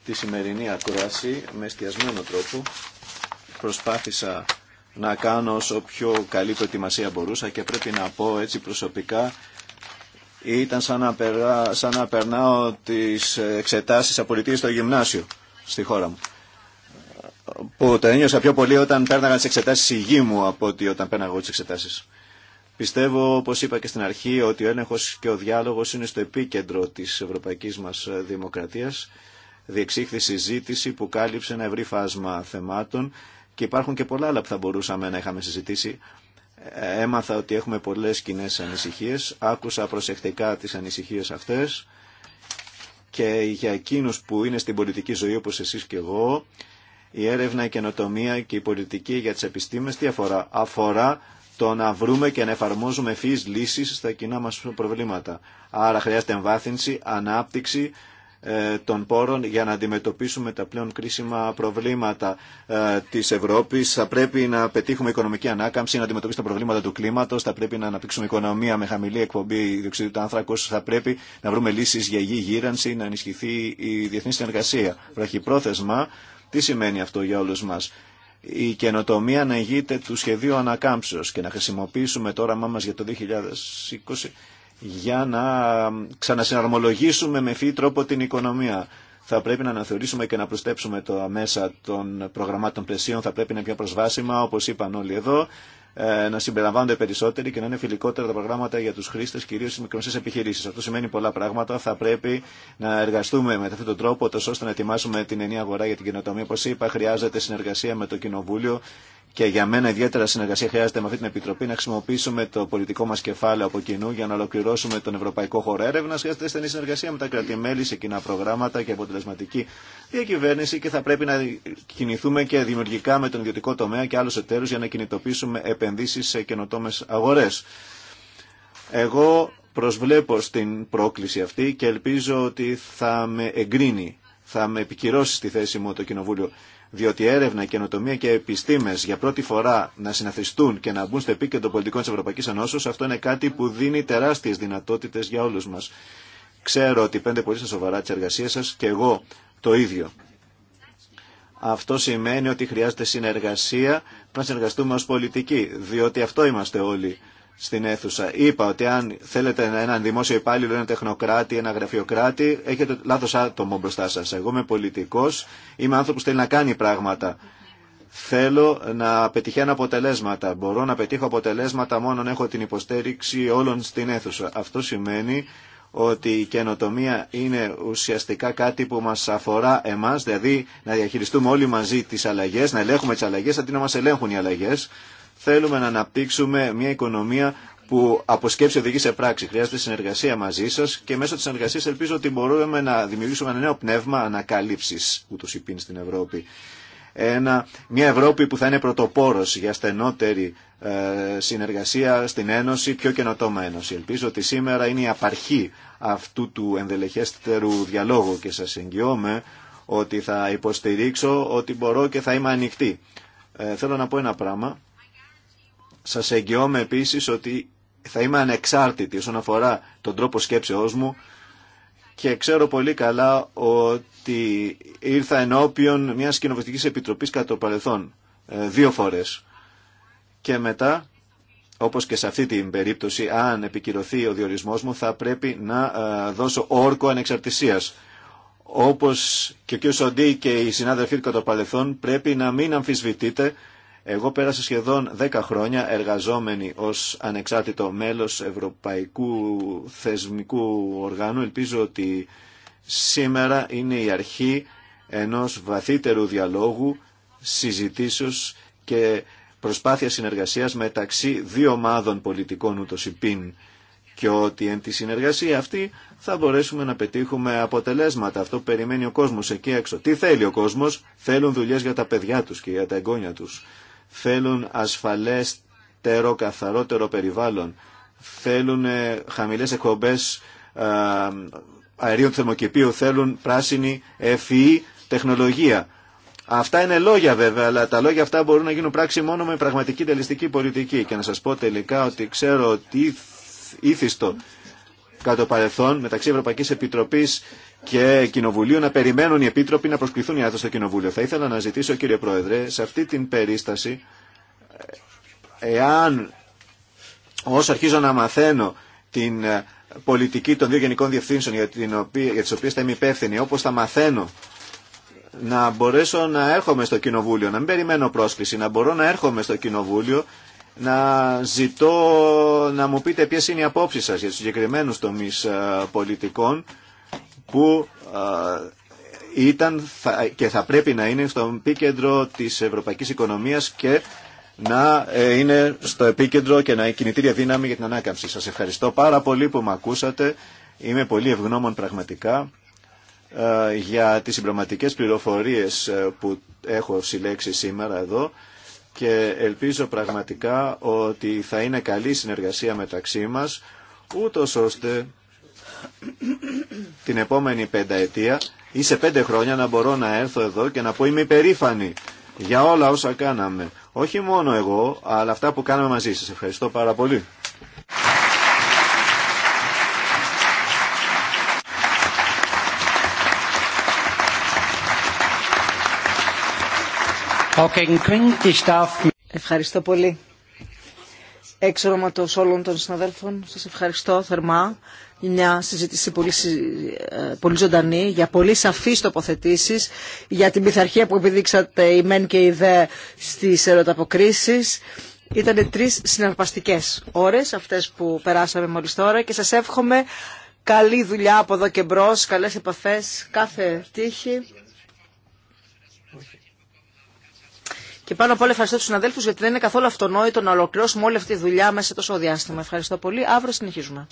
τη σημερινή ακρόαση με εστιασμένο τρόπο. Προσπάθησα να κάνω όσο πιο καλή προετοιμασία μπορούσα και πρέπει να πω έτσι προσωπικά ήταν σαν να, σαν να περνάω τις εξετάσεις απολυτής στο γυμνάσιο στη χώρα μου που το ένιωσα πιο πολύ όταν πέρναγα τι εξετάσει η γη μου από ότι όταν πέρναγα εγώ τι εξετάσει. Πιστεύω, όπω είπα και στην αρχή, ότι ο έλεγχο και ο διάλογο είναι στο επίκεντρο τη ευρωπαϊκή μα δημοκρατία. Διεξήχθη συζήτηση που κάλυψε ένα ευρύ φάσμα θεμάτων και υπάρχουν και πολλά άλλα που θα μπορούσαμε να είχαμε συζητήσει. Έμαθα ότι έχουμε πολλές κοινέ ανησυχίες, άκουσα προσεκτικά τις ανησυχίες αυτές και για εκείνους που είναι στην πολιτική ζωή όπως εσείς και εγώ η έρευνα, η καινοτομία και η πολιτική για τις επιστήμες τι αφορά. Αφορά το να βρούμε και να εφαρμόζουμε ευφύς λύσεις στα κοινά μας προβλήματα. Άρα χρειάζεται εμβάθυνση, ανάπτυξη ε, των πόρων για να αντιμετωπίσουμε τα πλέον κρίσιμα προβλήματα ε, της Ευρώπης. Θα πρέπει να πετύχουμε οικονομική ανάκαμψη, να αντιμετωπίσουμε τα προβλήματα του κλίματος, θα πρέπει να αναπτύξουμε οικονομία με χαμηλή εκπομπή διοξιδίου του άνθρακος, θα πρέπει να βρούμε λύσεις για υγιή γύρανση, να ενισχυθεί η διεθνή συνεργασία. Βραχυπρόθεσμα, τι σημαίνει αυτό για όλους μας. Η καινοτομία να ηγείται του σχεδίου ανακάμψεως και να χρησιμοποιήσουμε το όραμά μας για το 2020 για να ξανασυναρμολογήσουμε με φύ τρόπο την οικονομία. Θα πρέπει να αναθεωρήσουμε και να προστέψουμε το μέσα των προγραμμάτων πλαισίων, θα πρέπει να είναι πιο προσβάσιμα, όπως είπαν όλοι εδώ, ε, να συμπεριλαμβάνονται περισσότεροι και να είναι φιλικότερα τα προγράμματα για του χρήστε, κυρίω στι μικρομεσαίε επιχειρήσει. Αυτό σημαίνει πολλά πράγματα. Θα πρέπει να εργαστούμε με αυτόν τον τρόπο, ώστε να ετοιμάσουμε την ενή αγορά για την καινοτομία. Όπω είπα, χρειάζεται συνεργασία με το Κοινοβούλιο και για μένα ιδιαίτερα συνεργασία χρειάζεται με αυτή την Επιτροπή να χρησιμοποιήσουμε το πολιτικό μα κεφάλαιο από κοινού για να ολοκληρώσουμε τον Ευρωπαϊκό Χώρο Έρευνα. Χρειάζεται στενή συνεργασία με τα κρατημέλη σε κοινά προγράμματα και αποτελεσματική διακυβέρνηση και θα πρέπει να κινηθούμε και δημιουργικά με τον ιδιωτικό τομέα και άλλου εταίρου για να κινητοποιήσουμε επενδύσει σε καινοτόμε αγορέ. Εγώ προσβλέπω στην πρόκληση αυτή και ελπίζω ότι θα με εγκρίνει, θα με επικυρώσει στη θέση μου το Κοινοβούλιο διότι έρευνα, καινοτομία και επιστήμε για πρώτη φορά να συναθριστούν και να μπουν στο επίκεντρο πολιτικών τη Ευρωπαϊκή Ενώσεω, αυτό είναι κάτι που δίνει τεράστιε δυνατότητε για όλου μα. Ξέρω ότι πέντε πολύ στα σοβαρά τη εργασία σα και εγώ το ίδιο. Αυτό σημαίνει ότι χρειάζεται συνεργασία, να συνεργαστούμε ως πολιτικοί, διότι αυτό είμαστε όλοι στην αίθουσα. Είπα ότι αν θέλετε έναν δημόσιο υπάλληλο, έναν τεχνοκράτη, ένα γραφειοκράτη, έχετε λάθο άτομο μπροστά σα. Εγώ είμαι πολιτικό, είμαι άνθρωπο που θέλει να κάνει πράγματα. Θέλω να πετυχαίνω αποτελέσματα. Μπορώ να πετύχω αποτελέσματα μόνο έχω την υποστήριξη όλων στην αίθουσα. Αυτό σημαίνει ότι η καινοτομία είναι ουσιαστικά κάτι που μας αφορά εμάς, δηλαδή να διαχειριστούμε όλοι μαζί τις αλλαγές, να ελέγχουμε τις αλλαγές, αντί να μας ελέγχουν οι αλλαγές. Θέλουμε να αναπτύξουμε μια οικονομία που από σκέψη οδηγεί σε πράξη. Χρειάζεται συνεργασία μαζί σα και μέσω τη συνεργασία ελπίζω ότι μπορούμε να δημιουργήσουμε ένα νέο πνεύμα ανακάλυψη που το υπήνει στην Ευρώπη. Ένα, μια Ευρώπη που θα είναι πρωτοπόρο για στενότερη ε, συνεργασία στην Ένωση, πιο καινοτόμα Ένωση. Ελπίζω ότι σήμερα είναι η απαρχή αυτού του ενδελεχέστερου διαλόγου και σα εγγυώμαι ότι θα υποστηρίξω ότι μπορώ και θα είμαι ανοιχτή. Ε, θέλω να πω ένα πράγμα σας εγγυώμαι επίσης ότι θα είμαι ανεξάρτητη όσον αφορά τον τρόπο σκέψεώς μου και ξέρω πολύ καλά ότι ήρθα ενώπιον μιας κοινοβουλευτικής επιτροπής κατά το παρελθόν ε, δύο φορές. Και μετά, όπως και σε αυτή την περίπτωση, αν επικυρωθεί ο διορισμός μου, θα πρέπει να ε, δώσω όρκο ανεξαρτησίας. Όπως και ο κ. Σοντή και οι συνάδελφοί του κατά το παρελθόν, πρέπει να μην αμφισβητείτε εγώ πέρασα σχεδόν 10 χρόνια εργαζόμενη ως ανεξάρτητο μέλος Ευρωπαϊκού Θεσμικού Οργάνου. Ελπίζω ότι σήμερα είναι η αρχή ενός βαθύτερου διαλόγου, συζητήσεως και προσπάθεια συνεργασίας μεταξύ δύο ομάδων πολιτικών ούτως υπήν και ότι εν τη συνεργασία αυτή θα μπορέσουμε να πετύχουμε αποτελέσματα. Αυτό περιμένει ο κόσμος εκεί έξω. Τι θέλει ο κόσμος, θέλουν δουλειές για τα παιδιά τους και για τα εγγόνια τους θέλουν ασφαλέστερο, καθαρότερο περιβάλλον, θέλουν ε, χαμηλές εκπομπές αερίων θερμοκηπίου, θέλουν πράσινη ευφυή τεχνολογία. Αυτά είναι λόγια βέβαια, αλλά τα λόγια αυτά μπορούν να γίνουν πράξη μόνο με πραγματική τελιστική πολιτική. Και να σας πω τελικά ότι ξέρω ότι ήθιστο κατά το παρελθόν μεταξύ Ευρωπαϊκής Επιτροπής και κοινοβουλίου να περιμένουν οι επίτροποι να προσκληθούν οι άνθρωποι στο κοινοβούλιο. Θα ήθελα να ζητήσω, κύριε Πρόεδρε, σε αυτή την περίσταση, εάν όσο αρχίζω να μαθαίνω την ε, πολιτική των δύο γενικών διευθύνσεων για, την οποία, για τις οποίες θα είμαι υπεύθυνη, όπως θα μαθαίνω να μπορέσω να έρχομαι στο κοινοβούλιο, να μην περιμένω πρόσκληση, να μπορώ να έρχομαι στο κοινοβούλιο, να ζητώ να μου πείτε ποιες είναι οι απόψεις σας για τους συγκεκριμένους τομείς ε, πολιτικών, που ήταν και θα πρέπει να είναι στο επίκεντρο της ευρωπαϊκής οικονομίας και να ε, είναι στο επίκεντρο και να είναι κινητήρια δύναμη για την ανάκαμψη. Σας ευχαριστώ πάρα πολύ που με ακούσατε. Είμαι πολύ ευγνώμων πραγματικά ε, για τις συμπληρωματικές πληροφορίες ε, που έχω συλλέξει σήμερα εδώ και ελπίζω πραγματικά ότι θα είναι καλή συνεργασία μεταξύ μας ούτως ώστε την επόμενη πενταετία ή σε πέντε χρόνια να μπορώ να έρθω εδώ και να πω είμαι υπερήφανη για όλα όσα κάναμε. Όχι μόνο εγώ, αλλά αυτά που κάναμε μαζί σας. Ευχαριστώ πάρα πολύ.
Ευχαριστώ πολύ.
Εξ ονόματος όλων των συναδέλφων, σας ευχαριστώ θερμά. Μια συζήτηση πολύ, ε, πολύ ζωντανή, για πολύ σαφείς τοποθετήσεις, για την πειθαρχία που επιδείξατε η ΜΕΝ και η ΔΕ στις ερωταποκρίσεις. Ήταν τρεις συναρπαστικές ώρες αυτές που περάσαμε μόλις τώρα και σας εύχομαι καλή δουλειά από εδώ και μπρος, καλές επαφές, κάθε τύχη. Και πάνω απ' όλα ευχαριστώ του συναδέλφου γιατί δεν είναι καθόλου αυτονόητο να ολοκληρώσουμε όλη αυτή τη δουλειά μέσα σε τόσο διάστημα. Ευχαριστώ πολύ. Αύριο συνεχίζουμε.